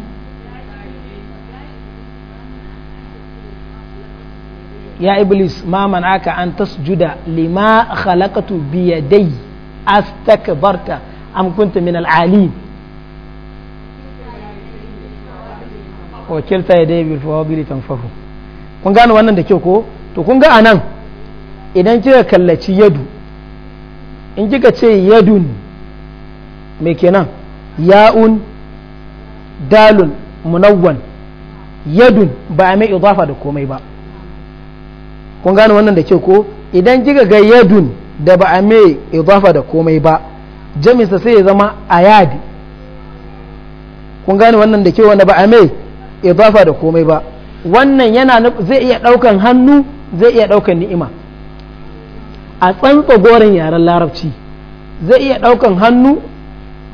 ya iblis ma man'aka an tasjuda lima khalaqatu bi yadayya astakbarta am kunta min al alim wa kilta ya dai bilfawa bili fahu kun gane wannan da kyau ko to kun ga anan idan kika kallaci yadu in kika ce yadun me kenan ya'un dalun munawwan yadun ba a mai idafa da komai ba kun gane wannan da kyau ko idan kika ga yadun da ba a mai idafa da komai ba jaminsa sai ya zama ayadi kun gane wannan da kyau wanda ba a mai idafa da komai ba wannan yana zai iya ɗaukan hannu zai iya ɗaukan ni'ima a tsantsa goren yaren larabci zai iya ɗaukan hannu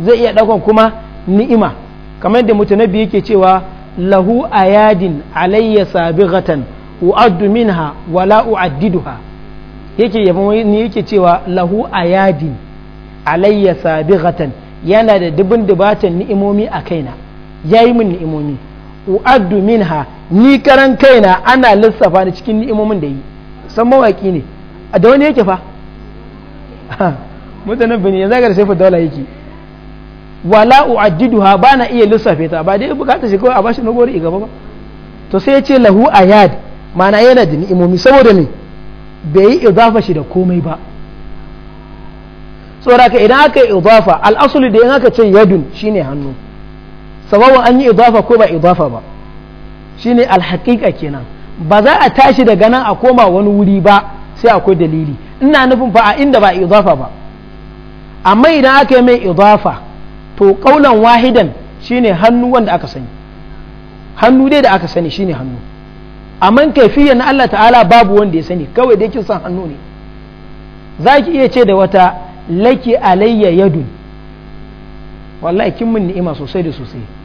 zai iya ɗaukan kuma ni'ima kamar da mutum mutanabi yake cewa lahu ayadin alayya sabighatan u'addu minha la u'addiduha yake ni yake cewa lahu ayadin alayya sabighatan yana da dubun dubatan ni'imomi a kaina yayi min ni'imomi u'addu minha ni karan kaina ana lissafa ni cikin ni'imomin da yi san mawaki ne a da wani yake fa mutanen bini yanzu ga da saifu daula yake wala u'addiduha ba na iya lissafe ta ba dai bukata shi kawai a bashi na gori gaba ba to sai ya ce lahu ayad mana yana da ni'imomi saboda ne bai yi idafa shi da komai ba saboda idan aka yi idafa al'asuli da yin aka ce yadun shine hannu sababin an yi idafa ko ba idafa ba shine alhaƙiƙa kenan ba za a tashi daga nan a koma wani wuri ba sai akwai dalili ina nufin fa a inda ba idafa ba amma idan aka yi mai idafa to ƙaunan wahidan shine hannu wanda aka sani hannu dai da aka sani shine hannu amma kaifiyar na Allah ta'ala babu wanda ya sani kawai dai kin san hannu ne za ki iya ce da wata laki alayya yadun wallahi kin mun ni'ima sosai da sosai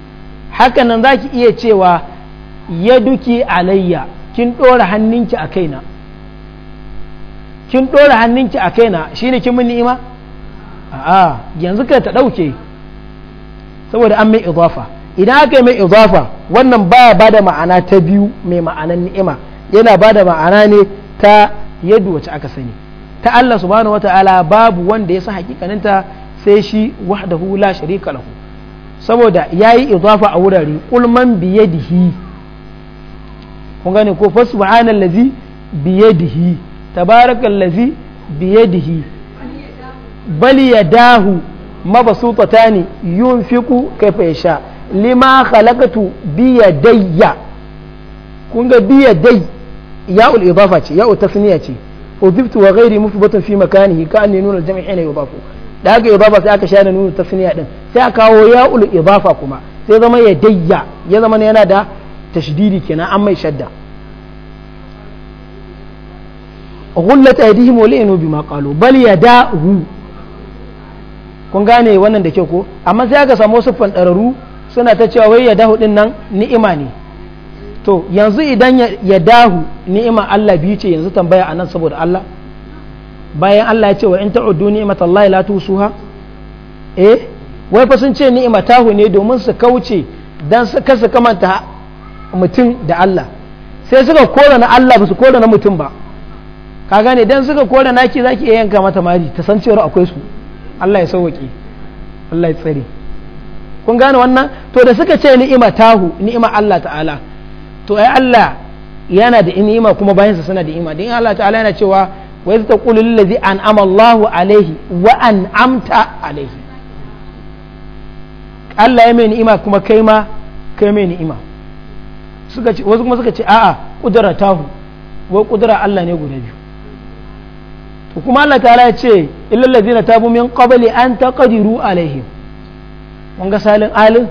hakanan za ki iya cewa ya duki alayya kin ɗora hannunki a kaina kin ɗora hannunki a kaina shi ne kin mun ni'ima a'a yanzu ka ta ɗauke saboda an mai izafa idan aka yi mai izafa wannan ba ba da ma'ana ta biyu mai ma'anan ni'ima yana ba da ma'ana ne ta yadda wace aka sani ta Allah subhanahu wataala babu wanda ya san hakikaninta sai shi wahdahu la sharika lahu saboda ya yi idafa a wurare ulman biyadihi kun gane ko fasubhanan lazi biyadihi tabarakan lazi biyadihi bali ya dahu mabasutata ne yun fiku kaifa ya lima halakatu biyadayya kun ga biyadai ya'ul idafa ce ya'ul tasniya ce udhibtu wa ghairi mufbatun fi makanihi ka nuna al-jam'i da aka idafa sai aka sha share ta tasniya din sai aka kawo ulu ibafa kuma sai zama ya dayya ya zama yana da tashdidi kenan an mai shadda غلت أيديهم ولعنوا bima qalu bal يداه kun gane wannan da kyau ko amma sai aka samu wasu fanɗararru suna ta cewa wai ya dahu din nan ni'ima ne to yanzu idan ya dahu ni'ima Allah biyu ce yanzu tambaya anan saboda Allah bayan Allah ya ce wa in ta'uddu Allah la tusuha eh wai fa sun ce ni'ima tahu ne domin su kauce dan su kasa kamanta mutum da Allah sai suka kora na Allah ba su kora na mutum ba ka gane dan suka kora naki zaki iya yanka mata mari ta san cewa akwai su Allah ya sauwake Allah ya tsare kun gane wannan to da suka ce ni'ima tahu ni'ima Allah ta'ala to ai Allah yana da ni'ima kuma bayan sa suna da ni'ima dan Allah ta'ala yana cewa wa ta qulu lillazi an'ama Allahu alaihi wa an amta alaihi Allah ya mai ni'ima kuma kai ma kai mai ni'ima suka ce wasu kuma suka ce a'a kudura tahu wa kudura Allah ne guda biyu to kuma Allah ta'ala ya ce illal ladina tabu min qabli an taqdiru alaihim mun ga salin alin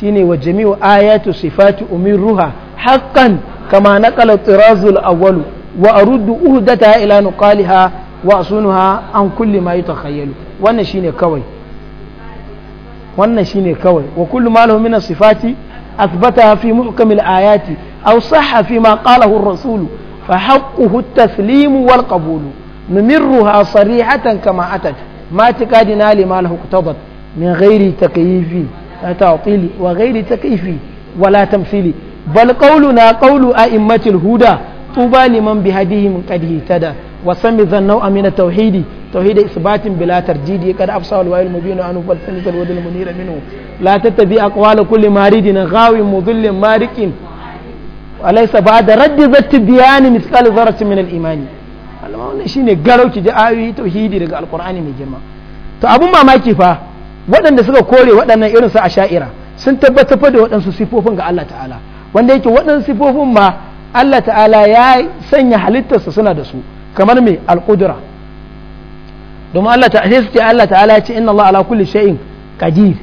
shine wa jami'u ayatu sifati umiruha haqqan kama naqala tirazul awwalu وأرد أهدتها إلى نقالها وأصونها عن كل ما يتخيل وأنا شيني كوي وأنا شيني كوي وكل ما له من الصفات أثبتها في محكم الآيات أو صح فيما قاله الرسول فحقه التسليم والقبول نمرها صريحة كما أتت ما تكادنا لما له اقتضت من غير تكييف تعطيل وغير تكييف ولا تمثيل بل قولنا قول أئمة الهدى طوبى لمن بهديهم قد اهتدى وسمي ذا النوع من التوحيد توحيد إثبات بلا ترديد قد أفصى الوائل المبين عنه فالتمس الود المنير منه لا تتبع أقوال كل مارد غاوي مضل مارك وليس بعد رد ذا التبيان مثقال ذرة من الإيمان wannan shine garauci da ayoyi tauhidi daga alkur'ani mai girma to abin mamaki fa waɗanda suka kore waɗannan irin su sha'ira sun tabbatar da waɗansu sifofin ga Allah ta'ala wanda yake waɗansu sifofin ma Allah ta'ala ya sanya halittarsa suna da su kamar mai alƙudura domin Allah ta sai su ce Allah ta'ala ya ce inna Allah ala kulli shay'in qadir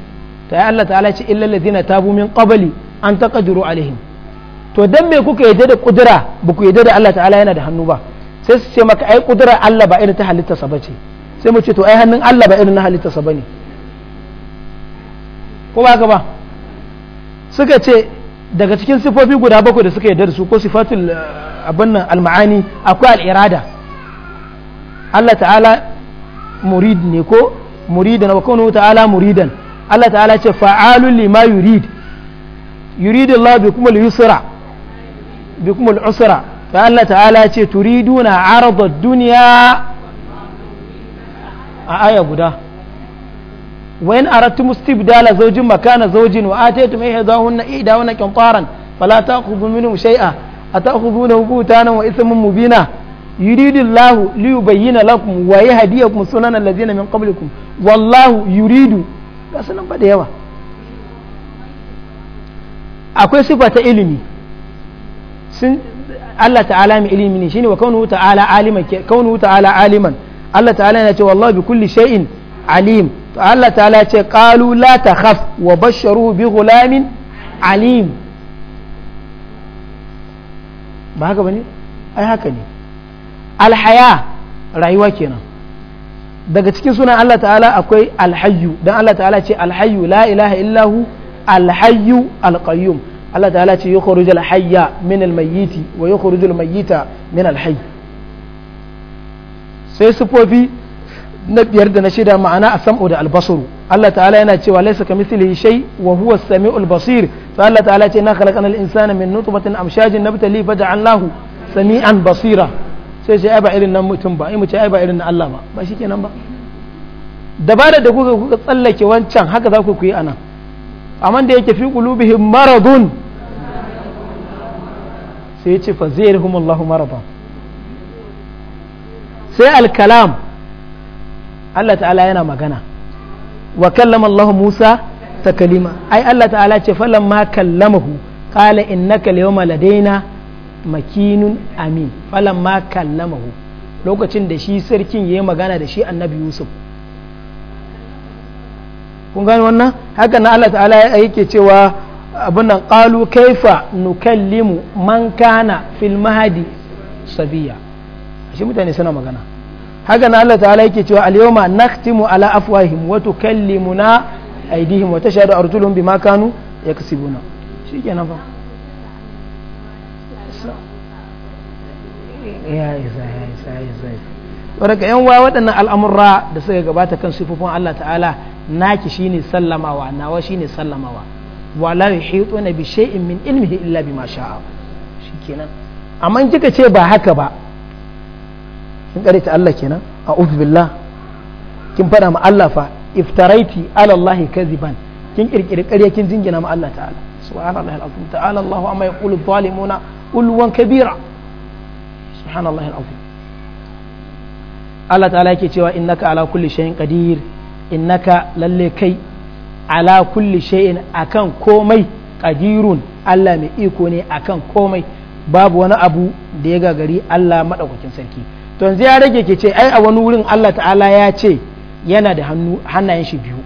to ya Allah ta'ala ya ce illal ladina tabu min qabli an taqdiru alaihim to dan me kuka yadda da kudura ba ku yadda da Allah ta'ala yana da hannu ba sai su ce maka ai kudura Allah ba irin ta halittarsa ba ce sai mu ce to ai hannun Allah ba irin na halittarsa ba ne ko ba ka ba suka ce daga cikin sifofi guda bakwai da suka yarda da su ko sifatul eh, abin nan alma'ani akwai al'irada Allah ta'ala murid ne ko muridan wa kanu ta'ala muridan Allah ta'ala ce fa'alul lima yurid yurid Allah bi kuma yusra bi kuma usra fa Allah ta'ala ce turiduna arada dunya a aya guda wa in aradtum istibdala zawjin makana zawjin wa ataytum ihdahunna ihdahunna qintaran fala ta'khudhu minhu shay'a atakhudhunahu butanan wa ithman mubina yuridu Allahu liyubayyana lakum wa yahdiyakum sunan alladhina min qablikum wallahu yuridu gasu nan ba da yawa akwai sifa ta ilimi sun Allah ta'ala mai ilimi ne shine wa kaunuhu ta'ala ta'ala aliman Allah ta'ala bi alim to Allah ta'ala ce qalu la takhaf wa basharu bi ghulamin alim ba haka bane ai haka ne alhaya rayuwa kenan daga cikin sunan Allah ta'ala akwai alhayyu dan Allah ta'ala ce alhayyu la ilaha illahu alhayyu alqayyum Allah ta'ala ce yukhrij alhayya min almayyiti wa yukhrij almayyita min alhayy sai sufofi na biyar da na shida ma'ana a sam'u da albasaru Allah ta'ala yana cewa laisa ka mislihi shay wa huwa samiul basir fa Allah ta'ala ce na khalaqana al-insana min nutfatin amshajin nabtali faja'alnahu sami'an basira sai sai ai ba irin nan mutum ba ai mu ce ai ba irin na Allah ba ba shikenan ba dabara da kuka kuka tsallake wancan haka za ku yi anan amma da yake fi qulubihim maradun sai ya ce fa zairhum maradan sai al-kalam Allah ta'ala yana magana wa kallama Allah Musa ta Kalima ai Allah ta'ala ce falan ma kallamahu qala innaka liyawma ladaina makinun amin falan ma kallamahu lokacin da shi sarkin yayi magana da shi annabi Yusuf kun gane wannan haka na Allah ta'ala yake cewa abin nan qalu kaifa nukallimu man kana fil mahdi sabiya shi mutane suna magana haka na Allah ta'ala yake cewa al-yawma nakhtimu ala afwahihim wa tukallimuna aydihim wa tashhadu arjuluhum bima kanu yaksibuna shikenan fa ya isa ya isa ya isa waraka yan wa waɗannan al'amurra da suka gabata kan sifofin Allah ta'ala naki shine sallamawa nawa shine sallamawa wala yuhituna bi shay'in min ilmihi illa bima sha'a shikenan amma in kika ce ba haka ba kin ta Allah kenan a billah kin fada ma Allah fa iftaraiti ala Allah kaziban kin kirkiri ƙarya kin jingina ma Allah ta'ala subhanallahi alazim ta'ala Allahu amma yaqulu zalimuna ulwan kabira subhanallahi alazim Allah ta'ala yake cewa innaka ala kulli shay'in qadir innaka lalle kai ala kulli shay'in akan komai qadirun Allah mai iko ne akan komai babu wani abu da ya gagari Allah madaukakin sarki to yanzu ya rage ke ce ai a wani wurin Allah ta'ala ya ce yana da hannayen shi biyu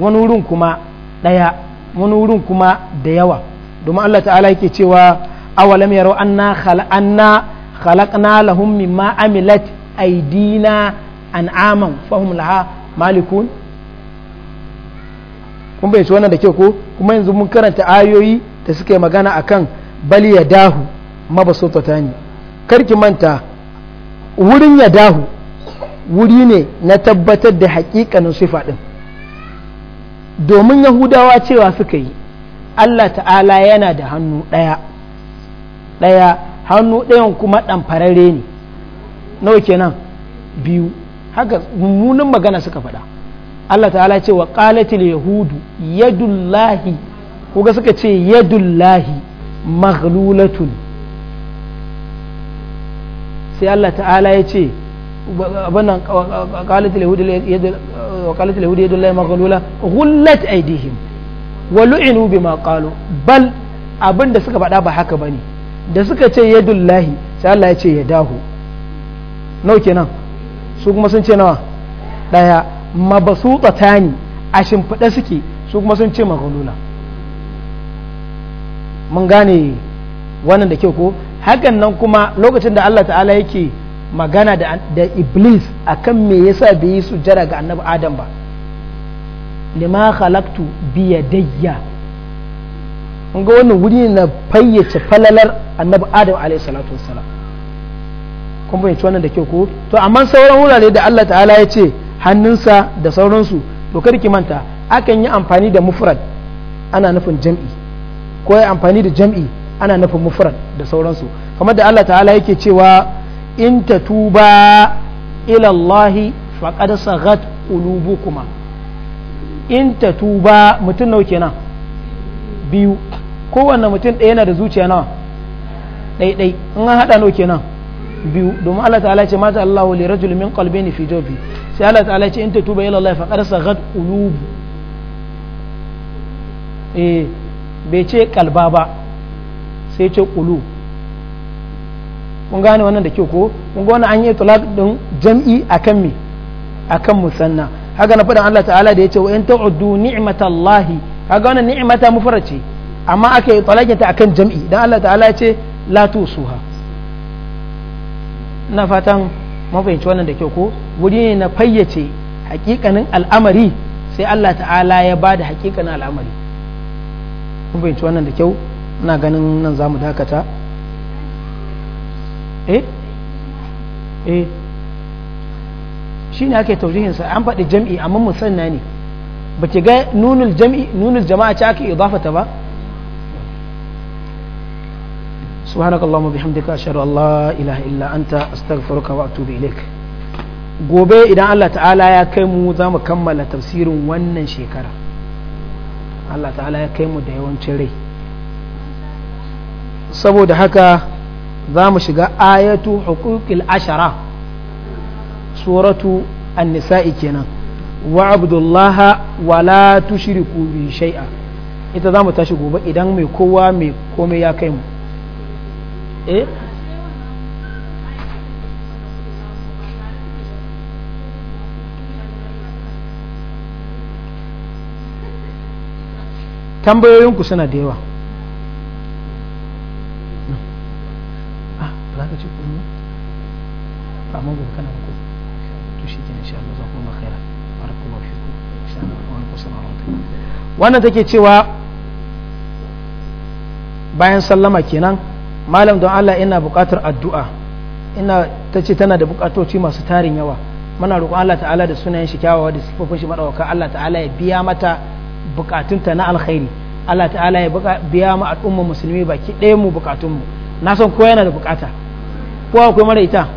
wani wurin kuma ɗaya wani wurin kuma da yawa domin Allah ta'ala yake cewa awalam yaro anna khalaqna khalaqna lahum mimma amilat aidina an'aman fahum laha malikun kun bai wannan da ke ko kuma yanzu mun karanta ayoyi da suke magana akan bal yadahu kar karki manta wurin ya dahu wuri ne na tabbatar da hakikanin sifa ɗin domin yahudawa cewa suka yi allah ta'ala yana da hannu ɗaya ɗaya hannu ɗayan kuma farare ne nawa kenan biyu haka mummunan magana suka faɗa allah ta'ala ce wa ƙalatil yahudu yadullahi kuga suka ce yadullahi maglulatun sai Allah ta'ala ya ce abannan da yahud yadul da ya wa lu'inu bima qalu bal suka faɗa ba haka ba ne da suka ce yadul lahi sai Allah ya ce ya dahu nau kenan su kuma sun ce nawa daya tani a shimfiɗa suke su kuma sun ce maghlula mun gane wannan da kyau ko hakan nan kuma lokacin da Allah ta'ala yake magana da, iblis iblis akan me yasa bai yi jara ga annabi adam ba lima khalaqtu biyadayya an ga wani wuri na fayyace falalar annabi adam alayhi kuma bai wannan da kyau ko to amma sauran wurare da Allah ta'ala ya ce hannunsa da sauransu to kar ki manta akan yi amfani da mufrad ana nufin jam'i ko ya amfani da jam'i ana nufin mufrad da sauransu kamar da Allah ta'ala yake cewa in ta tatuba ila Allah faqad ulubu kuma in ta tuba mutum nawa kenan biyu kowanne mutum ɗaya na da zuciya nawa ɗaiɗai in an haɗa nawa kenan biyu domin Allah ta'ala ce mata Allahu li rajul min qalbayn fi jawfi sai Allah ta'ala ce in ta tuba Allah faqad saghat qulub eh bai ce kalba ba sai ce kulu kun gane wannan da kyau ko kun ga wannan an yi talaq din jam'i akan me akan musanna haka na faɗin Allah ta'ala da ya ce wa in ta'uddu ni'matallahi kaga wannan ni'mata mufrad ce amma aka yi talaqin ta akan jam'i dan Allah ta'ala ya ce la tusuha ina fatan mun fahimci wannan da kyau ko wuri ne na fayyace hakikanin al'amari sai Allah ta'ala ya ba da hakikanin al'amari mun fahimci wannan da kyau ana ganin nan za mu dakata eh eh shine ake taujihinsa an faɗi jam'i amma musanna ne ba ki ga nunul jam'i nunul jama'a ce ake idafata ba سبحانك اللهم وبحمدك أشهد أن لا إله إلا أنت أستغفرك وأتوب إليك gobe idan Allah ta'ala ya kai mu za mu kammala tafsirin wannan shekara Allah ta'ala ya kai mu da yawancin rai saboda haka za mu shiga ayatu hukukil ashara suratu annisa'i kenan wa abdullaha wa la tushriku bi shay'a ita za mu tashi gobe idan mai kowa mai komai ya kai mu eh tambayoyinku suna da yawa amma gobe kana to shi ke insha Allah za ku ma khaira barakallahu fiku insha Allah wa alaikum salam wannan take cewa bayan sallama kenan malam don Allah ina buƙatar addu'a ina ta ce tana da buƙatoci masu tarin yawa muna roƙon Allah ta'ala da sunayen shi kyawawa da sifofin shi madawaka Allah ta'ala ya biya mata buƙatunta na alkhairi Allah ta'ala ya biya mu al'umma musulmi baki ɗaya mu buƙatunmu na san kowa yana da buƙata kowa akwai mara ita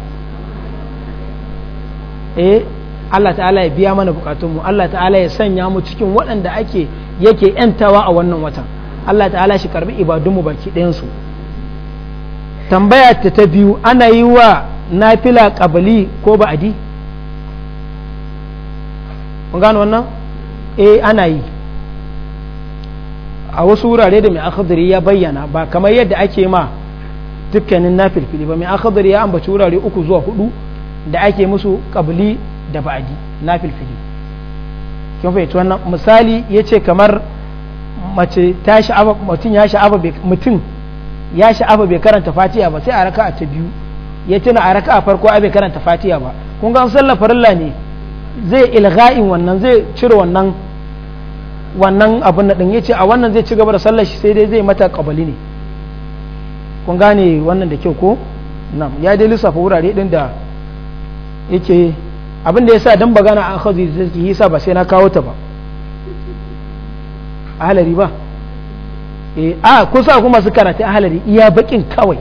eh Allah ta'ala ya biya mana bukatunmu Allah ta'ala ya sanya mu cikin waɗanda ake yake yantawa a wannan watan Allah ta'ala shi karbi ibadunmu baki ɗayansu tambaya ta ta biyu ana yi wa nafila kabali ko ba'adi kun gano wannan eh ana yi a wasu wurare da mai akhadari ya bayyana ba kamar yadda ake ma dukkanin fili ba mai akhadari ya ambaci wurare uku zuwa hudu da ake musu kabli da ba'adi na filfili kin fahimci wannan misali ya ce kamar mace ta sha'aba mutum ya sha'aba mutum ya sha'aba bai karanta fatiha ba sai a raka'a ta biyu ya tuna a raka'a farko a bai karanta fatiha ba kun ga sallar farilla ne zai ilga'in wannan zai cire wannan wannan abin da din yace a wannan zai ci gaba da sallar shi sai dai zai mata kabali ne kun gane wannan da kyau ko na ya dai lissafa wurare din da yake abin da ya don ba bagana an khadhi zaki yasa ba sai na kawo ta ba ahalari ba eh a kusa kuma su karanta ahalari iya bakin kawai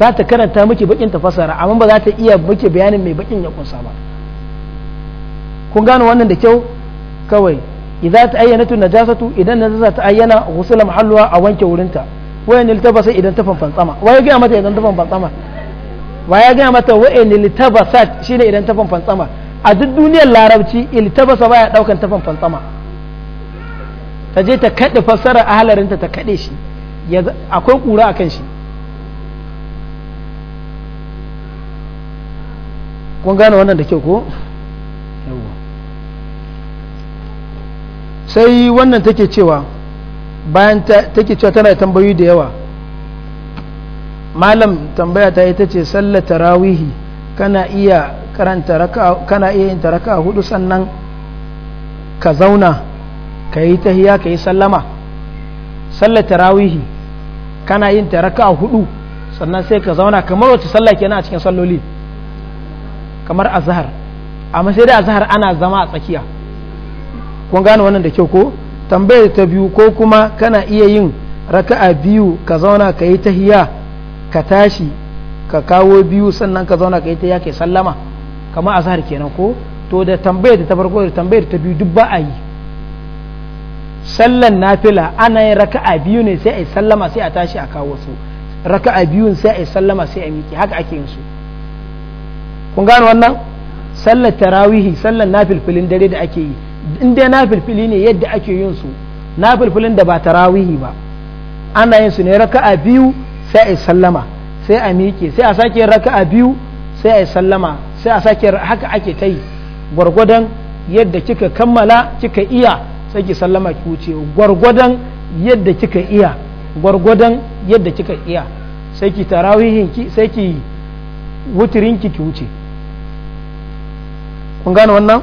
za ta karanta muke bakin ta fasara amma ba za ta iya muke bayanin mai bakin ya kunsa ba kun gano wannan da kyau kawai idza ta ayyana tu najasatu idan najasa ta ayyana ghusla mahalluha a wanke wurinta wayan iltabasa idan ta fanfantsama waye ga mata idan ta fanfantsama wa ya gaya mata wa'in iltabasat shine idan ta fantsama a duk duniyar larabci iltabasa baya daukan ta fantsama ta je ta kaɗe fassarar ahalarinta ta kaɗe shi akwai ƙura a kan shi kun gane wannan da kyau ko sai wannan take cewa bayan take cewa tana tambayoyi da yawa malam tambaya ta ita ce sallar tarawihi kana iya karanta raka kana iya yin taraka hudu sannan ka zauna ka yi tahiya ka yi sallama sallar tarawihi kana yin taraka hudu sannan sai ka zauna kamar wacce sallah kenan a cikin salloli kamar azhar amma sai da azhar ana zama a tsakiya kun gane wannan da kyau ko tambayar ta biyu ko kuma kana iya yin raka'a biyu ka zauna ka yi tahiya ka tashi ka kawo biyu sannan ka zauna ka yi ta yake sallama kama azhar kenan ko to da tambayar da ta farko da tambayar ta biyu duk ba a yi sallan nafila ana yin raka'a biyu ne sai a yi sallama sai a tashi a kawo su raka'a biyu sai a yi sallama sai a miƙe haka ake yin su kun gano wannan sallar tarawihi sallar nafilfilin dare da ake yi in dai nafilfili ne yadda ake yin su nafilfilin da ba tarawihi ba ana yin su ne raka'a biyu sai a yi sallama sai a miƙe sai a sake raka'a biyu sai a yi sallama sai a sake haka ake ta yi gwargwadon yadda kika kammala kika iya sai ki sallama ki wuce gwargwadon yadda kika iya gwargwadon yadda kika iya sai ki tarawihin ki sai ki wutirin ki ki wuce kun gane wannan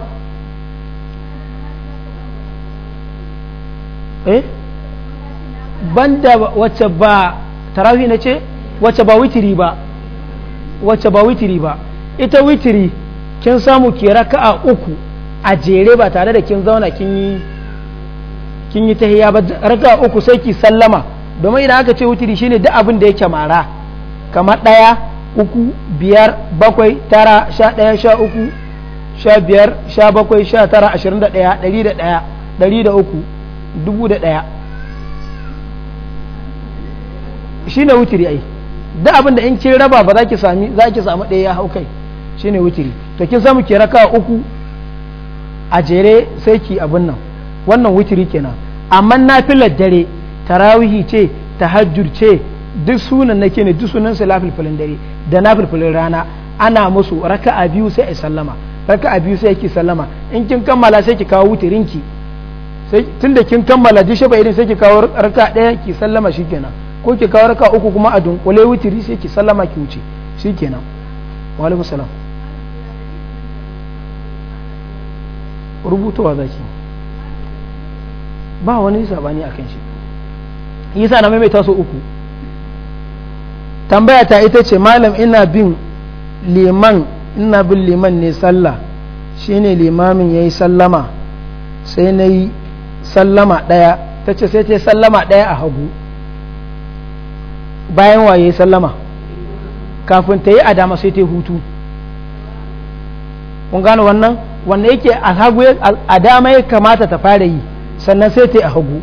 eh banda wacce ba tarawih na ce wacce ba witiri ba wacce ba witiri ba ita witiri kin samu ki raka'a uku a jere ba tare da kin zauna kin yi kin yi tahiyya ba raka'a uku sai ki sallama domin idan aka ce witiri shine duk abin da yake mara kamar ɗaya uku biyar bakwai tara sha ɗaya sha uku sha biyar sha bakwai sha tara ashirin da ɗaya ɗari da ɗaya ɗari da uku dubu da ɗaya shi ne wutiri ai duk abin da in kin raba ba za ki sami za ki samu ɗaya ya hau kai shi ne wutiri to kin samu ki raka uku a jere sai ki abin nan wannan wutiri kenan amma nafilar dare tarawihi ce tahajjur ce duk sunan nake ne duk sunan salafil filin dare da nafil filin rana ana musu a biyu sai ai sallama a biyu sai ki sallama in kin kammala sai ki kawo wutirinki sai tunda kin kammala duk shafa irin sai ki kawo raka ɗaya ki sallama shi ko ki kawo raka uku kuma a dunkule wutiri sai ki sallama ki wuce shikenan wa alaikum salam rubutowa zaki ba wani sabani akan shi sa na maimaita so uku tambaya ta ita ce malam ina bin liman ina bin liman ne sallah ne limamin ya yi sallama sai na yi sallama ɗaya ta ce sai ta yi sallama ɗaya a hagu bayan waye sallama kafin ta yi a dama sai ta hutu kun gano wannan wanda yake a dama ya kamata ta fara yi sannan sai ta yi a hagu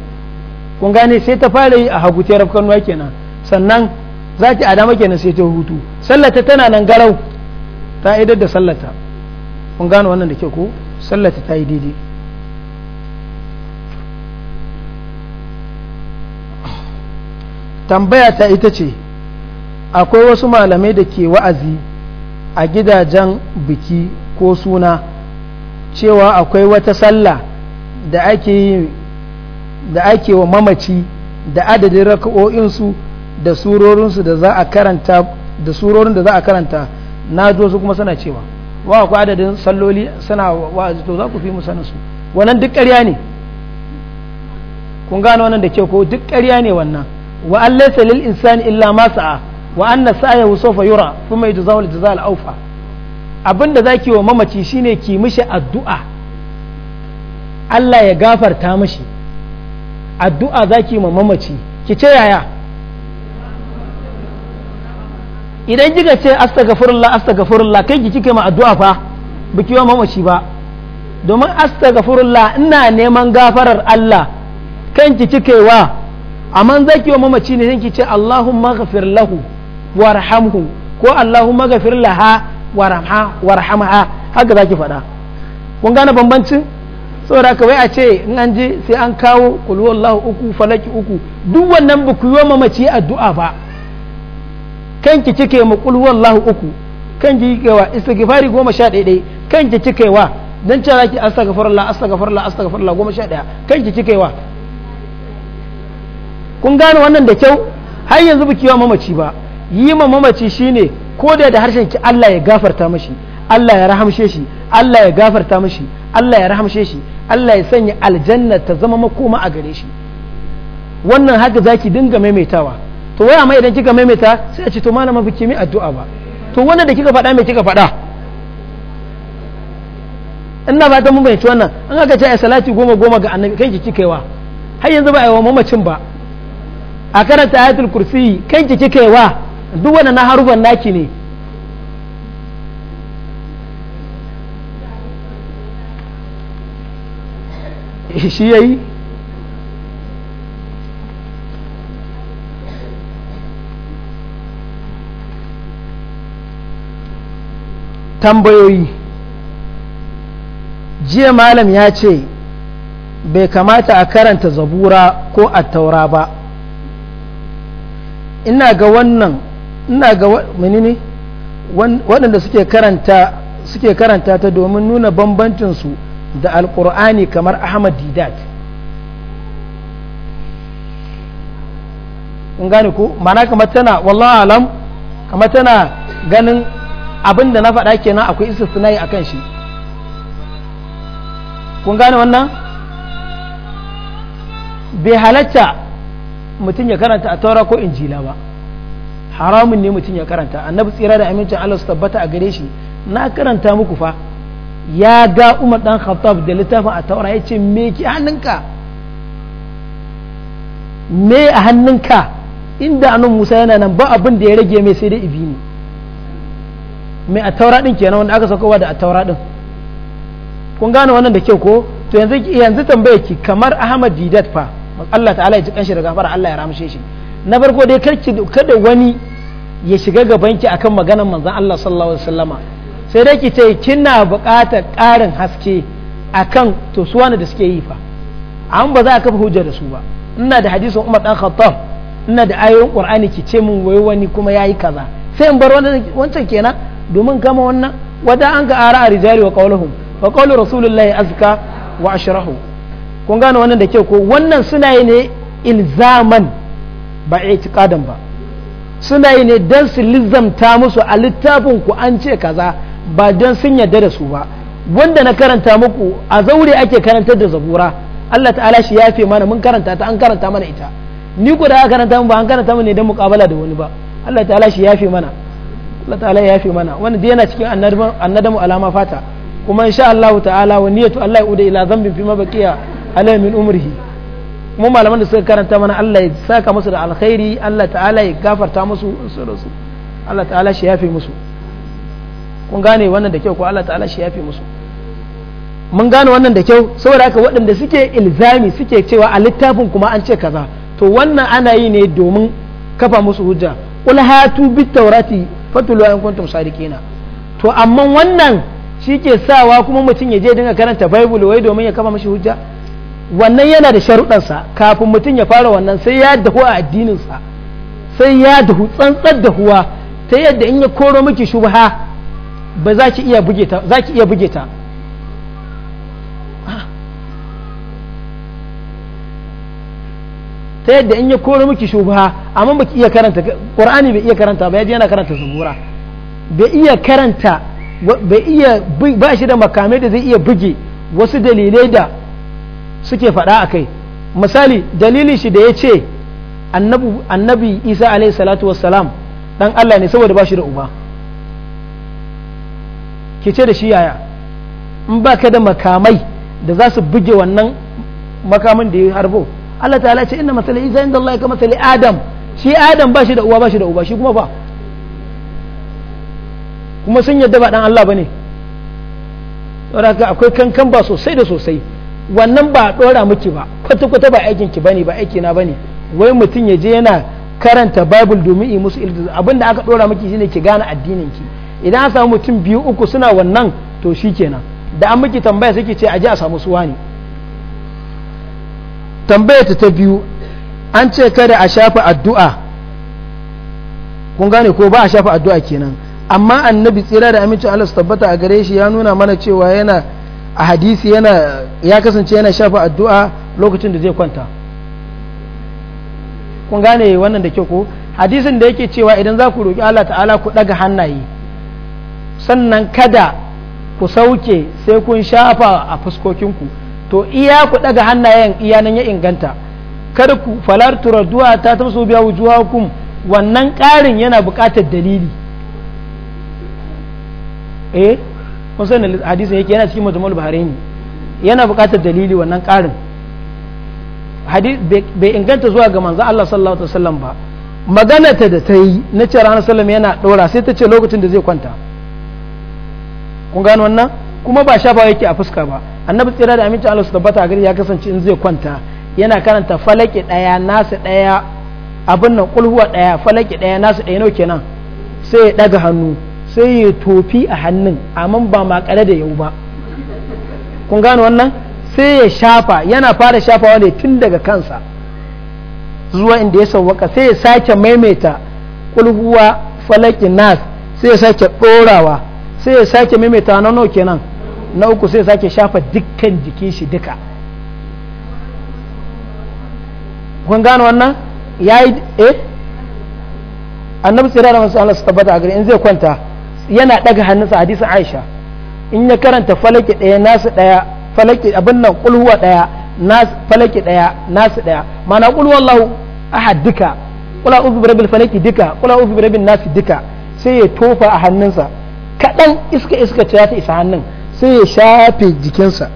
kun gane sai ta fara yi a hagu ta rafkanuwa kenan sannan za ta dama kenan sai ta hutu sallata tana nan garau ta idar da sallata kun gano wannan da ke ko sallata ta yi daidai tambaya ta ita ce akwai wasu malamai da ke wa'azi a gidajen biki ko suna cewa akwai wata sallah da ake yi da ake wa mamaci da adadin raka'o'insu da surorinsu da za a karanta da surorin da za a karanta na zo su kuma suna cewa wa akwai adadin salloli suna wa'azi to za ku fi mu su wannan duk ƙarya ne kun gane wannan da ke ko duk ƙarya ne wannan wa an laysa lil insani illa ma sa'a wa anna sa'ayahu sawfa yura kuma yajzahu al jazaa al awfa abinda zaki wa mamaci shine ki mishi addu'a Allah ya gafarta mishi addu'a zaki ma mamaci ki ce yaya idan kika ce astaghfirullah astaghfirullah kai ki kike ma addu'a fa biki wa mamaci ba domin astaghfirullah ina neman gafarar Allah kanki kike wa amma za ki wa mamaci ne zan ce Allahumma magafir lahu warhamhu ko Allahumma magafir laha warhamha haka za ki faɗa kun gane bambancin saboda haka wai a ce in an je sai an kawo kulhu Allah uku falaki uku duk wannan ba ku yi mamaci addu'a ba kanki cike mu kulhu Allah uku kanki yi wa istighfari goma sha ɗaya kanki cike wa dan cewa ki astaghfirullah astaghfirullah astaghfirullah goma sha ɗaya kanki cike wa kun gane wannan da kyau har yanzu ba kiwa mamaci ba yi ma mamaci shine ko da da harshen ki Allah ya gafarta mashi Allah ya rahamshe shi Allah ya gafarta mashi Allah ya rahamshe shi Allah ya sanya aljanna ta zama makoma a gare shi wannan haka zaki dinga maimaitawa to waya mai idan kika maimaita sai a ce to malama biki mai addu'a ba to wannan da kika faɗa mai kika faɗa ina ba ta mun bayyana wannan an aka ce ai salati goma goma ga annabi kai ki kikewa har yanzu ba a yi wa mamacin ba a karanta ayatul kursi kanki ki yi wa duk wani na haruban naki ne eh, shi yayi tambayoyi jiya malam ya ce bai kamata a karanta zabura ko attaura ba ina ga wannan ina ga menene waɗanda suke karanta suke karanta ta domin nuna bambancinsu da alkur'ani kamar ahmad didat in gane ko mana kamar tana wallahu alam kamar tana ganin abin da na faɗa kenan akwai istisnai akan shi kun gane wannan bai halatta mutum ya karanta a taura ko injila ba haramun ne mutum ya karanta annabi tsira da amincin Allah su tabbata a gare shi na karanta muku fa ya ga Umar dan Khattab da littafin a taura ya ce me ki hannunka me a hannunka inda anan Musa yana nan ba abin da ya rage mai sai da ne mai a taura din kenan wanda aka saukowa da a taura din kun gane wannan da kyau ko to yanzu yanzu tambaye ki kamar Ahmad Didat fa Allah ta'ala ya ji kanshi da gafara Allah ya ramshe shi na farko dai kada wani ya shiga gabanki akan maganar manzon Allah sallallahu alaihi wasallama sai dai ki ce kina buƙatar ƙarin haske akan to su wani da suke yi fa an ba za a kafa hujja da su ba ina da hadisin Umar dan Khattab ina da ayoyin Qur'ani ki ce min wai wani kuma yayi kaza sai in bar wancan kenan domin kama wannan wada an ga ara a rijali wa qawluhum fa qawlu rasulullahi azka wa ashrahu kun gane wannan da kyau ko wannan suna yi ne ilzaman ba itiqadan ba suna yi ne don su lizamta musu a littafin ku an ce kaza ba don sun yadda da su ba wanda na karanta muku a zaure ake karantar da zabura Allah ta'ala shi yafe mana mun karanta ta an karanta mana ita ni ku da aka karanta mu ba an karanta mu ne don muƙabala da wani ba Allah ta'ala shi yafe mana Allah ta'ala ya yafe mana wanda dai yana cikin annadamu alama fata kuma insha Allah ta'ala wa niyyatu Allah ya uda ila zambin fi mabaqiya alai min umrihi kuma malaman da suka karanta mana Allah ya saka musu da alkhairi Allah ta'ala ya gafarta musu su Allah ta'ala shi yafe musu kun gane wannan da kyau ko Allah ta'ala shi yafe musu mun gane wannan da kyau saboda haka waɗanda suke ilzami suke cewa a littafin kuma an ce kaza to wannan ana yi ne domin kafa musu hujja qul hatu bit tawrati fatulu in kuntum sadiqina to amma wannan shi ke sawa kuma mutum ya je dinga karanta bible wai domin ya kafa mashi hujja wannan yana da sharuɗansa kafin mutum ya fara wannan sai ya dahu a addininsa sai ya dahu tsantsar dahuwa ta yadda in ya koro miki shubha ba za ki iya buge ta za ki iya buge ta ah. ta yadda in ya koro miki shubha amma ba ki iya karanta ƙur'ani bai iya karanta ba yaji yana karanta zubura bai iya karanta bai iya ba shi da makamai da zai iya buge wasu dalilai da suke faɗa a kai misali dalili shi da ya ce annabi isa alaihi salatu wassalam dan allah ne saboda ba shi da uba ke ce da shi yaya in ba ka da makamai da za su buge wannan makamin da ya harbo allah ta ce inna matsala isa inda allah ya ka matsala adam shi adam ba shi da uba ba shi da uba shi kuma ba kuma sun yadda ba dan allah ba ne saboda akwai kankan ba sosai da sosai wannan ba dora miki ba kwata-kwata ba aikin ki bane ba aiki na bane wai mutum ya je yana karanta bible domin yi musu ilmi abinda aka dora miki shine ki gane addinin ki idan an samu mutum biyu uku suna wannan to shi shikenan da an miki tambaya sai ki ce je a samu suwa ne tambaya ta ta biyu an ce kada a shafa addu'a kun gane ko ba a shafa addu'a kenan amma annabi tsira da amincin Allah su tabbata a gare shi ya nuna mana cewa yana a hadisi yana ya kasance yana shafa addu'a lokacin da zai kwanta kun gane wannan da ke ko hadisin da yake cewa idan za ku roƙi Allah ta'ala ku daga hannaye sannan kada ku sauke sai kun shafa a fuskokinku to iya ku daga hannayen iya nan ya inganta kada ku falar du'a ta tamsu biya wujuwa hukum wannan ƙarin yana buƙatar dalili eh kun san hadisi yake yana cikin majmu'ul bahraini yana buƙatar dalili wannan ƙarin bai inganta zuwa ga manzo Allah sallallahu alaihi wasallam ba magana ta da ta yi na ce ranar sallam yana ɗora sai ta ce lokacin da zai kwanta kun gano wannan kuma ba shafa yake a fuska ba annabi tsira da amincin Allah su tabbata a gari ya kasance in zai kwanta yana karanta falaki ɗaya nasu ɗaya abin nan kulhuwa ɗaya falaki daya nasu ɗaya nau kenan sai ya daga hannu sai ya tofi a hannun amma ba makare da yau ba kun gano wannan sai ya shafa yana fara shafa ne tun daga kansa zuwa inda ya sauwaka sai ya sake maimaita kulhuwa falakin nas sai ya sake ɗorawa sai ya sake maimaita na nau kenan na uku sai ya sake shafa dukkan jikin shi duka kun gano wannan ya yi eh annabi da masu Allah su tabbata a gari in zai kwanta yana daga hannunsa hadisin Aisha in ya karanta falaki daya nasu daya falaki abin nan kulhuwa daya nas falaki daya nasu daya mana kul wallahu ahad duka kul a'udhu rabbil falaki duka kul a'udhu rabbin nas duka sai ya tofa a hannunsa kadan iska iska ta ta isa hannun sai ya shafe jikinsa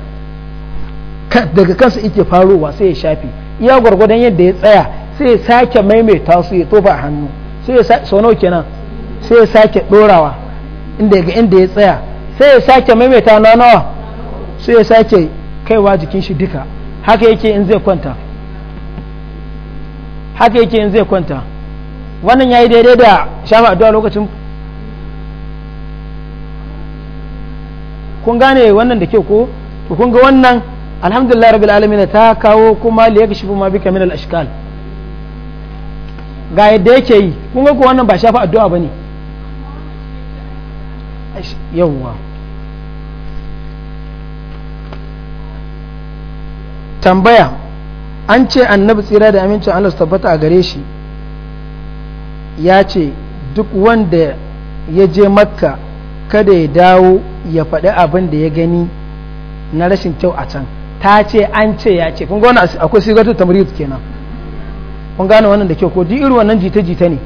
daga kansa yake farowa sai ya shafe iya gwargwadon yadda ya tsaya sai ya sake maimaita su ya tofa a hannu sai ya sake sono kenan sai ya sake dorawa inda ga inda ya tsaya sai ya sake maimaita na nawa sai ya sake kaiwa jikin shi duka haka yake in zai kwanta haka yake in zai kwanta wannan yayi daidai da shafa addu'a lokacin kun gane wannan da ke ko to kun ga wannan alhamdulillah rabbil alamin ta kawo kuma li yakshifu ma bika min al ashkal ga yadda yake yi kun ga ko wannan ba shafa addu'a bane yawwa tambaya an ce annabi tsira da amincin Allah su tabbata a gare shi ya ce duk wanda ya je makka kada ya dawo ya faɗi abin da ya gani na rashin kyau a can ta ce an ce ya ce kun wani akwai sigatul tamrid kenan kun gane wannan da kyau ko duk irin wannan jita-jita ne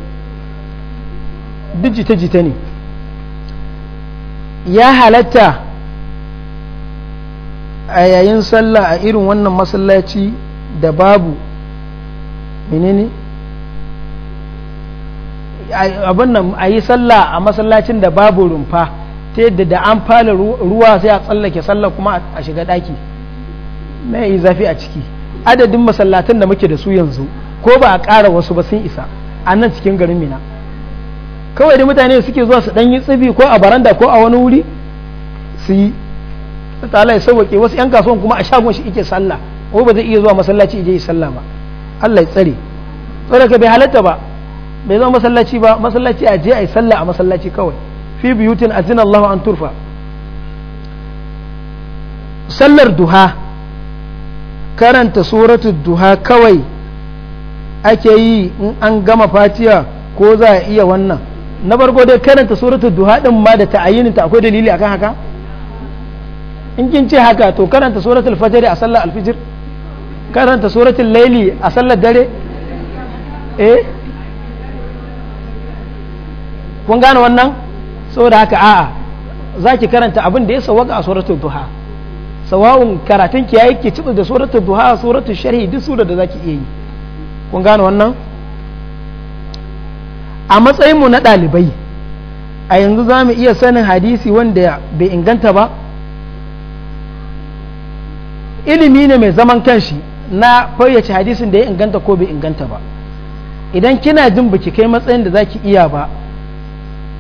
duk jita-jita ne ya halatta a yayin sallah a irin wannan masallaci da babu menene a yi sallah a masallacin da babu rumfa ta yadda da an fala ruwa sai a tsallake sallah kuma a shiga daki mai zafi a ciki adadin masallatan da muke da su yanzu ko ba a ƙara wasu ba sun isa a nan cikin garin mina kawai da mutane suke zuwa su ɗanyi tsibi ko a baranda ko a wani wuri su yi ta'ala ya sauwaƙe wasu 'yan kasuwan kuma a shagon shi ike sallah ko ba zai iya zuwa masallaci ije yi sallah ba Allah ya tsare tsare ka bai halatta ba bai zama masallaci ba masallaci a je a yi sallah a masallaci kawai fi biyutin azina Allah an turfa sallar duha karanta suratu duha kawai ake yi in an gama fatiya ko za a iya wannan na farko dai karanta suratul duha din ma da ta'ayyin ta akwai dalili akan haka in kin ce haka to karanta suratul fajr a sallar alfijir karanta suratul laili a sallar dare eh kun gane wannan saboda haka a'a za ki karanta abin da ya sawaka a suratul duha sawa'un karatun ki yayi ki cibi da suratul duha suratul sharhi duk su da zaki iya yi kun gane wannan a matsayinmu na ɗalibai a yanzu za mu iya sanin hadisi wanda bai inganta ba ilimi ne mai zaman kanshi na fayyace hadisin da ya inganta ko bai inganta ba idan kina jin biki kai matsayin da za ki iya ba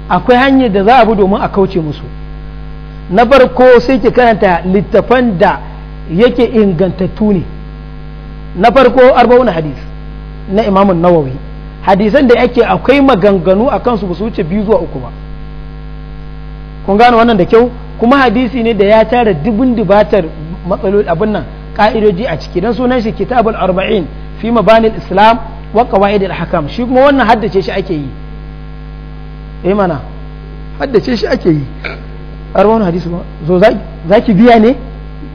akwai hanyar da za a bi domin a kauce musu na farko sai ki karanta littafan da yake ingantattu ne na farko arba'una hadis na imamun nawawi hadisan da yake akwai maganganu a kansu ba su wuce biyu zuwa uku ba kun gane wannan da kyau kuma hadisi ne da ya tara dubun dubatar matsaloli abin nan ka'idoji a ciki dan sunan shi kitabul arba'in fi mabani islam wa qawaid al hakam shi kuma wannan haddace shi ake yi eh mana haddace shi ake yi arwan hadisi ba zo zaki biya ne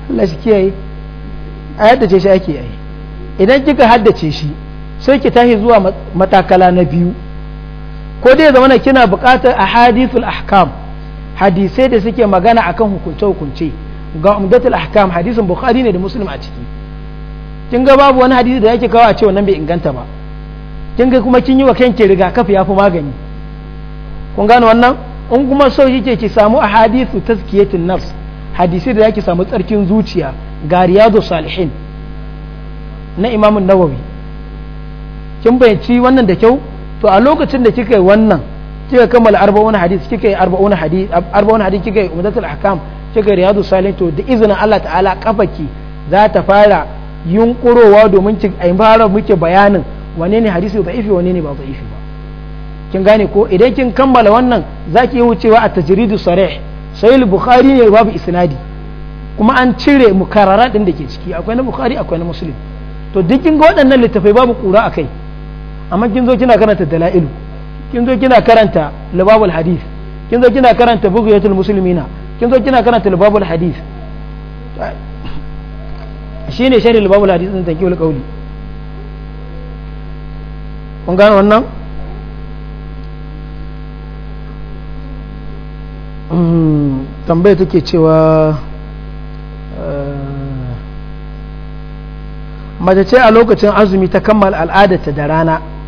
Allah shi kiyaye a haddace shi ake yi idan kika haddace shi sai ki tahi zuwa matakala na biyu ko dai zamana kina buƙatar a hadithul ahkam hadisai da suke magana akan hukunce-hukunce ga umdatul ahkam hadisin bukhari ne da muslim a ciki kin ga babu wani hadisi da yake kawo a cewa nan bai inganta ba kin ga kuma kin yi wa kanki rigakafi yafi magani kun gane wannan in kuma so kike ki samu a hadithu tazkiyatun nafs hadisi da yake samu tsarkin zuciya ga riyadu salihin na imamun nawawi kin bayanci wannan da kyau to a lokacin da kika yi wannan kika kammala arba'un hadith kika yi arba'un hadith arba'un hadith kika yi umdatul ahkam kika riyadu salihin to da izinin Allah ta'ala kafaki za ta fara yunkurowa domin ki a fara muke bayanin wane ne hadisi da ifi wane ne ba da ifi ba kin gane ko idan kin kammala wannan za ki yi wucewa a tajridu sarih sai bukhari ne babu isnadi kuma an cire mukarara din da ke ciki akwai na bukhari akwai na muslim to dukkan kin ga waɗannan littafai babu ƙura akai amma kin zo kina karanta dala'ilu kin zo kina karanta libabul hadith kin zo kina karanta bughyatul muslimina kin zo kina karanta libabul hadith shine sharhi libabul hadith din tankiyul qawli kun gano wannan hmm, tambaya take cewa eh, mace ce a lokacin azumi ta kammala al'adarta da rana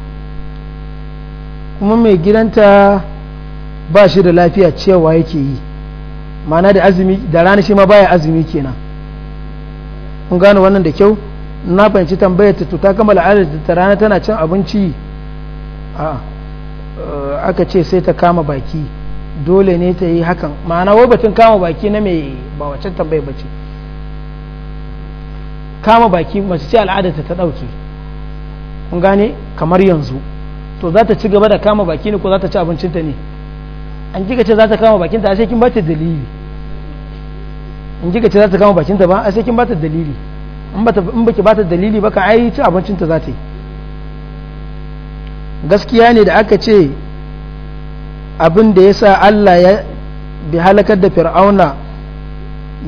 kuma mai gidanta ba shi da lafiya cewa yake yi mana da azumi da rana shi ma baya azumi kenan kun gane wannan da kyau na fahimci tambayar ta ta kammala adadin ta rana tana cin abinci a eh, aka ce sai ta kama baki dole ne ta yi hakan ma'ana wai batun kama baki na mai ba waccan tambayar bace kama baki mace ce al'adar ta ta dauke kun gane kamar yanzu to za ta ci gaba da kama baki ne ko za ta ci abincinta ne an kika ce za ta kama bakinta a sai kin ba ta dalili in kika ce za ta kama bakinta ba a sai kin ba ta dalili in ba in baki ba ta dalili ba ka ai ci abincinta za ta yi gaskiya ne da aka ce abin da ya sa Allah ya bi halakar da fir'auna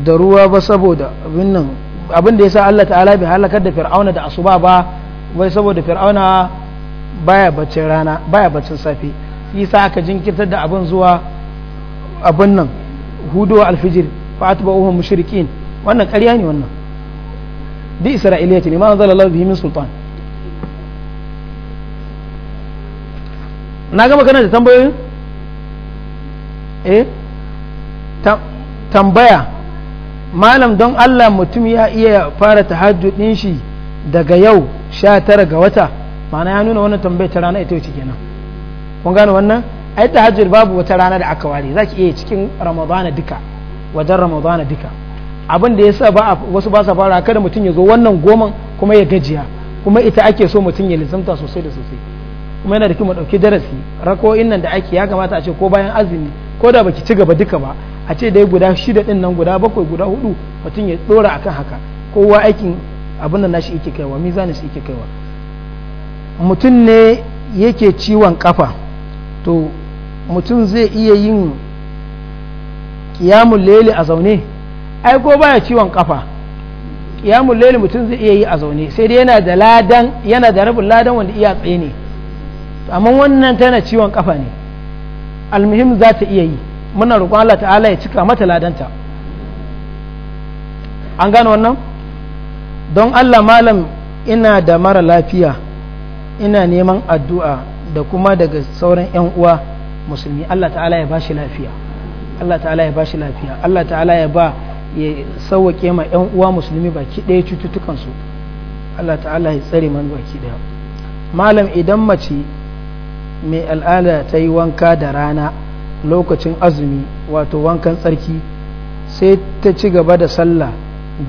da ruwa ba saboda abin nan abin da ya sa Allah ta'ala bi halakar da fir'auna da asuba ba wai saboda fir'auna baya baccin rana baya baccin safe yasa aka jinkirtar da abin zuwa abin nan hudu wa alfijir fa atba'uhum mushrikin wannan ƙarya ne wannan bi isra'iliya ce ne ma anzala Allah bihi min sultan na gama kana da tambayoyin eh tambaya malam don Allah mutum ya iya fara tahajjud din shi daga yau 19 ga wata ma'ana ya nuna wannan tambayar ta rana ita nan kenan kun gane wannan ai hajjar babu wata rana da aka ware zaki iya cikin ramadana duka wajen ramadana duka abin da yasa ba wasu ba sa fara kada mutum ya zo wannan goman kuma ya gajiya kuma ita ake so mutum ya lizamta sosai da sosai kuma yana da kuma mu dauki darasi rako innan da ake ya kamata a ce ko bayan azumi ko da baki ci gaba duka ba a ce dai guda shida din nan guda bakwai guda hudu mutum ya dora akan haka kowa aikin abin nan nashi yake kaiwa mizanin shi yake kaiwa mutum ne yake ciwon kafa to mutum zai iya yin kiyamun lele a zaune ai ko baya ciwon kafa kiyamun lele mutum zai iya yi a zaune sai dai yana da ladan yana da rabin ladan wanda iya tsaye ne amma wannan tana ciwon kafa ne almuhim za ta iya yi muna roƙon Allah ta'ala ya cika mata ladanta an gano wannan don Allah malam ina da mara lafiya ina neman addu'a da kuma daga sauran 'yan uwa musulmi Allah ta'ala ya ba shi lafiya Allah ta'ala ya ba shi lafiya Allah ta'ala ya ba ya sauwake ma 'yan uwa musulmi baki ɗaya cututtukansu Allah ta'ala ya tsare man baki ɗaya malam idan mace mai al'ada ta yi wanka da rana lokacin azumi wato wankan tsarki sai ta ci gaba da sallah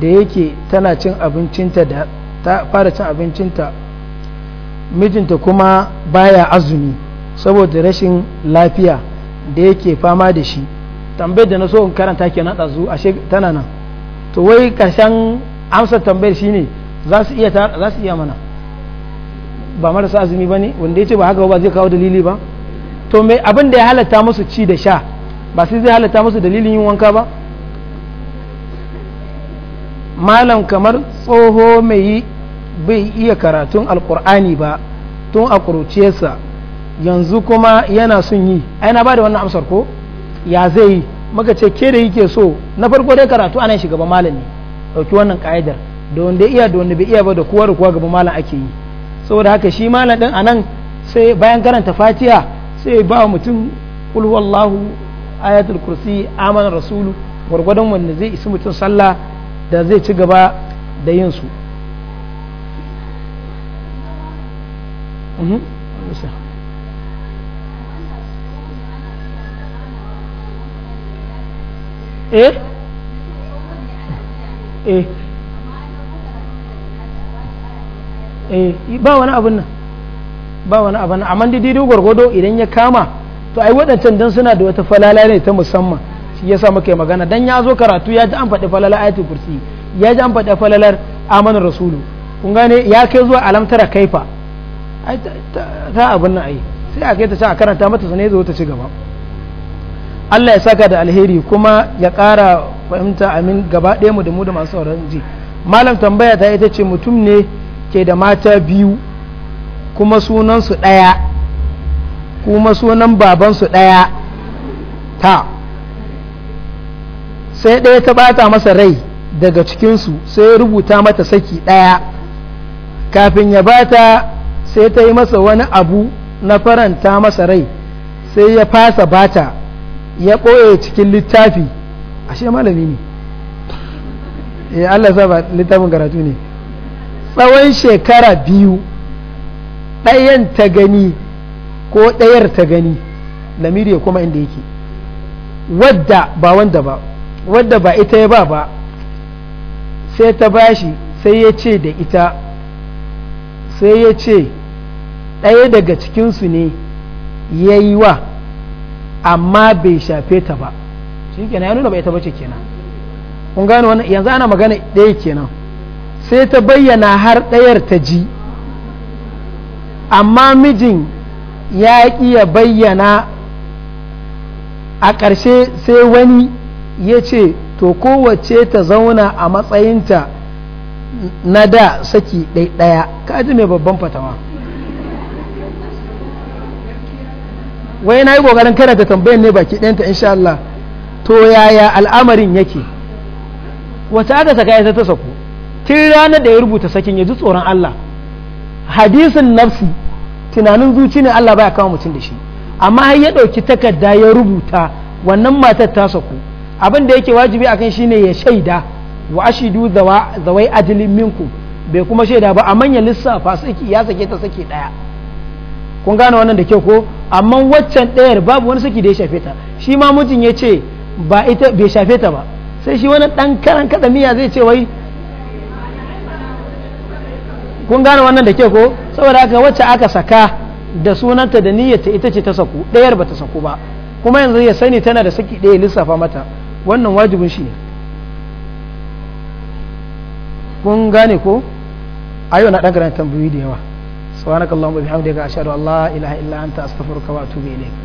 da yake tana cin abincinta da ta fara cin abincinta mijinta kuma baya azumi saboda rashin lafiya da yake fama da shi tambayar da na so in karanta ke na ɗazu ashe tana nan to wai karshen amsar tambayar shine za su iya za su iya mana ba marasa azumi ba ne wanda ya ce ba haka ba zai kawo dalili ba to me abin da ya halatta musu ci da sha ba sai zai halatta musu dalilin yin wanka ba malam kamar tsoho mai yi bai iya karatun alkur'ani ba tun a ƙuruciyarsa yanzu kuma yana sun yi ina ba da wannan amsar ko ya zai yi muka ce ke da yake so na farko dai karatu ana shiga gaba malami ɗauki wannan ka'idar da wanda iya da wanda bai iya ba da kowa da kowa gaba malam ake yi saboda haka shi malam din anan sai bayan karanta Fatiya sai ba mutum kul wallahu ayatul kursi amana rasulu gwargwadon wanda zai isi mutum sallah da zai ci gaba da yin su Mhm. Eh? Eh. Eh, ba wani abin nan ba wani abin nan amma didi gwargwado idan ya kama to ai waɗancan dan suna da wata falala ne ta musamman shi yasa muke magana dan ya zo karatu ya ji an faɗi falala ayatu kursi ya ji an faɗi falalar amanar rasulu kun gane ya kai zuwa alamtara kaifa ta abin nan ai sai a kai ta a karanta mata sanai zo ta ci gaba Allah ya saka da alheri kuma ya kara fahimta amin gaba ɗaya mu da mu da masu sauran ji malam tambaya ta ita ce mutum ne ke da mata biyu kuma sunan su ɗaya kuma sunan baban su ɗaya ta sai ɗaya ta bata masa rai daga cikinsu sai rubuta mata saki ɗaya kafin ya bata sai ta yi masa wani abu na faranta masa rai sai ya fasa bata ya ɓoye cikin littafi ashe malami ne eh, ya Allah saba littafin karatu ne tsawon shekara biyu ɗayan ta gani ko ɗayar ta gani lamiri ya kuma inda yake wadda ba wanda ba wadda ba ita ya ba ba sai ta bashi sai ya ce da ita sai ya ce ɗaya daga cikinsu ne ya yi wa amma bai shafe ta ba shi kenan ya nuna bai ta bace kenan kun wannan yanzu ana magana ɗaya kenan sai ta bayyana har ɗayar ta ji amma mijin ya ƙi ya bayyana a ƙarshe sai wani ya ce to kowace ta zauna a matsayinta na da saki ɗaya ka ji mai babban fatawa wai na yi ƙoƙarin karanta tambayar ne baki ɗayanta insha Allah to yaya al'amarin yake wata aka saka ya ta saku tun ranar da ya rubuta sakin ya ji tsoron Allah hadisin nafsi tunanin zuci ne Allah baya kawo mutum da shi amma har ya ɗauki takarda ya rubuta wannan matar ta saku abin da yake wajibi akan shine ya shaida wa ashidu zawai ajilin minku bai kuma shaida ba a manyan lissafa saki ya sake ta saki daya kun gane wannan da kyau ko amma waccan dayar babu wani saki da ya shafe ta shi ma mutum ya ce ba ita bai shafe ta ba sai shi wani dan karan kada miya zai ce wai kun gane wannan da kyau ko saboda haka wacce aka saka da sunanta da niyyarta ita ce ta saku dayar ba ta saku ba kuma yanzu ya sani tana da saki daya lissafa mata wannan wajibin shi ne kun gane ko ayo na dan karanta tambayoyi da yawa subhanakallahumma bihamdika ashhadu an la ilaha illa anta astaghfiruka wa atubu ilayk